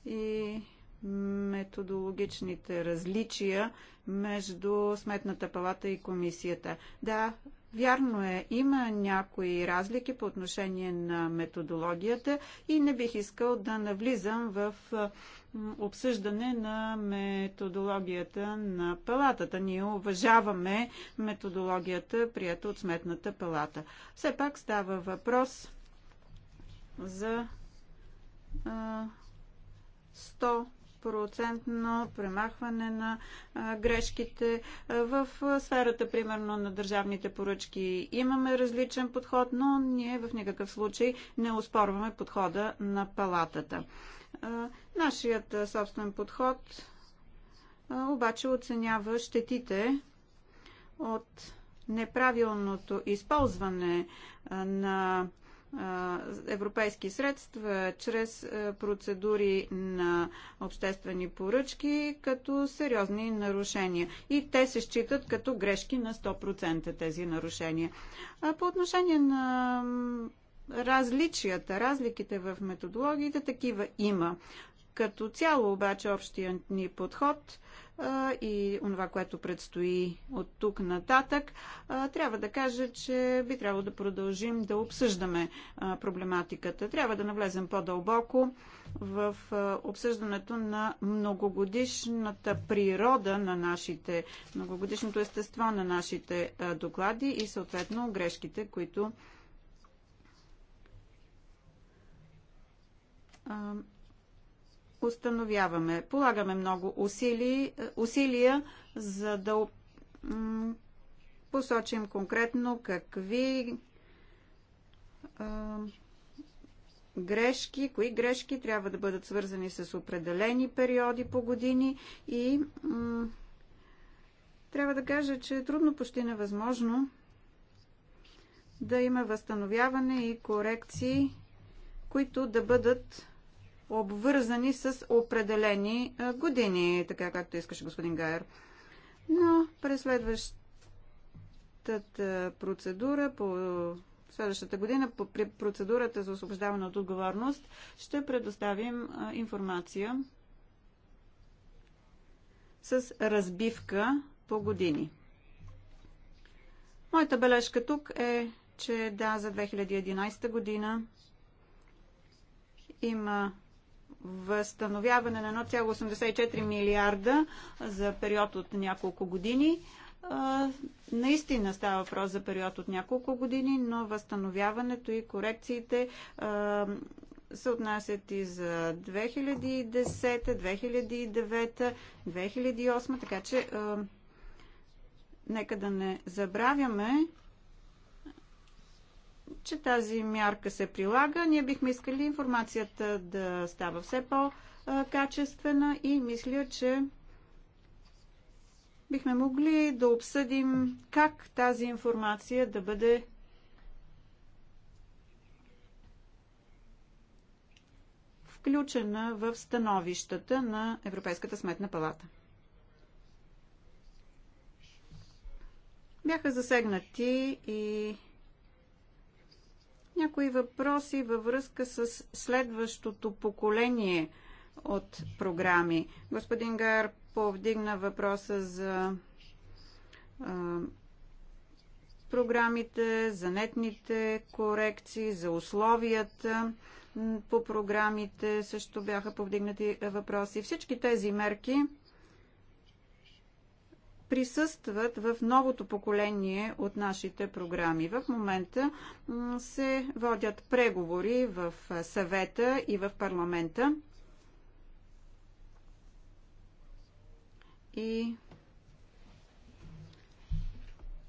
и методологичните различия между Сметната палата и комисията. Да, вярно е, има някои разлики по отношение на методологията и не бих искал да навлизам в обсъждане на методологията на палатата. Ние уважаваме методологията, прията от Сметната палата. Все пак става въпрос за 100% премахване на грешките в сферата, примерно, на държавните поръчки. Имаме различен подход, но ние в никакъв случай не успорваме подхода на палатата. Нашият собствен подход обаче оценява щетите от неправилното използване на европейски средства чрез процедури на обществени поръчки като сериозни нарушения. И те се считат като грешки на 100% тези нарушения. А по отношение на различията, разликите в методологиите, такива има. Като цяло обаче общият ни подход – и онова, което предстои от тук нататък, трябва да кажа, че би трябвало да продължим да обсъждаме проблематиката. Трябва да навлезем по-дълбоко в обсъждането на многогодишната природа на нашите, многогодишното естество на нашите доклади и съответно грешките, които установяваме. Полагаме много усили, усилия, за да посочим конкретно какви а, грешки, кои грешки трябва да бъдат свързани с определени периоди по години и трябва да кажа, че е трудно, почти невъзможно да има възстановяване и корекции, които да бъдат обвързани с определени години, така както искаше господин Гайер. Но през следващата процедура по следващата година по при процедурата за освобождаване от отговорност ще предоставим информация с разбивка по години. Моята бележка тук е, че да, за 2011 година има възстановяване на 1,84 милиарда за период от няколко години. Наистина става въпрос за период от няколко години, но възстановяването и корекциите се отнасят и за 2010, 2009, 2008, така че нека да не забравяме, че тази мярка се прилага. Ние бихме искали информацията да става все по-качествена и мисля, че бихме могли да обсъдим как тази информация да бъде включена в становищата на Европейската сметна палата. Бяха засегнати и някои въпроси във връзка с следващото поколение от програми. Господин Гар повдигна въпроса за а, програмите, за нетните корекции, за условията по програмите. Също бяха повдигнати въпроси. Всички тези мерки присъстват в новото поколение от нашите програми. В момента се водят преговори в съвета и в парламента. И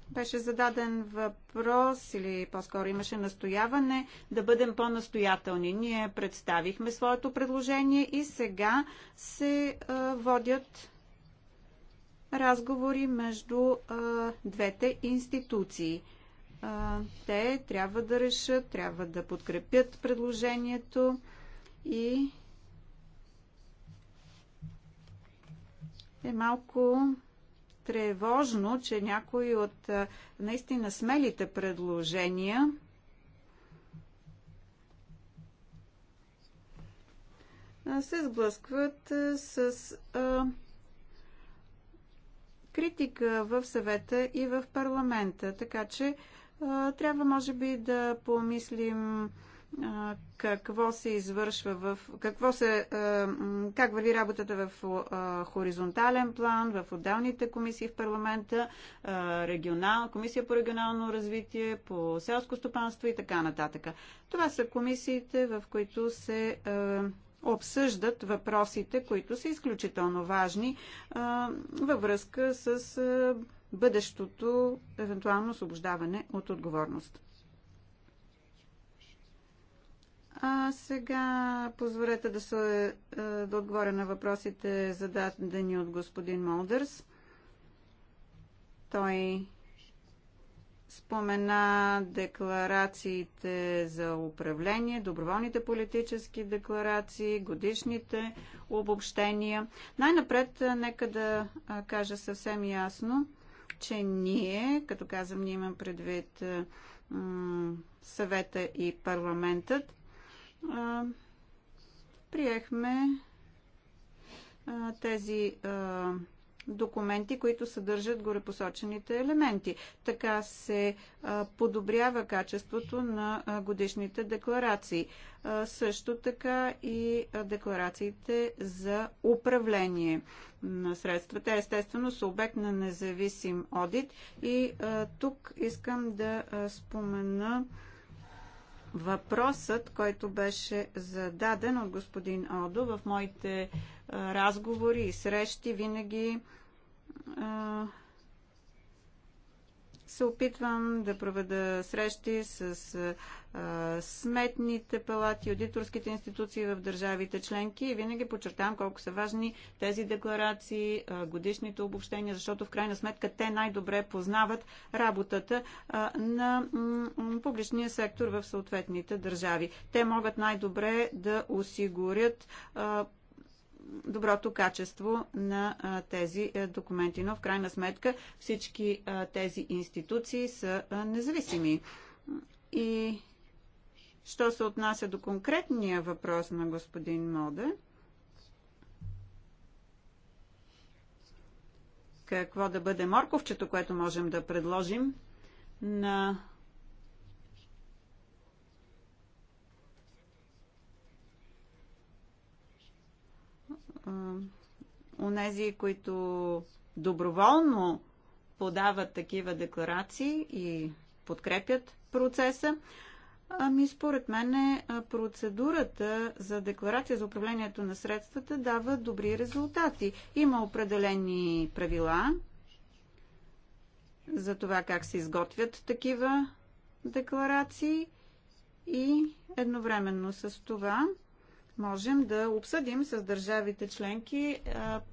беше зададен въпрос или по-скоро имаше настояване да бъдем по-настоятелни. Ние представихме своето предложение и сега се водят разговори между а, двете институции. А, те трябва да решат, трябва да подкрепят предложението и е малко тревожно, че някои от а, наистина смелите предложения се сблъскват с критика в съвета и в парламента. Така че трябва, може би, да помислим какво се извършва в... Какво се, как върви работата в хоризонтален план, в отделните комисии в парламента, регионал, комисия по регионално развитие, по селско стопанство и така нататък. Това са комисиите, в които се обсъждат въпросите, които са изключително важни а, във връзка с а, бъдещото евентуално освобождаване от отговорност. А сега позволете да, се, да отговоря на въпросите зададени от господин Молдърс. Той Спомена декларациите за управление, доброволните политически декларации, годишните обобщения. Най-напред, нека да кажа съвсем ясно, че ние, като казвам, ние имам предвид съвета и парламентът, приехме тези документи, които съдържат горепосочените елементи. Така се подобрява качеството на годишните декларации. Също така и декларациите за управление на средствата естествено са обект на независим одит и тук искам да спомена въпросът, който беше зададен от господин Одо в моите разговори и срещи винаги се опитвам да проведа срещи с а, сметните палати, аудиторските институции в държавите членки и винаги подчертавам колко са важни тези декларации, а, годишните обобщения, защото в крайна сметка те най-добре познават работата а, на публичния сектор в съответните държави. Те могат най-добре да осигурят а, доброто качество на тези е, документи. Но в крайна сметка всички тези институции са независими. И що се отнася до конкретния въпрос на господин Моде, какво да бъде морковчето, което можем да предложим на онези, които доброволно подават такива декларации и подкрепят процеса. Ами, според мен, е, процедурата за декларация за управлението на средствата дава добри резултати. Има определени правила за това как се изготвят такива декларации и едновременно с това можем да обсъдим с държавите членки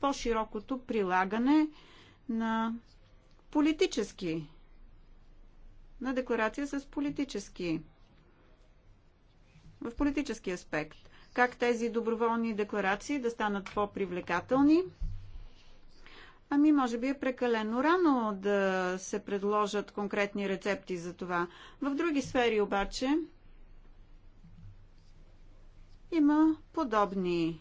по-широкото прилагане на политически, на декларация с политически, в политически аспект. Как тези доброволни декларации да станат по-привлекателни? Ами, може би е прекалено рано да се предложат конкретни рецепти за това. В други сфери обаче има подобни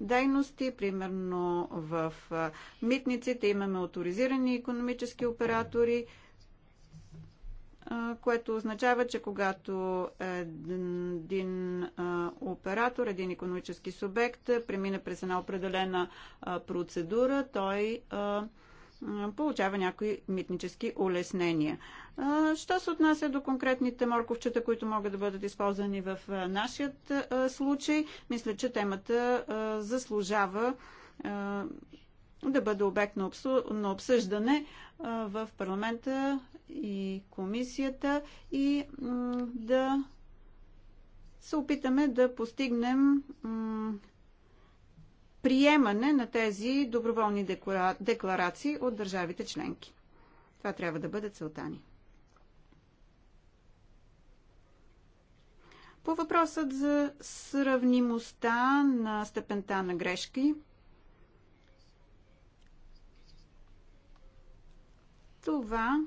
дейности, примерно в митниците имаме авторизирани економически оператори, което означава, че когато един оператор, един економически субект премине през една определена процедура, той е получава някои митнически улеснения. Що се отнася до конкретните морковчета, които могат да бъдат използвани в нашият случай, мисля, че темата заслужава да бъде обект на обсъждане в парламента и комисията и да се опитаме да постигнем приемане на тези доброволни декора... декларации от държавите членки. Това трябва да бъде целта ни. По въпросът за сравнимостта на степента на грешки, това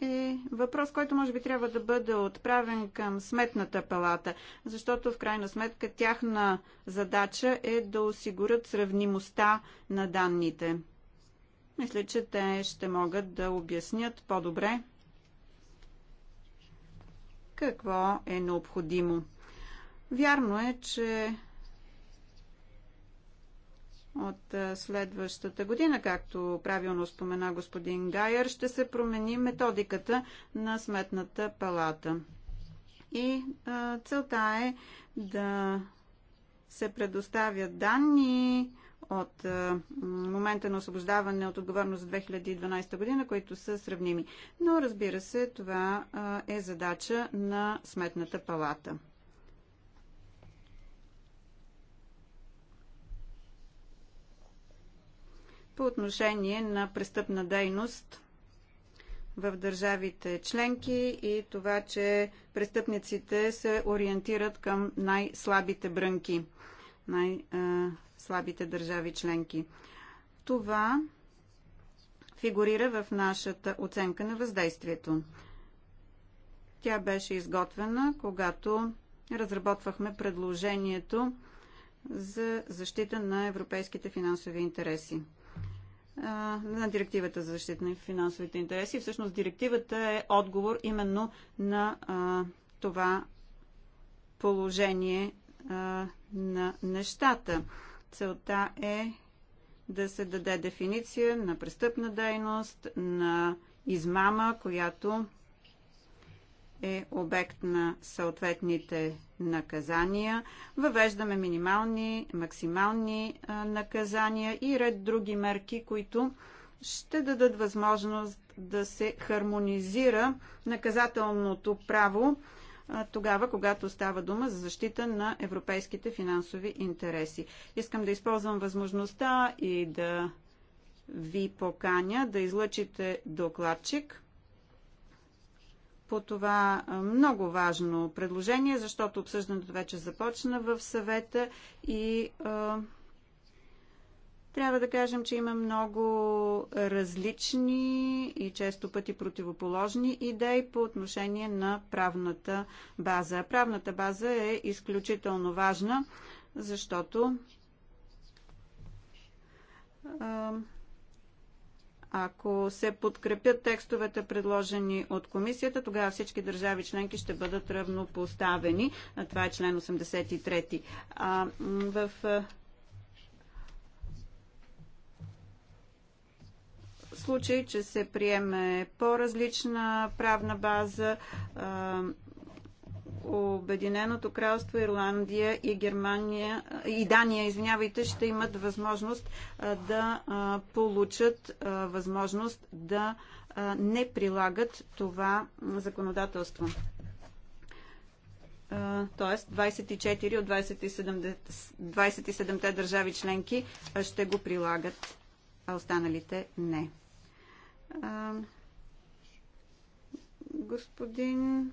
е въпрос, който може би трябва да бъде отправен към сметната палата, защото в крайна сметка тяхна задача е да осигурят сравнимостта на данните. Мисля, че те ще могат да обяснят по-добре какво е необходимо. Вярно е, че от следващата година, както правилно спомена господин Гайер, ще се промени методиката на Сметната палата. И а, целта е да се предоставят данни от а, момента на освобождаване от отговорност за 2012 година, които са сравними. Но разбира се, това а, е задача на Сметната палата. по отношение на престъпна дейност в държавите членки и това, че престъпниците се ориентират към най-слабите брънки, най-слабите държави членки. Това фигурира в нашата оценка на въздействието. Тя беше изготвена, когато разработвахме предложението за защита на европейските финансови интереси на директивата за защита на финансовите интереси. Всъщност директивата е отговор именно на това положение на нещата. Целта е да се даде дефиниция на престъпна дейност, на измама, която е обект на съответните наказания. Въвеждаме минимални, максимални наказания и ред други мерки, които ще дадат възможност да се хармонизира наказателното право тогава, когато става дума за защита на европейските финансови интереси. Искам да използвам възможността и да ви поканя да излъчите докладчик – по това много важно предложение, защото обсъждането вече започна в съвета и а, трябва да кажем, че има много различни и често пъти противоположни идеи по отношение на правната база. Правната база е изключително важна, защото а, ако се подкрепят текстовете, предложени от комисията, тогава всички държави членки ще бъдат равнопоставени. Това е член 83. А, в случай, че се приеме по-различна правна база, Обединеното кралство, Ирландия и Германия и Дания, извинявайте, ще имат възможност да получат възможност да не прилагат това законодателство. Тоест 24 от 27, те държави членки ще го прилагат, а останалите не. Господин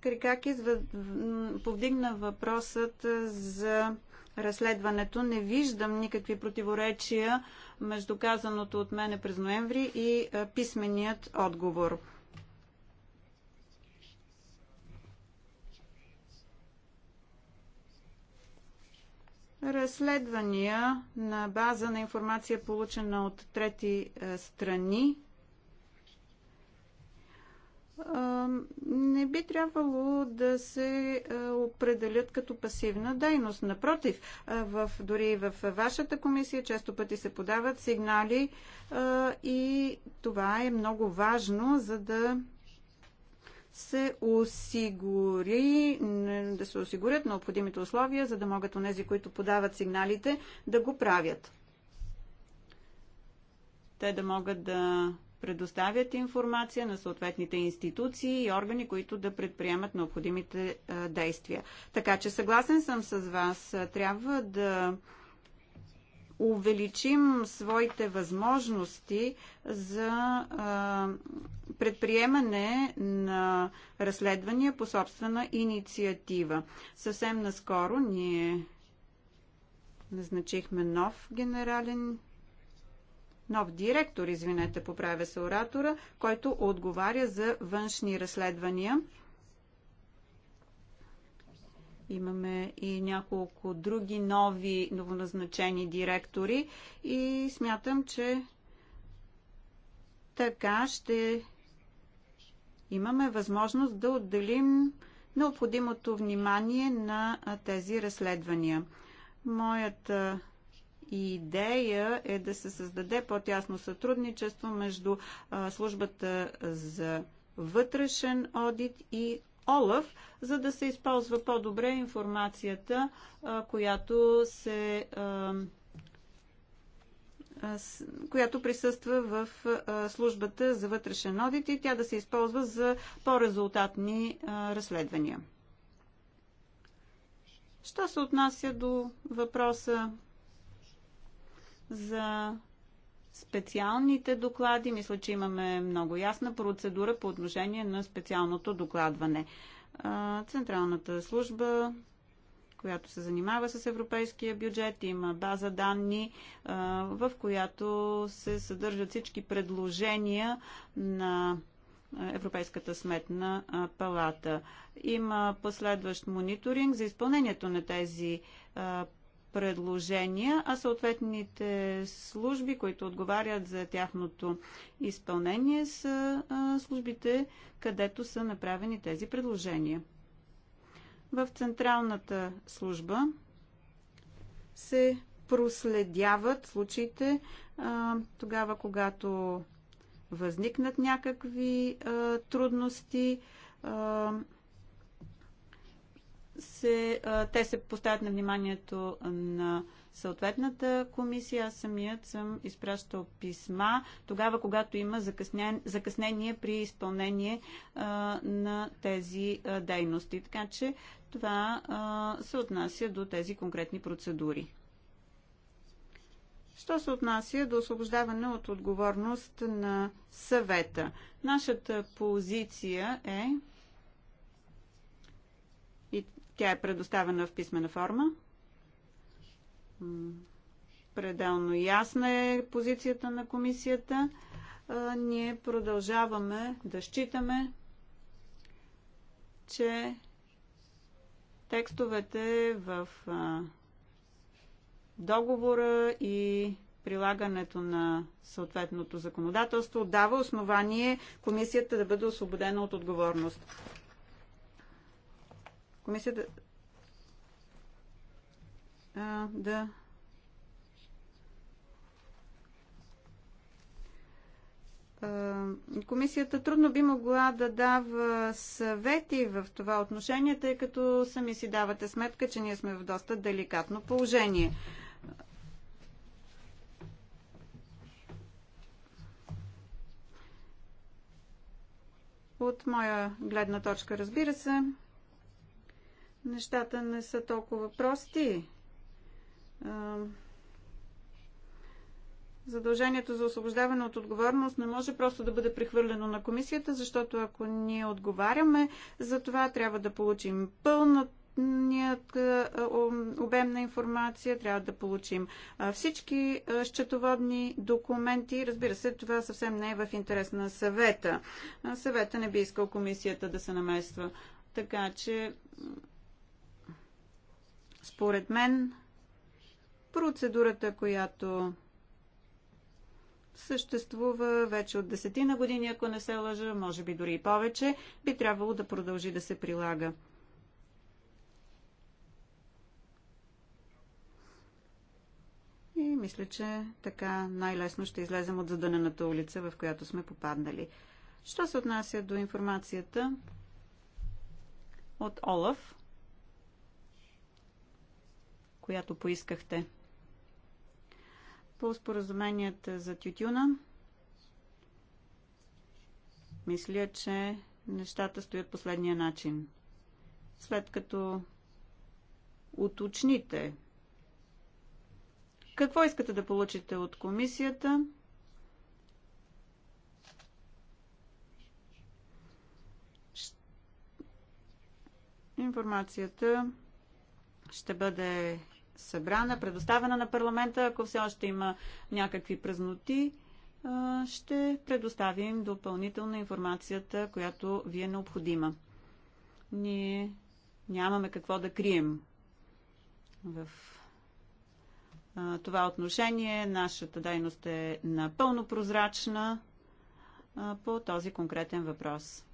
Крикакис повдигна въпросът за разследването. Не виждам никакви противоречия между казаното от мене през ноември и писменият отговор. разследвания на база на информация получена от трети страни не би трябвало да се определят като пасивна дейност. Напротив, в, дори в вашата комисия често пъти се подават сигнали и това е много важно, за да се осигури, да се осигурят необходимите условия, за да могат онези, които подават сигналите, да го правят. Те да могат да предоставят информация на съответните институции и органи, които да предприемат необходимите действия. Така че съгласен съм с вас. Трябва да увеличим своите възможности за предприемане на разследвания по собствена инициатива. Съвсем наскоро ние назначихме нов генерален нов директор, извинете, поправя се оратора, който отговаря за външни разследвания. Имаме и няколко други нови новоназначени директори и смятам, че така ще имаме възможност да отделим необходимото внимание на тези разследвания. Моята идея е да се създаде по-тясно сътрудничество между службата за вътрешен одит и ОЛАВ, за да се използва по-добре информацията, която се която присъства в службата за вътрешен одит и тя да се използва за по-резултатни разследвания. Що се отнася до въпроса за специалните доклади. Мисля, че имаме много ясна процедура по отношение на специалното докладване. Централната служба, която се занимава с европейския бюджет, има база данни, в която се съдържат всички предложения на Европейската сметна палата. Има последващ мониторинг за изпълнението на тези предложения, а съответните служби, които отговарят за тяхното изпълнение, са службите, където са направени тези предложения. В Централната служба се проследяват случаите тогава, когато възникнат някакви трудности, се, те се поставят на вниманието на съответната комисия. Аз самият съм изпращал писма тогава, когато има закъснение, закъснение при изпълнение а, на тези а, дейности. Така че това а, се отнася до тези конкретни процедури. Що се отнася до освобождаване от отговорност на съвета? Нашата позиция е, тя е предоставена в писмена форма. Пределно ясна е позицията на комисията. Ние продължаваме да считаме, че текстовете в договора и прилагането на съответното законодателство дава основание комисията да бъде освободена от отговорност комисията а, да Комисията трудно би могла да дава съвети в това отношение, тъй като сами си давате сметка, че ние сме в доста деликатно положение. От моя гледна точка, разбира се, нещата не са толкова прости. Задължението за освобождаване от отговорност не може просто да бъде прехвърлено на комисията, защото ако ние отговаряме за това, трябва да получим пълната обем на информация, трябва да получим всички счетоводни документи. Разбира се, това съвсем не е в интерес на съвета. Съвета не би искал комисията да се намества. Така че според мен, процедурата, която съществува вече от десетина години, ако не се лъжа, може би дори и повече, би трябвало да продължи да се прилага. И мисля, че така най-лесно ще излезем от задънената улица, в която сме попаднали. Що се отнася до информацията от Олаф? която поискахте. По споразуменията за тютюна, мисля, че нещата стоят последния начин. След като уточните какво искате да получите от комисията, информацията ще бъде събрана, предоставена на парламента. Ако все още има някакви празноти, ще предоставим допълнителна информацията, която ви е необходима. Ние нямаме какво да крием в това отношение. Нашата дейност е напълно прозрачна по този конкретен въпрос.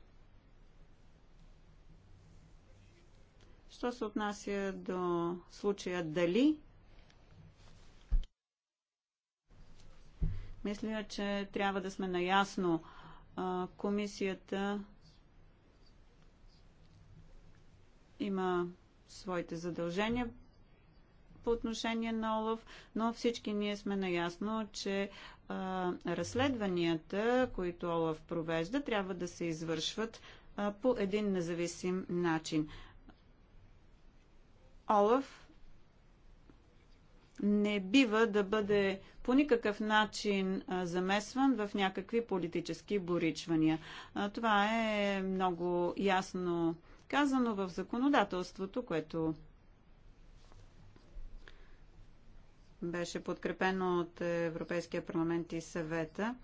Що се отнася до случая дали, мисля, че трябва да сме наясно. Комисията има своите задължения по отношение на ОЛОВ, но всички ние сме наясно, че а, разследванията, които Олов провежда, трябва да се извършват а, по един независим начин. Олаф не бива да бъде по никакъв начин замесван в някакви политически боричвания. Това е много ясно казано в законодателството, което беше подкрепено от Европейския парламент и съвета.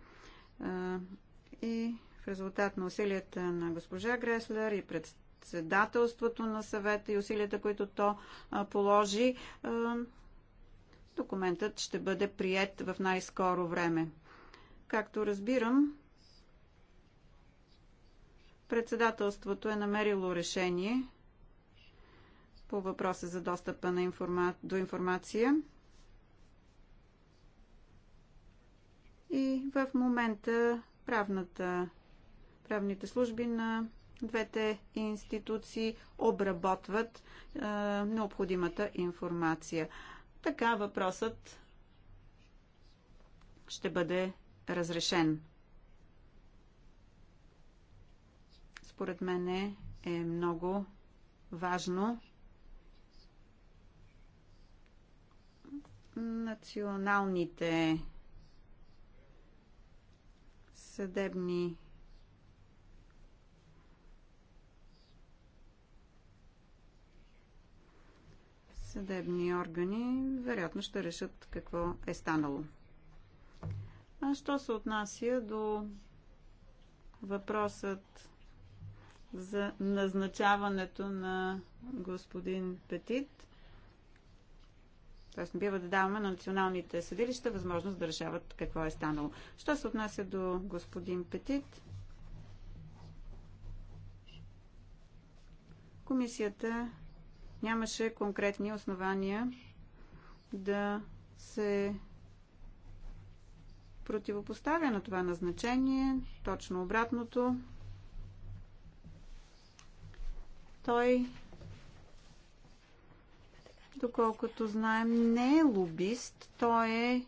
И в резултат на усилията на госпожа Греслер и пред председателството на съвета и усилията, които то положи, документът ще бъде прият в най-скоро време. Както разбирам, председателството е намерило решение по въпроса за достъпа на информа... до информация. И в момента правната, правните служби на двете институции обработват е, необходимата информация. Така въпросът ще бъде разрешен. Според мен е, е много важно националните съдебни съдебни органи вероятно ще решат какво е станало. А що се отнася до въпросът за назначаването на господин Петит, т.е. не бива да даваме на националните съдилища възможност да решават какво е станало. Що се отнася до господин Петит, комисията нямаше конкретни основания да се противопоставя на това назначение, точно обратното. Той, доколкото знаем, не е лобист, той е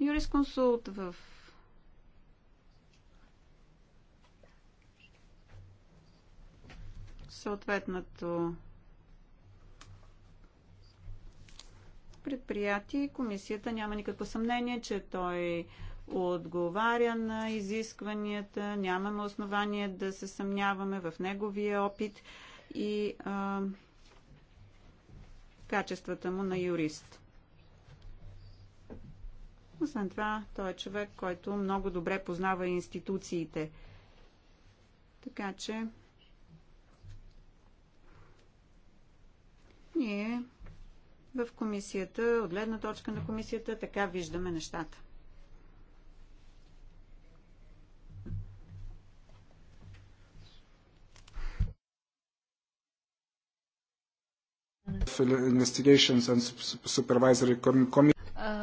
юрисконсулт в съответното предприятие. Комисията няма никакво съмнение, че той отговаря на изискванията, нямаме основание да се съмняваме в неговия опит и а, качествата му на юрист. Освен това, той е човек, който много добре познава институциите. Така че Ние в комисията, от гледна точка на комисията, така виждаме нещата.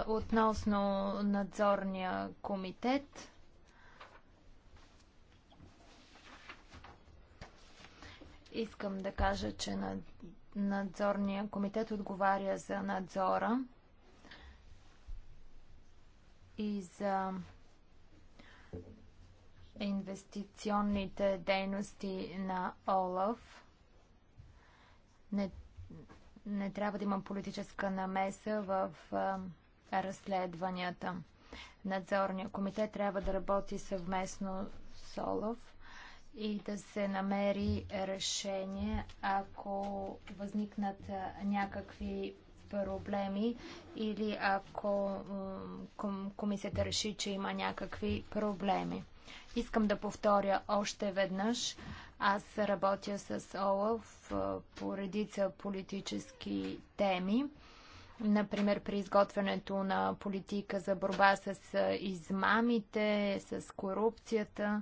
Относно надзорния комитет, искам да кажа, че на надзорния комитет отговаря за надзора и за инвестиционните дейности на ОЛАФ. Не, не трябва да има политическа намеса в а, разследванията. Надзорният комитет трябва да работи съвместно с ОЛАФ и да се намери решение, ако възникнат някакви проблеми или ако комисията реши, че има някакви проблеми. Искам да повторя още веднъж. Аз работя с ОЛАФ по редица политически теми. Например, при изготвянето на политика за борба с измамите, с корупцията.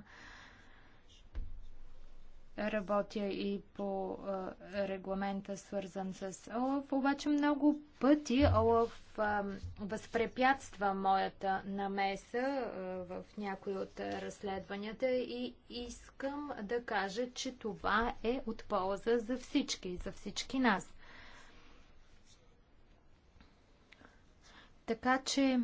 Работя и по регламента, свързан с ОЛАФ, обаче много пъти ОЛАФ възпрепятства моята намеса в някои от разследванията и искам да кажа, че това е от полза за всички, за всички нас. Така че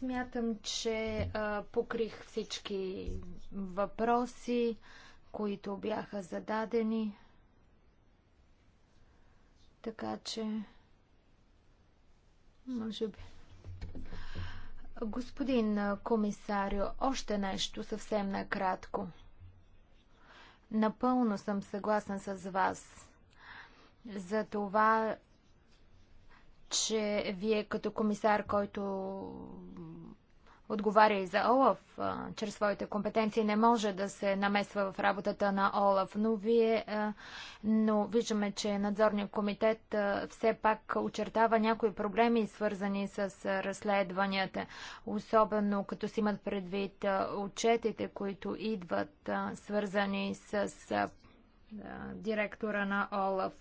Смятам, че а, покрих всички въпроси, които бяха зададени. Така че, може би. Господин комисарио, още нещо съвсем накратко. Напълно съм съгласен с вас за това, че вие като комисар, който отговаря и за Олаф, чрез своите компетенции не може да се намесва в работата на Олаф, но, вие, но виждаме, че надзорният комитет все пак очертава някои проблеми, свързани с разследванията, особено като си имат предвид отчетите, които идват, свързани с директора на Олаф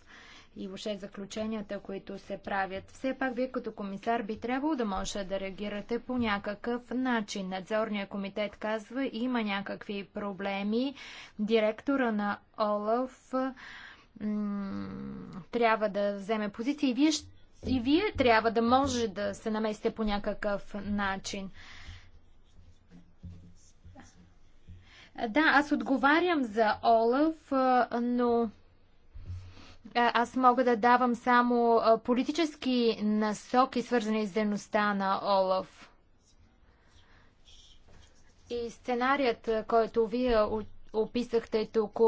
и въобще заключенията, които се правят. Все пак вие като комисар би трябвало да можете да реагирате по някакъв начин. Надзорният комитет казва, има някакви проблеми. Директора на ОЛАФ трябва да вземе позиция и вие, и вие трябва да може да се намесите по някакъв начин. Да, аз отговарям за Олаф, но аз мога да давам само политически насоки, свързани с дейността на Олаф. И сценарият, който вие описахте тук,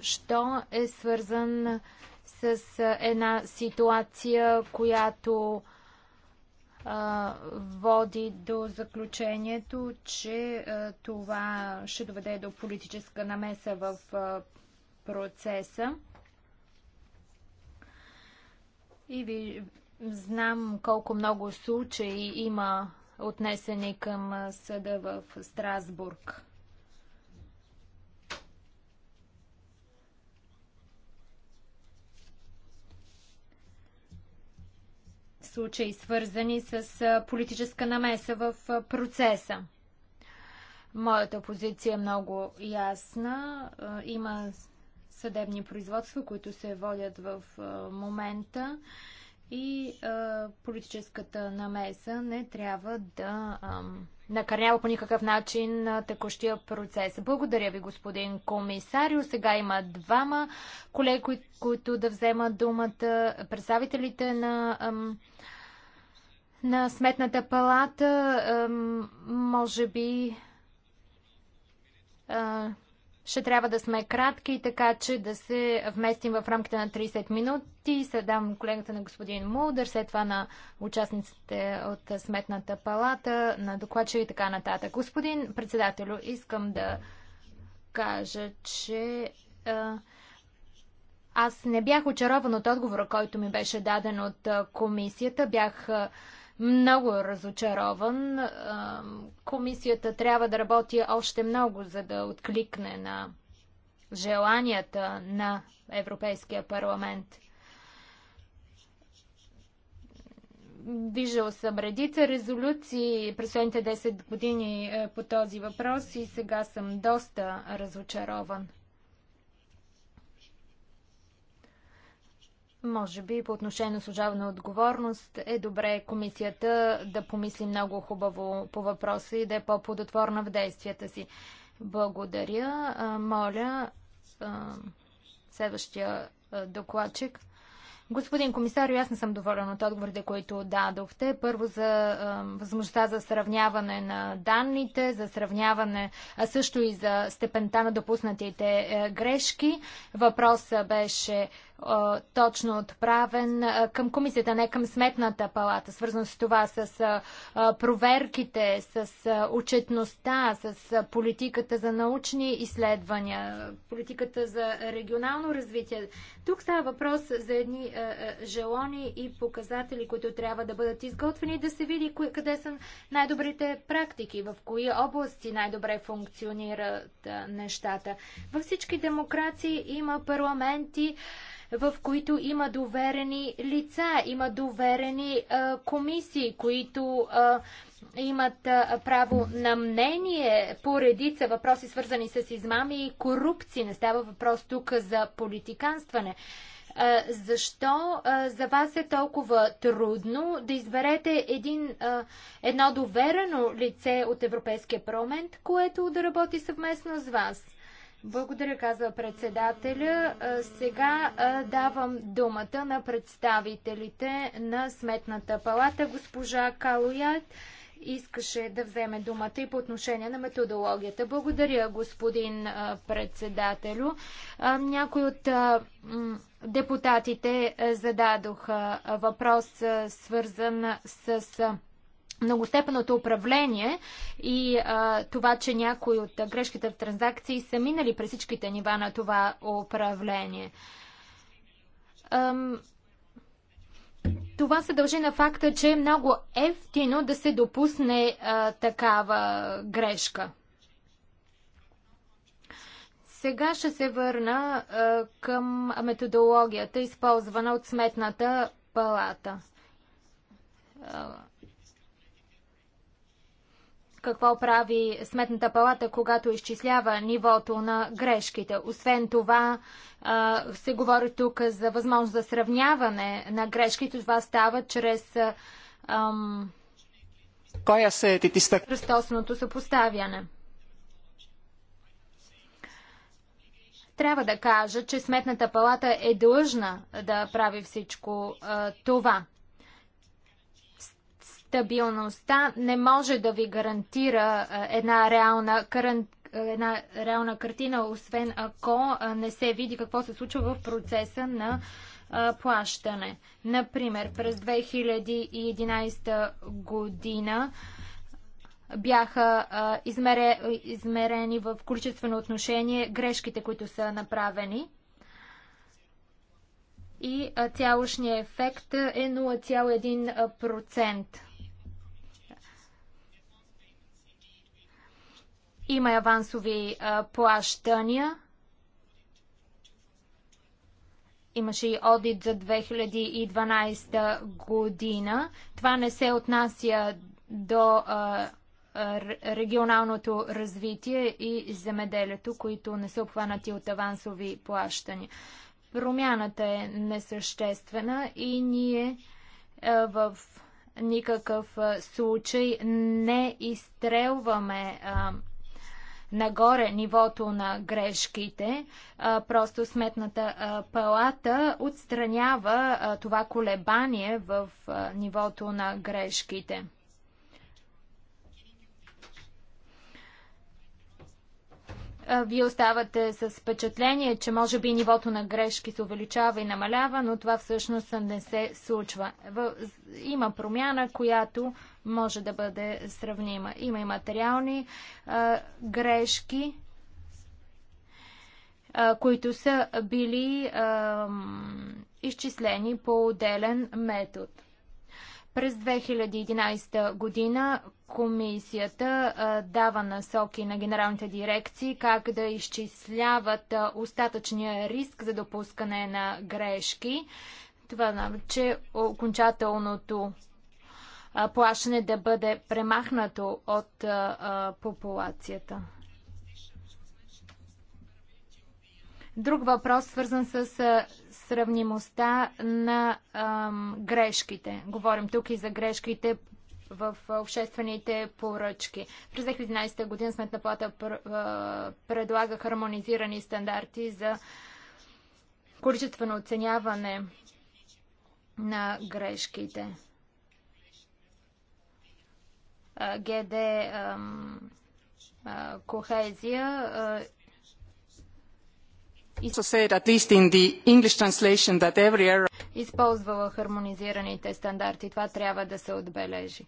що е свързан с една ситуация, която води до заключението, че това ще доведе до политическа намеса в процеса. И ви знам колко много случаи има отнесени към съда в Страсбург. случаи, свързани с политическа намеса в процеса. Моята позиция е много ясна. Има съдебни производства, които се водят в момента и а, политическата намеса не трябва да а, накърнява по никакъв начин а, текущия процес. Благодаря ви, господин комисарио. Сега има двама колеги, кои, които да вземат думата. Представителите на, а, на Сметната палата, а, може би. А, ще трябва да сме кратки, така че да се вместим в рамките на 30 минути. Съдам колегата на господин Мулдър, след това на участниците от Сметната палата, на докладча и така нататък. Господин председателю, искам да кажа, че а, аз не бях очарован от отговора, който ми беше даден от комисията. Бях а, много е разочарован. Комисията трябва да работи още много, за да откликне на желанията на Европейския парламент. Виждал съм редица резолюции през последните 10 години е, по този въпрос и сега съм доста разочарован. Може би по отношение на служавна отговорност е добре комисията да помисли много хубаво по въпроса и да е по-плодотворна в действията си. Благодаря. Моля следващия докладчик. Господин комисар, аз не съм доволен от отговорите, които дадохте. Първо за е, възможността за сравняване на данните, за сравняване, а също и за степента на допуснатите е, грешки. Въпросът беше точно отправен към комисията, не към сметната палата, свързано с това, с проверките, с отчетността, с политиката за научни изследвания, политиката за регионално развитие. Тук става въпрос за едни желони и показатели, които трябва да бъдат изготвени и да се види къде са най-добрите практики, в кои области най-добре функционират нещата. Във всички демокрации има парламенти, в които има доверени лица, има доверени а, комисии, които а, имат а, право на мнение по редица въпроси, свързани с измами и корупции. Не става въпрос тук за политиканстване. А, защо а, за вас е толкова трудно да изберете един, а, едно доверено лице от Европейския парламент, което да работи съвместно с вас? Благодаря, казва председателя. Сега давам думата на представителите на Сметната палата. Госпожа Калоят искаше да вземе думата и по отношение на методологията. Благодаря, господин председателю. Някой от депутатите зададоха въпрос, свързан с многостепенното управление и а, това, че някои от грешките в транзакции са минали през всичките нива на това управление. Ам, това се дължи на факта, че е много ефтино да се допусне а, такава грешка. Сега ще се върна а, към методологията, използвана от Сметната палата. А, какво прави Сметната палата, когато изчислява нивото на грешките. Освен това, се говори тук за възможност за сравняване на грешките. Това става чрез ам, е кръстосното съпоставяне. Трябва да кажа, че Сметната палата е длъжна да прави всичко това стабилността не може да ви гарантира една реална, карантина една реална картина, освен ако не се види какво се случва в процеса на плащане. Например, през 2011 година бяха измерени в количествено отношение грешките, които са направени. И цялостният ефект е 0,1%. Има и авансови а, плащания. Имаше и одит за 2012 година. Това не се отнася до а, регионалното развитие и земеделието, които не са обхванати от авансови плащания. Промяната е несъществена и ние а, в никакъв случай не изстрелваме а, нагоре нивото на грешките. А, просто сметната а, палата отстранява а, това колебание в а, нивото на грешките. Вие оставате с впечатление, че може би нивото на грешки се увеличава и намалява, но това всъщност не се случва. Има промяна, която може да бъде сравнима. Има и материални а, грешки, а, които са били а, изчислени по отделен метод. През 2011 година комисията дава насоки на генералните дирекции как да изчисляват остатъчния риск за допускане на грешки. Това значи, че окончателното плащане да бъде премахнато от популацията. Друг въпрос, свързан с сравнимостта на ам, грешките. Говорим тук и за грешките в обществените поръчки. През 2011 година Сметна плата пр предлага хармонизирани стандарти за количествено оценяване на грешките. ГД ам, а, Кохезия Използвала хармонизираните стандарти. Това трябва да се отбележи.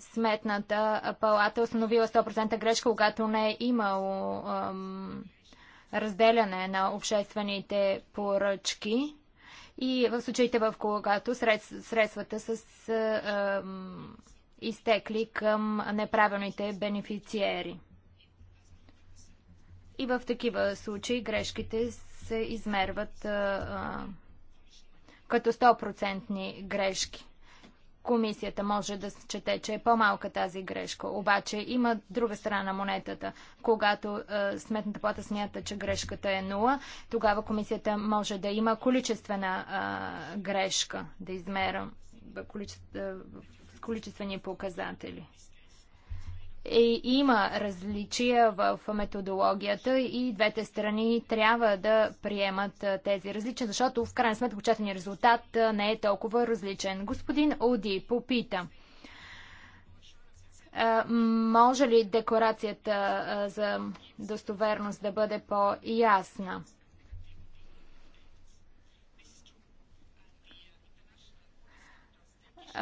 Сметната палата установила 100% грешка, когато не е имало ам, разделяне на обществените поръчки и в случаите, в когато средствата са ам, изтекли към неправилните бенефициери. И в такива случаи грешките се измерват а, като 100% грешки. Комисията може да чете, че е по-малка тази грешка. Обаче има друга страна на монетата. Когато е, сметната плата смята, че грешката е 0, тогава комисията може да има количествена е, грешка, да измера количеств... количествени показатели. И е, има различия в методологията и двете страни трябва да приемат тези различия, защото в крайна сметка очаквания резултат не е толкова различен. Господин Оди попита. Може ли декларацията за достоверност да бъде по-ясна?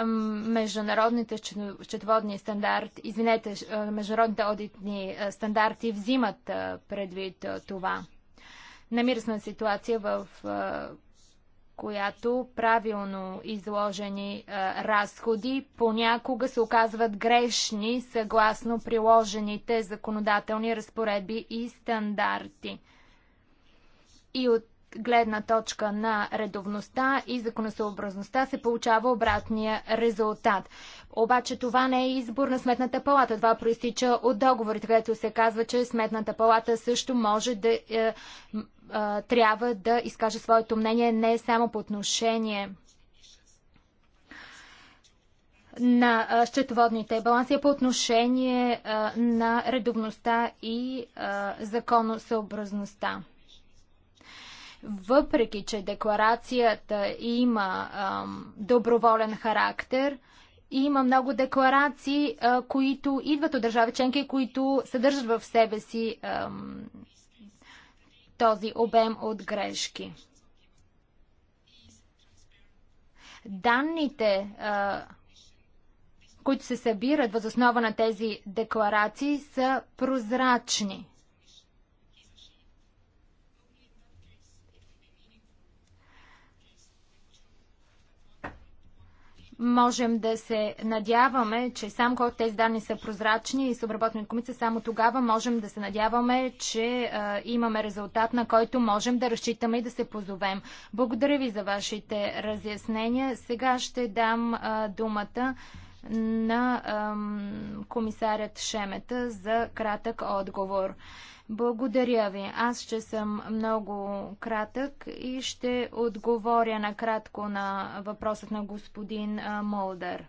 международните счетоводни стандарти, извинете, международните одитни стандарти взимат предвид това. Намира се на ситуация, в която правилно изложени разходи понякога се оказват грешни съгласно приложените законодателни разпоредби и стандарти. И от гледна точка на редовността и законосъобразността се получава обратния резултат. Обаче това не е избор на Сметната палата. Това проистича от договорите, където се казва, че Сметната палата също може да е, е, трябва да изкаже своето мнение не само по отношение на счетоводните баланси а по отношение е, на редовността и законосъобразността. Въпреки, че декларацията има ам, доброволен характер, има много декларации, а, които идват от държави членки, които съдържат в себе си ам, този обем от грешки. Данните, а, които се събират въз основа на тези декларации, са прозрачни. Можем да се надяваме, че само когато тези данни са прозрачни и са обработени от комисия, само тогава можем да се надяваме, че а, имаме резултат, на който можем да разчитаме и да се позовем. Благодаря ви за вашите разяснения. Сега ще дам а, думата на ам, комисарят Шемета за кратък отговор. Благодаря ви. Аз ще съм много кратък и ще отговоря накратко на въпросът на господин Молдър.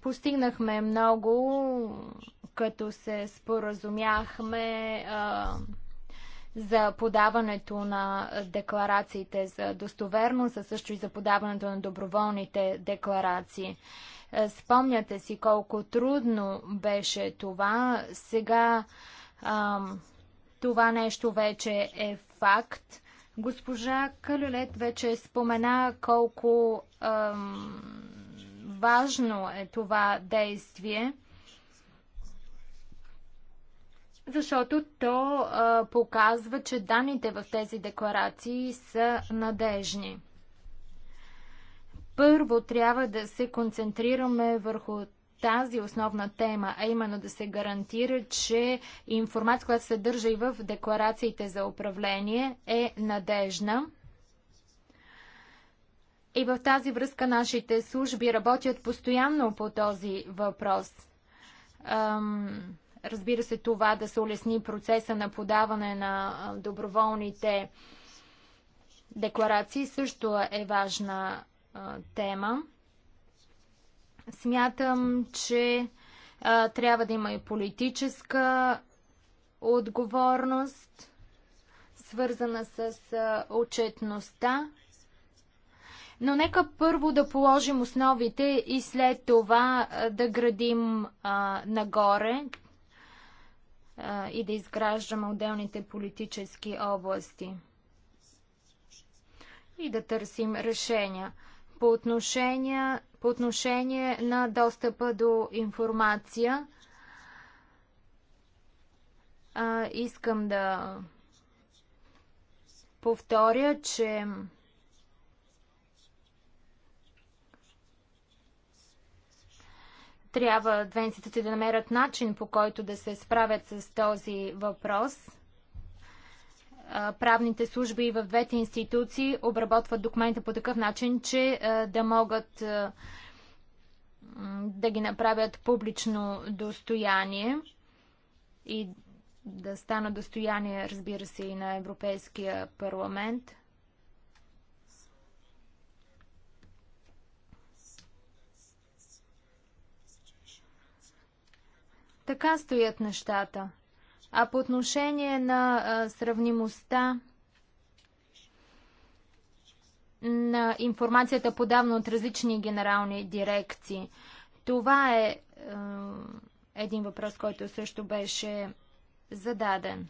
Постигнахме много, като се споразумяхме. А, за подаването на декларациите за достоверност, а също и за подаването на доброволните декларации. Е, спомняте си колко трудно беше това. Сега ам, това нещо вече е факт. Госпожа Калюлет вече спомена колко ам, важно е това действие защото то а, показва, че данните в тези декларации са надежни. Първо трябва да се концентрираме върху тази основна тема, а именно да се гарантира, че информация, която се държа и в декларациите за управление, е надежна. И в тази връзка нашите служби работят постоянно по този въпрос. Ам Разбира се, това да се улесни процеса на подаване на доброволните декларации също е важна тема. Смятам, че трябва да има и политическа отговорност, свързана с отчетността. Но нека първо да положим основите и след това да градим а, нагоре и да изграждаме отделните политически области и да търсим решения. По отношение, по отношение на достъпа до информация, а, искам да повторя, че Трябва две институции да намерят начин по който да се справят с този въпрос. Правните служби в двете институции обработват документа по такъв начин, че да могат да ги направят публично достояние и да стана достояние, разбира се, и на Европейския парламент – Така стоят нещата. А по отношение на а, сравнимостта на информацията подавна от различни генерални дирекции, това е, а, е, един въпрос, който също беше зададен.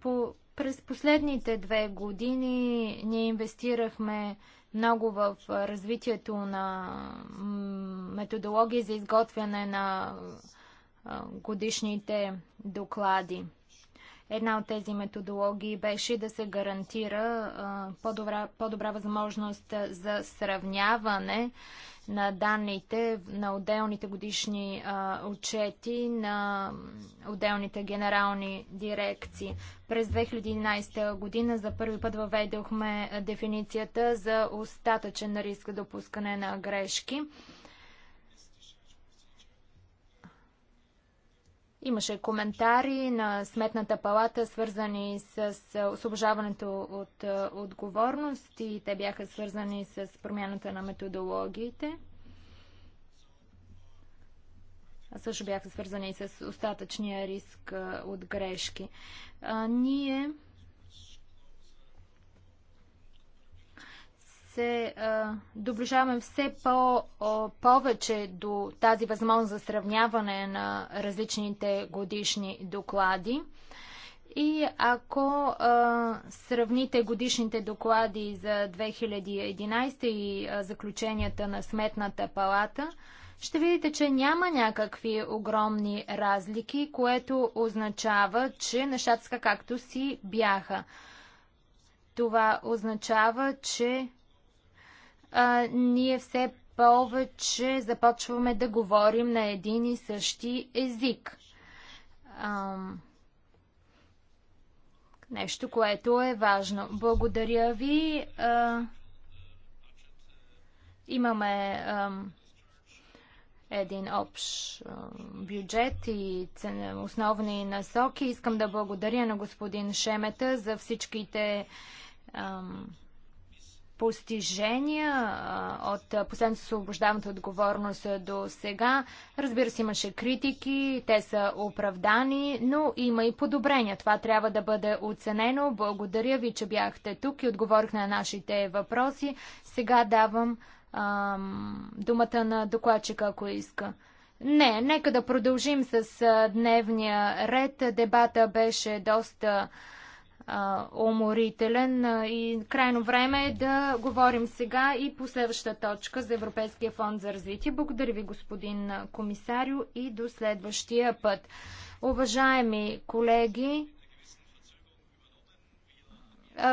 По, през последните две години ние инвестирахме много в развитието на методологии за изготвяне на годишните доклади. Една от тези методологии беше да се гарантира по-добра, по-добра възможност за сравняване на данните на отделните годишни а, отчети на отделните генерални дирекции. През 2011 година за първи път въведохме дефиницията за остатъчен риск допускане на грешки. Имаше коментари на Сметната палата, свързани с освобождаването от е, отговорност и те бяха свързани с промяната на методологиите. А също бяха свързани и с остатъчния риск е, от грешки. А, ние се а, доближаваме все по, о, повече до тази възможност за сравняване на различните годишни доклади. И ако а, сравните годишните доклади за 2011 и а, заключенията на Сметната палата, ще видите, че няма някакви огромни разлики, което означава, че нещата са както си бяха. Това означава, че а, ние все повече започваме да говорим на един и същи език. А, нещо, което е важно. Благодаря ви. А, имаме а, един общ бюджет и основни насоки. Искам да благодаря на господин Шемета за всичките ам, постижения от последното освобождаването отговорност до сега. Разбира се, имаше критики, те са оправдани, но има и подобрения. Това трябва да бъде оценено. Благодаря ви, че бяхте тук и отговорих на нашите въпроси. Сега давам ам, думата на докладчика, ако иска. Не, нека да продължим с дневния ред. Дебата беше доста уморителен и крайно време е да говорим сега и по следващата точка за Европейския фонд за развитие. Благодаря ви, господин комисарио, и до следващия път. Уважаеми колеги,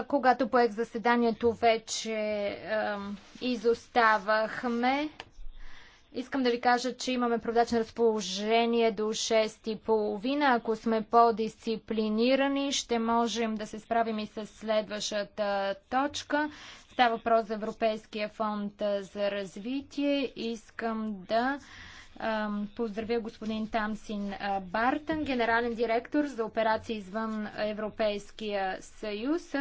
когато поех заседанието вече изоставахме. Искам да ви кажа, че имаме продач на разположение до 6.30. Ако сме по-дисциплинирани, ще можем да се справим и с следващата точка. Става въпрос за Европейския фонд за развитие. Искам да поздравя господин Тамсин Бартън, генерален директор за операции извън Европейския съюз.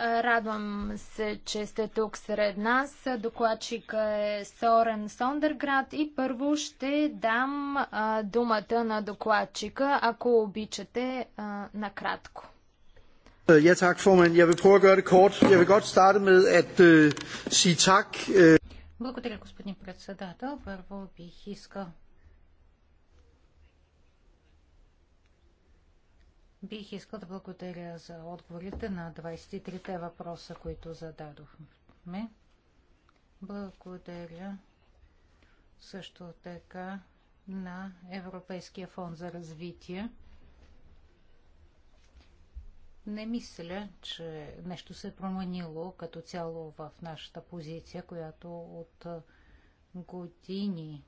Радвам се, че сте тук сред нас. Докладчика е Сорен Сондерград и първо ще дам а, думата на докладчика, ако обичате а, накратко. at gøre det kort. Jeg vil godt starte med at øh, sige tak. Øh. Благодаря, господин председател. Първо бих искал Бих искал да благодаря за отговорите на 23-те въпроса, които зададохме. Благодаря също така на Европейския фонд за развитие. Не мисля, че нещо се е променило като цяло в нашата позиция, която от години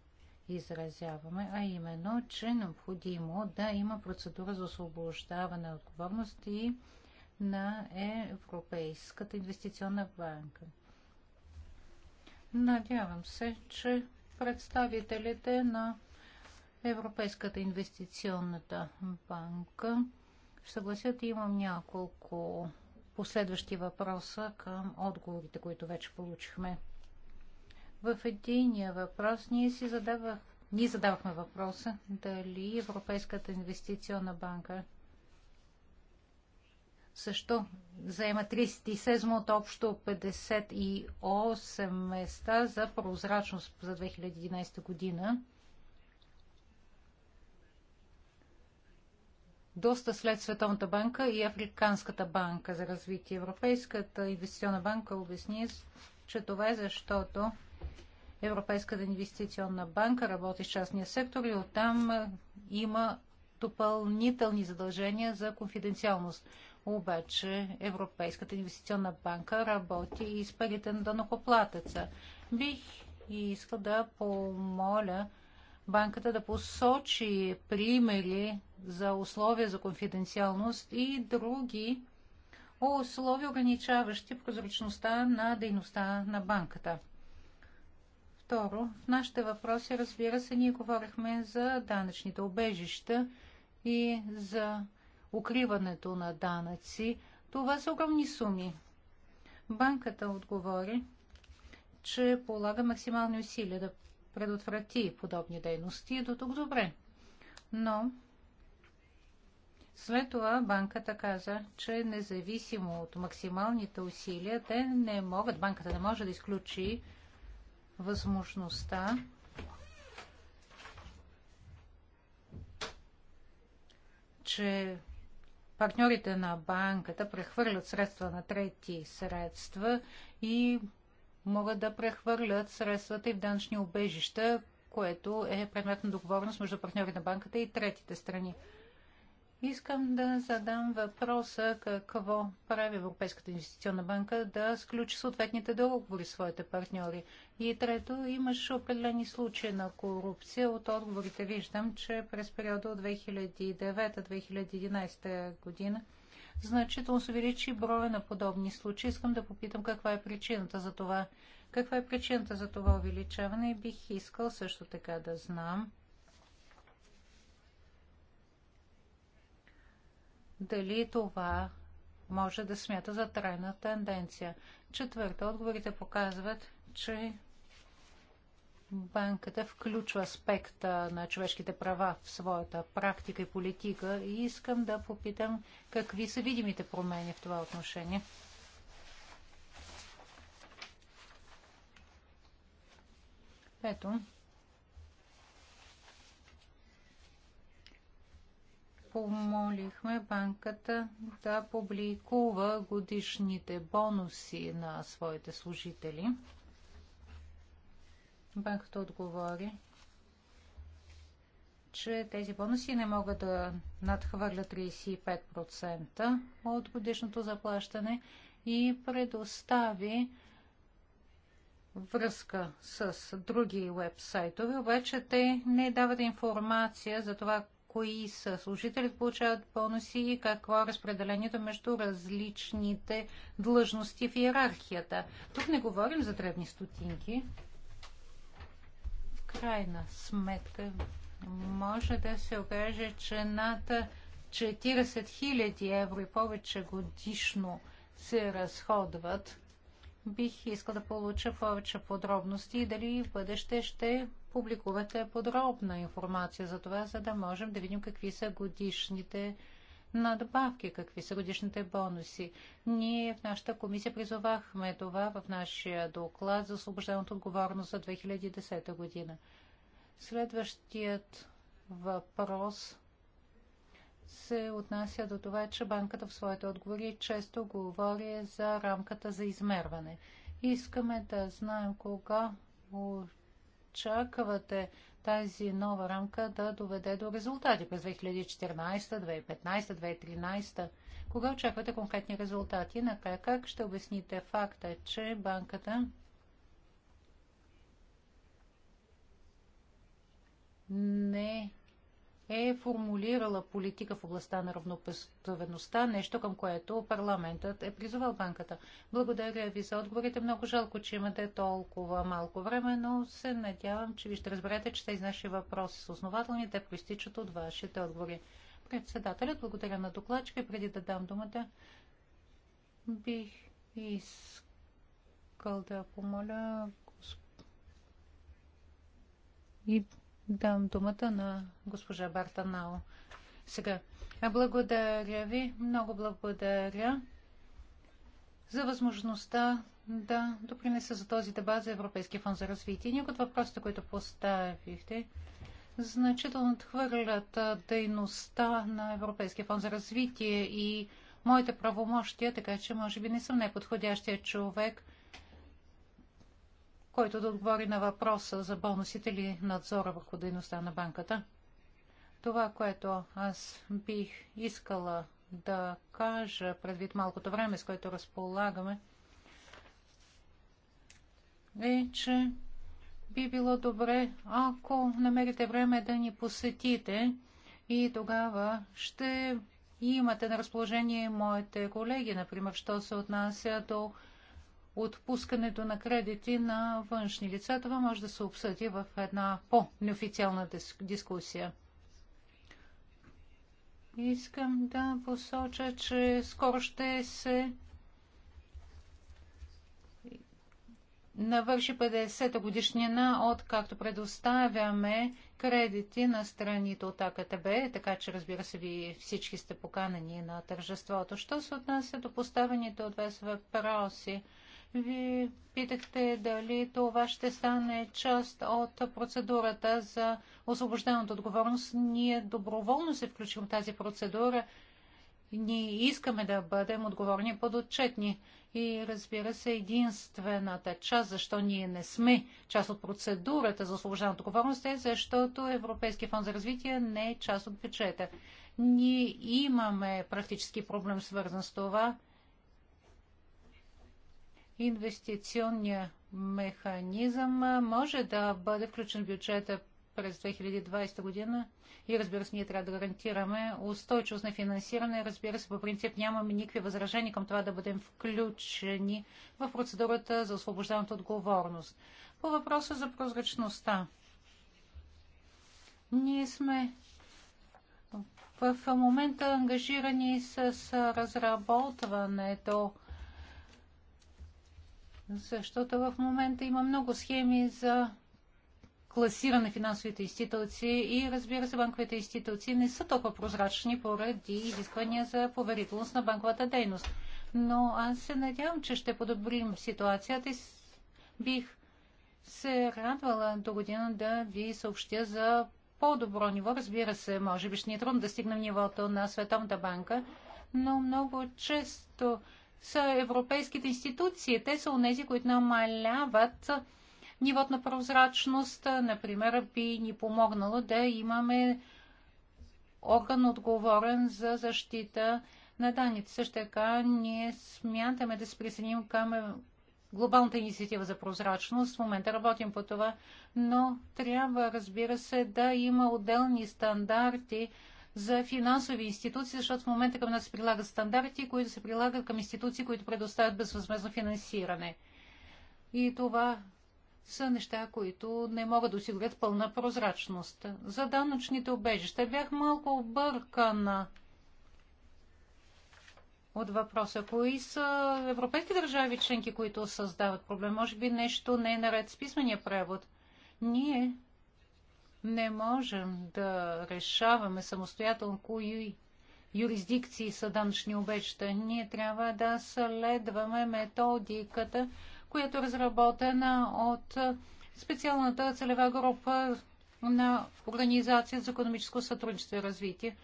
изразяваме, а именно, че е необходимо да има процедура за освобождаване от отговорност и на Европейската инвестиционна банка. Надявам се, че представителите на Европейската инвестиционната банка ще съгласят. Имам няколко последващи въпроса към отговорите, които вече получихме. В единия въпрос ние си задавах, ние задавахме въпроса дали Европейската инвестиционна банка също заема 37 от общо 58 места за прозрачност за 2011 година. Доста след Световната банка и Африканската банка за развитие. Европейската инвестиционна банка обясни, че това е защото Европейската инвестиционна банка работи с частния сектор и оттам е, има допълнителни задължения за конфиденциалност. Обаче Европейската инвестиционна банка работи и с парите на данокоплатеца. Бих искал да помоля банката да посочи примери за условия за конфиденциалност и други условия, ограничаващи прозрачността на дейността на банката. Второ, в нашите въпроси, разбира се, ние говорихме за данъчните обежища и за укриването на данъци. Това са огромни суми. Банката отговори, че полага максимални усилия да предотврати подобни дейности. До тук добре. Но след това банката каза, че независимо от максималните усилия, те не могат, банката не може да изключи възможността че партньорите на банката прехвърлят средства на трети средства и могат да прехвърлят средствата и в данъчни обежища, което е предмет на договорност между партньори на банката и третите страни. Искам да задам въпроса какво прави Европейската инвестиционна банка да сключи съответните договори с своите партньори. И трето, имаш определени случаи на корупция. От отговорите виждам, че през периода от 2009-2011 година значително се увеличи броя на подобни случаи. Искам да попитам каква е причината за това. Каква е причината за това увеличаване? Бих искал също така да знам дали това може да смята за трайна тенденция. Четвърто, отговорите показват, че банката включва аспекта на човешките права в своята практика и политика и искам да попитам какви са видимите промени в това отношение. Ето, помолихме банката да публикува годишните бонуси на своите служители. Банката отговори, че тези бонуси не могат да надхвърлят 35% от годишното заплащане и предостави връзка с други веб-сайтове, обаче те не дават информация за това кои са служителите получават бонуси и какво е разпределението между различните длъжности в иерархията. Тук не говорим за древни стотинки. В крайна сметка може да се окаже, че над 40 000 евро и повече годишно се разходват. Бих искал да получа повече подробности и дали в бъдеще ще публикувате подробна информация за това, за да можем да видим какви са годишните надбавки, какви са годишните бонуси. Ние в нашата комисия призовахме това в нашия доклад за освобождената отговорност за 2010 година. Следващият въпрос се отнася до това, че банката в своите отговори често говори за рамката за измерване. Искаме да знаем кога очаквате тази нова рамка да доведе до резултати през 2014, 2015, 2013? Кога очаквате конкретни резултати? Накрая как ще обясните факта, че банката не е формулирала политика в областта на равнопоставеността, нещо към което парламентът е призовал банката. Благодаря ви за отговорите. Много жалко, че имате толкова малко време, но се надявам, че ви ще разберете, че тези наши въпроси са основателни, те проистичат от вашите отговори. Председателят, благодаря на докладчика и преди да дам думата, бих искал да помоля и дам думата на госпожа Бартанао. Сега, благодаря ви, много благодаря за възможността да допринеса за този дебат за Европейския фонд за развитие. Някои от въпросите, които поставихте, значително отхвърлят дейността на Европейския фонд за развитие и моите правомощия, така че може би не съм най-подходящия човек който да отговори на въпроса за бонусите или надзора върху дейността на банката. Това, което аз бих искала да кажа предвид малкото време, с което разполагаме, е, че би било добре, ако намерите време да ни посетите и тогава ще имате на разположение моите колеги, например, що се отнася до отпускането на кредити на външни лица. Това може да се обсъди в една по-неофициална дискусия. Искам да посоча, че скоро ще се навърши 50-та годишнина, от както предоставяме кредити на страните от АКТБ, така че разбира се, вие всички сте поканени на тържеството. Що се отнася до поставените от вас въпроси? Вие питахте дали това ще стане част от процедурата за освобождане от отговорност. Ние доброволно се включим в тази процедура. Ние искаме да бъдем отговорни подотчетни. И разбира се, единствената част, защо ние не сме част от процедурата за освобождане от отговорност е, защото Европейския фонд за развитие не е част от бюджета. Ние имаме практически проблем свързан с това инвестиционния механизъм може да бъде включен в бюджета през 2020 година и разбира се, ние трябва да гарантираме устойчивост на финансиране. Разбира се, по принцип нямаме никакви възражения към това да бъдем включени в процедурата за освобождаването отговорност. По въпроса за прозрачността. Ние сме в момента ангажирани с разработването защото в момента има много схеми за класиране финансовите институции и разбира се, банковите институции не са толкова прозрачни поради изисквания за поверителност на банковата дейност. Но аз се надявам, че ще подобрим ситуацията и бих се радвала до година да ви съобщя за по-добро ниво. Разбира се, може би ще ни е трудно да стигнем нивото на Световната банка, но много често са европейските институции. Те са онези, които намаляват нивото на прозрачност. Например, би ни помогнало да имаме орган отговорен за защита на данните. Също така ние смятаме да се присъединим към глобалната инициатива за прозрачност. В момента работим по това, но трябва, разбира се, да има отделни стандарти за финансови институции, защото в момента към нас се прилагат стандарти, които се прилагат към институции, които предоставят безвъзмезно финансиране. И това са неща, които не могат да осигурят пълна прозрачност. За данъчните обежища бях малко объркана от въпроса. Кои са европейски държави членки, които създават проблем? Може би нещо не е наред с писмения превод. Ние не можем да решаваме самостоятелно кои юрисдикции са данъчни обеща. Ние трябва да следваме методиката, която е разработена от специалната целева група на Организация за економическо сътрудничество и развитие.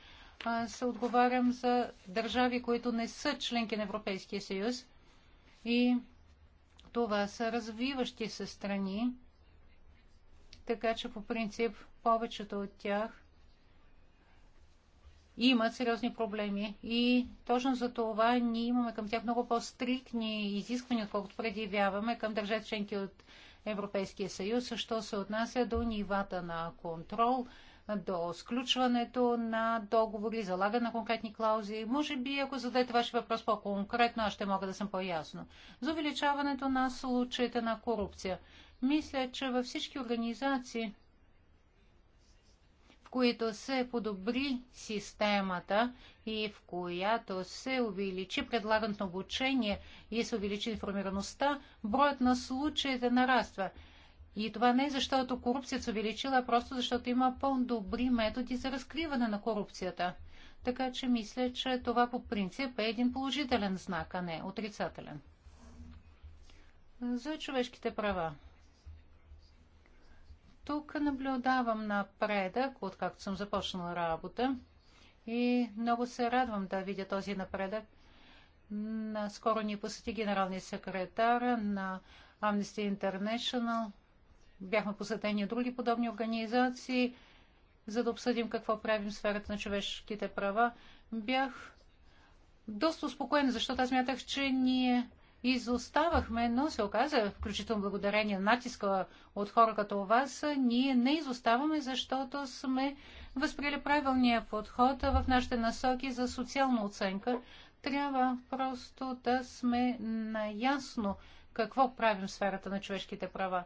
Аз отговарям за държави, които не са членки на Европейския съюз и това са развиващи се страни така че по принцип повечето от тях имат сериозни проблеми. И точно за това ние имаме към тях много по-стрикни изисквания, отколкото предявяваме към държави членки от Европейския съюз, що се отнася до нивата на контрол, до сключването на договори, залага на конкретни клаузи. Може би, ако зададете ваши въпрос по-конкретно, аз ще мога да съм по-ясно. За увеличаването на случаите на корупция. Мисля, че във всички организации, в които се подобри системата и в която се увеличи предлаганото обучение и се увеличи информираността, броят на случаите нараства. И това не е защото корупцията се увеличила, а просто защото има по-добри методи за разкриване на корупцията. Така че мисля, че това по принцип е един положителен знак, а не отрицателен. За човешките права. Тук наблюдавам напредък, откакто съм започнала работа и много се радвам да видя този напредък. Наскоро ни посети генералния секретар на Amnesty International. Бяхме посетени от други подобни организации, за да обсъдим какво правим в сферата на човешките права. Бях доста успокоен, защото аз мятах, че ние изоставахме, но се оказа, включително благодарение на натиска от хора като вас, ние не изоставаме, защото сме възприели правилния подход в нашите насоки за социална оценка. Трябва просто да сме наясно какво правим в сферата на човешките права.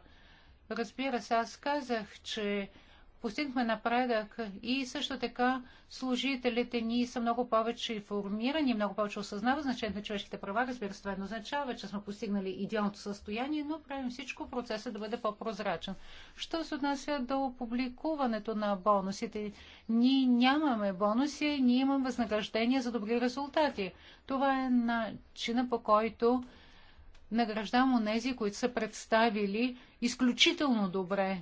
Разбира се, аз казах, че постигнахме напредък и също така служителите ни са много повече информирани, много повече осъзнават значението на човешките права. Разбира се, това не означава, че сме постигнали идеалното състояние, но правим всичко процеса да бъде по-прозрачен. Що се отнася до публикуването на бонусите? Ние нямаме бонуси, ние имаме възнаграждение за добри резултати. Това е начина по който награждам онези, които са представили изключително добре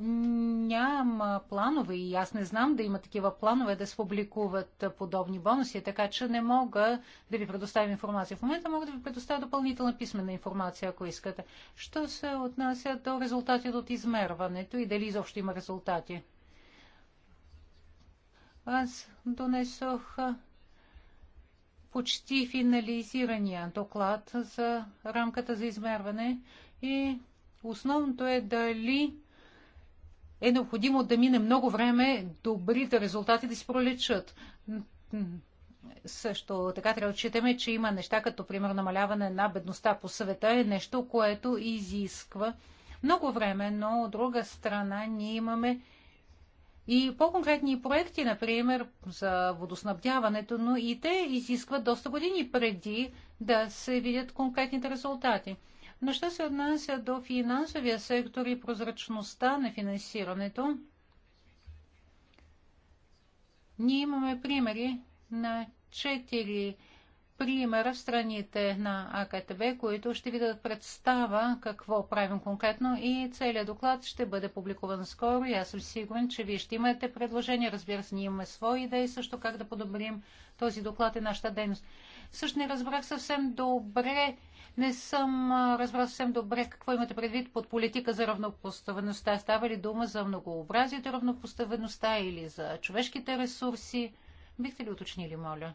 няма планове и аз не знам да има такива планове да се публикуват подобни бонуси, така че не мога да ви предоставя информация. В момента мога да ви предоставя допълнителна писмена информация, ако искате. Що се отнася до резултатите от измерването и дали изобщо има резултати? Аз донесох почти финализирания доклад за рамката за измерване и основното е дали е необходимо да мине много време добрите резултати да си пролечат. Също така трябва да отчитаме, че има неща, като пример намаляване на бедността по света е нещо, което изисква много време, но от друга страна ние имаме и по-конкретни проекти, например, за водоснабдяването, но и те изискват доста години преди да се видят конкретните резултати. Но що се отнася до финансовия сектор и прозрачността на финансирането, ние имаме примери на четири примера в страните на АКТБ, които ще ви дадат представа какво правим конкретно и целият доклад ще бъде публикуван скоро и аз съм сигурен, че вие ще имате предложения. Разбира се, ние имаме свои идеи също как да подобрим този доклад и нашата дейност. Също не разбрах съвсем добре не съм разбрал съвсем добре какво имате предвид под политика за равнопоставеността. Става ли дума за многообразието равнопоставеността или за човешките ресурси? Бихте ли уточнили, моля?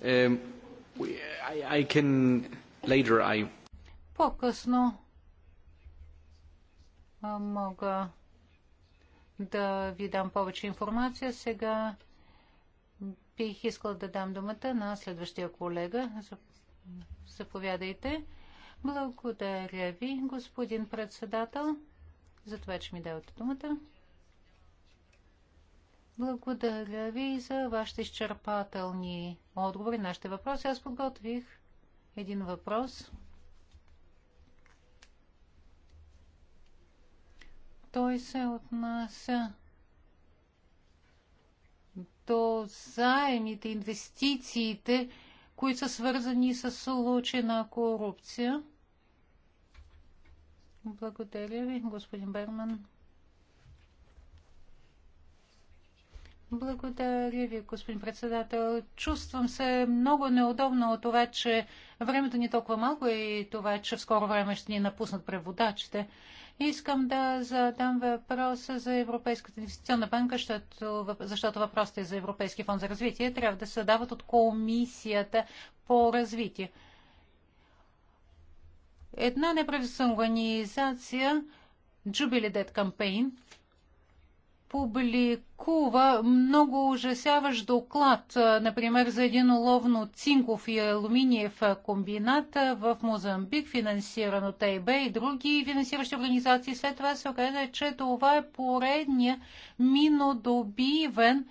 Can... I... По-късно мога да ви дам повече информация. Сега бих искал да дам думата на следващия колега. Заповядайте. Благодаря ви, господин председател, за това, че ми давате думата. Благодаря ви за вашите изчерпателни отговори на нашите въпроси. Аз подготвих един въпрос. Той се отнася до заемите, инвестициите които са свързани с случаи на корупция. Благодаря ви, господин Берман. Благодаря ви, господин председател. Чувствам се много неудобно от това, че времето ни е толкова малко и това, че в скоро време ще ни напуснат преводачите. Искам да задам въпрос за Европейската инвестиционна банка, защото, защото въпросите за Европейски фонд за развитие трябва да се дават от Комисията по развитие. Една неправителствена организация Jubilee Dead Campaign публикува много ужасяващ доклад, например за един уловно цинков и алуминиев комбинат в Мозамбик, финансиран от ЕБ и други финансиращи организации. След това се оказа, че това е поредния минодобивен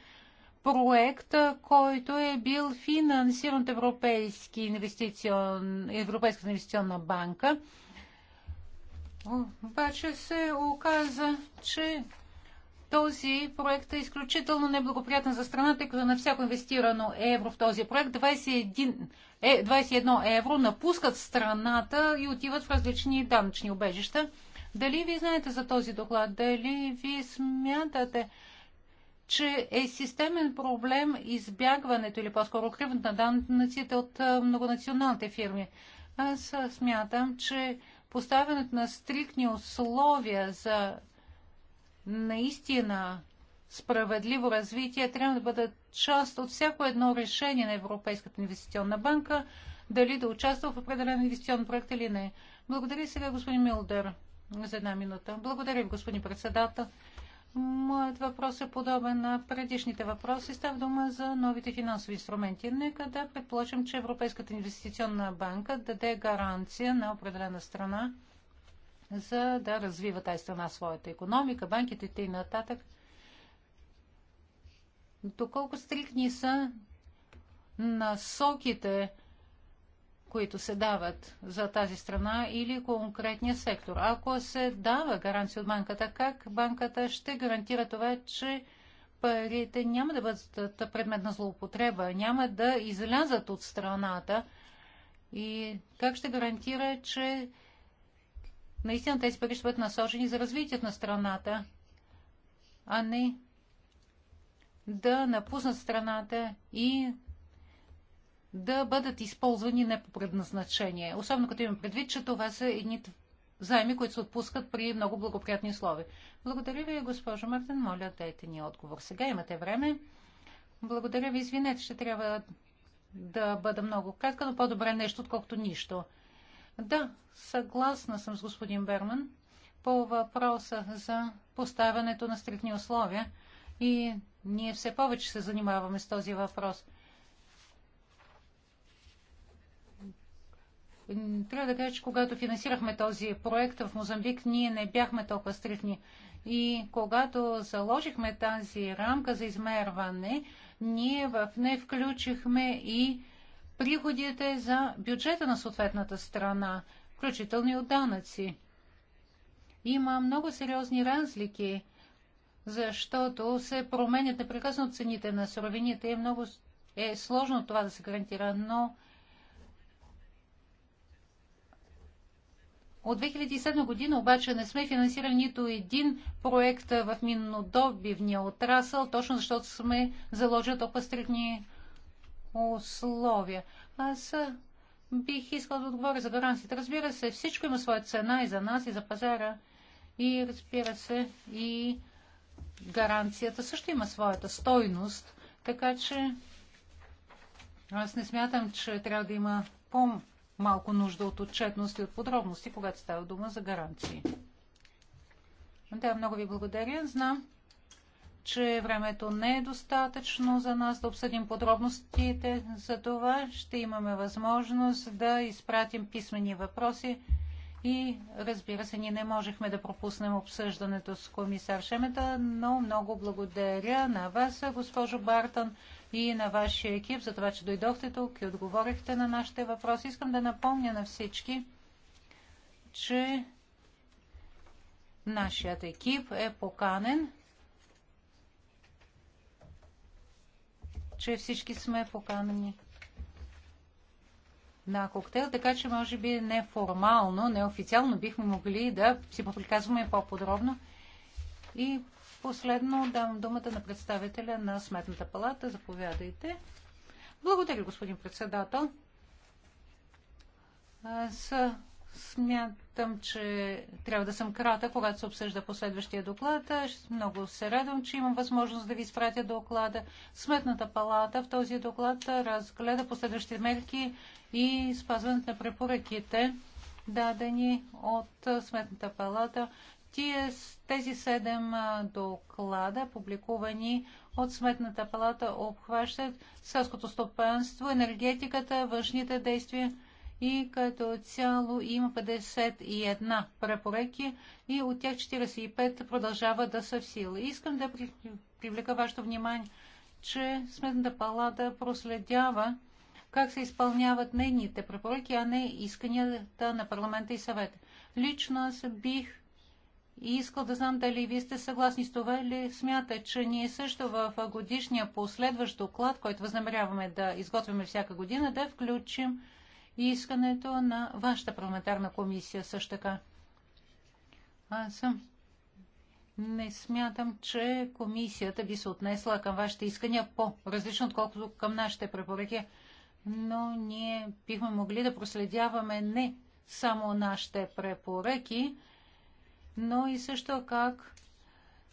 проект, който е бил финансиран от Европейски инвестицион... Европейска инвестиционна банка. Обаче се оказа, че този проект е изключително неблагоприятен за страната, тъй като на всяко инвестирано евро в този проект 21, 21 е, евро напускат страната и отиват в различни данъчни обежища. Дали ви знаете за този доклад? Дали ви смятате, че е системен проблем избягването или по-скоро укриването на данъците от многонационалните фирми? Аз смятам, че поставянето на стриктни условия за наистина справедливо развитие трябва да бъдат част от всяко едно решение на Европейската инвестиционна банка, дали да участва в определен инвестиционен проект или не. Благодаря сега, господин Милдер, за една минута. Благодаря ви, господин председател. Моят въпрос е подобен на предишните въпроси. Става дума за новите финансови инструменти. Нека да предположим, че Европейската инвестиционна банка даде гаранция на определена страна – за да развива тази страна своята економика, банките и нататък. Доколко стрикни са насоките, които се дават за тази страна или конкретния сектор. Ако се дава гаранция от банката, как банката ще гарантира това, че парите няма да бъдат предмет на злоупотреба, няма да излязат от страната и как ще гарантира, че наистина тези пари ще бъдат насочени за развитието на страната, а не да напуснат страната и да бъдат използвани не по предназначение. Особено като имам предвид, че това са едни заеми, които се отпускат при много благоприятни слови. Благодаря ви, госпожо Мартин. Моля, дайте ни отговор. Сега имате време. Благодаря ви. Извинете, ще трябва да бъда много кратка, но по-добре нещо, отколкото нищо. Да, съгласна съм с господин Берман по въпроса за поставянето на стрикни условия и ние все повече се занимаваме с този въпрос. Трябва да кажа, че когато финансирахме този проект в Мозамбик, ние не бяхме толкова стрихни. И когато заложихме тази рамка за измерване, ние в не включихме и приходите за бюджета на съответната страна, включително и от данъци. Има много сериозни разлики, защото се променят непрекъснато цените на суровините и е много е сложно това да се гарантира, но От 2007 година обаче не сме финансирали нито един проект в миннодобивния отрасъл, точно защото сме заложили толкова стрикни условия. Аз бих искал да отговоря за гаранциите. Разбира се, всичко има своя цена и за нас, и за пазара. И разбира се, и гаранцията също има своята стойност. Така че аз не смятам, че трябва да има по-малко нужда от отчетност и от подробности, когато става дума за гаранции. Да, много ви благодаря. Знам, че времето не е достатъчно за нас да обсъдим подробностите. За това ще имаме възможност да изпратим писмени въпроси и разбира се, ние не можехме да пропуснем обсъждането с комисар Шемета, но много благодаря на вас, госпожо Бартън, и на вашия екип за това, че дойдохте тук и отговорихте на нашите въпроси. Искам да напомня на всички, че нашият екип е поканен че всички сме поканени на коктейл, така че може би неформално, неофициално бихме могли да си поприказваме по-подробно. И последно давам думата на представителя на Сметната палата. Заповядайте. Благодаря, господин председател. С Смятам, че трябва да съм крата, когато се обсъжда последващия доклад. Много се радвам, че имам възможност да ви изпратя доклада. Сметната палата в този доклад разгледа последващите мерки и спазването на препоръките, дадени от Сметната палата. Тези седем доклада, публикувани от Сметната палата, обхващат селското стопанство, енергетиката, външните действия, и като цяло има 51 препоръки и от тях 45 продължава да са в сила. Искам да привлека вашето внимание, че Сметната палата проследява как се изпълняват нейните препоръки, а не исканията на парламента и съвета. Лично аз бих и искал да знам дали вие сте съгласни с това или смятате, че ние също в годишния последващ доклад, който възнамеряваме да изготвяме всяка година, да включим и искането на вашата парламентарна комисия също така. Аз съм не смятам, че комисията би се отнесла към вашите искания по-различно, отколкото към нашите препоръки. Но ние бихме могли да проследяваме не само нашите препоръки, но и също как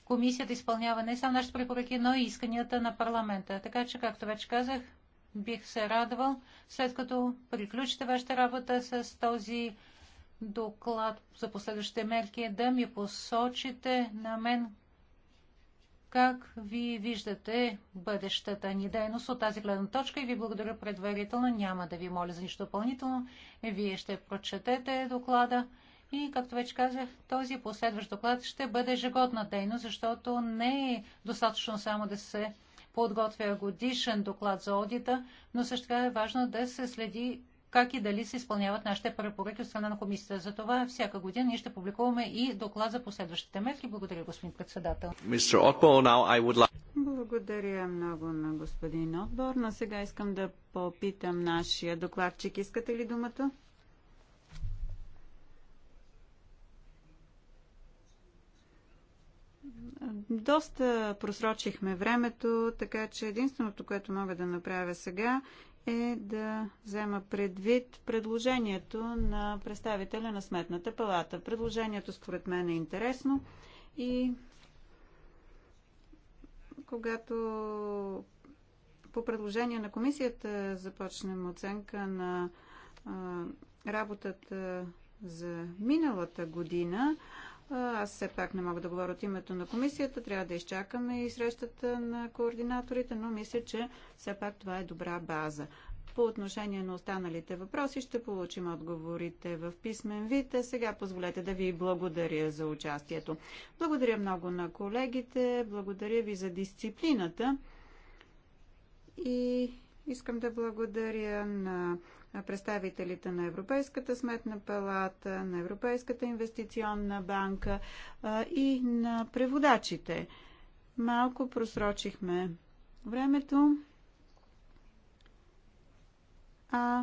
комисията изпълнява не само нашите препоръки, но и исканията на парламента. Така че, както вече казах, бих се радвал, след като приключите вашата работа с този доклад за последващите мерки, да ми посочите на мен как ви виждате бъдещата ни дейност от тази гледна точка и ви благодаря предварително. Няма да ви моля за нищо допълнително. Вие ще прочетете доклада. И, както вече казах, този последващ доклад ще бъде ежегодна дейност, защото не е достатъчно само да се подготвя годишен доклад за одита, но също така е важно да се следи как и дали се изпълняват нашите препоръки от страна на комисията. За това всяка година ние ще публикуваме и доклад за последващите мерки. Благодаря, господин председател. Благодаря много на господин Отбор, но сега искам да попитам нашия докладчик. Искате ли думата? Доста просрочихме времето, така че единственото, което мога да направя сега е да взема предвид предложението на представителя на Сметната палата. Предложението според мен е интересно и когато по предложение на комисията започнем оценка на работата за миналата година, аз все пак не мога да говоря от името на комисията, трябва да изчакаме и срещата на координаторите, но мисля, че все пак това е добра база. По отношение на останалите въпроси ще получим отговорите в писмен вид. А сега позволете да ви благодаря за участието. Благодаря много на колегите, благодаря ви за дисциплината и искам да благодаря на представителите на Европейската сметна палата, на Европейската инвестиционна банка и на преводачите. Малко просрочихме времето. А,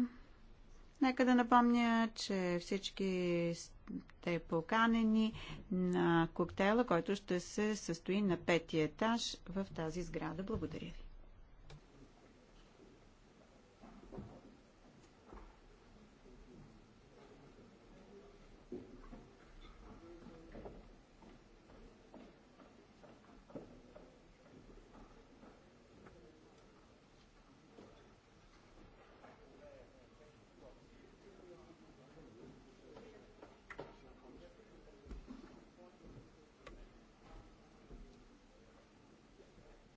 нека да напомня, че всички сте поканени на коктейла, който ще се състои на петия етаж в тази сграда. Благодаря ви.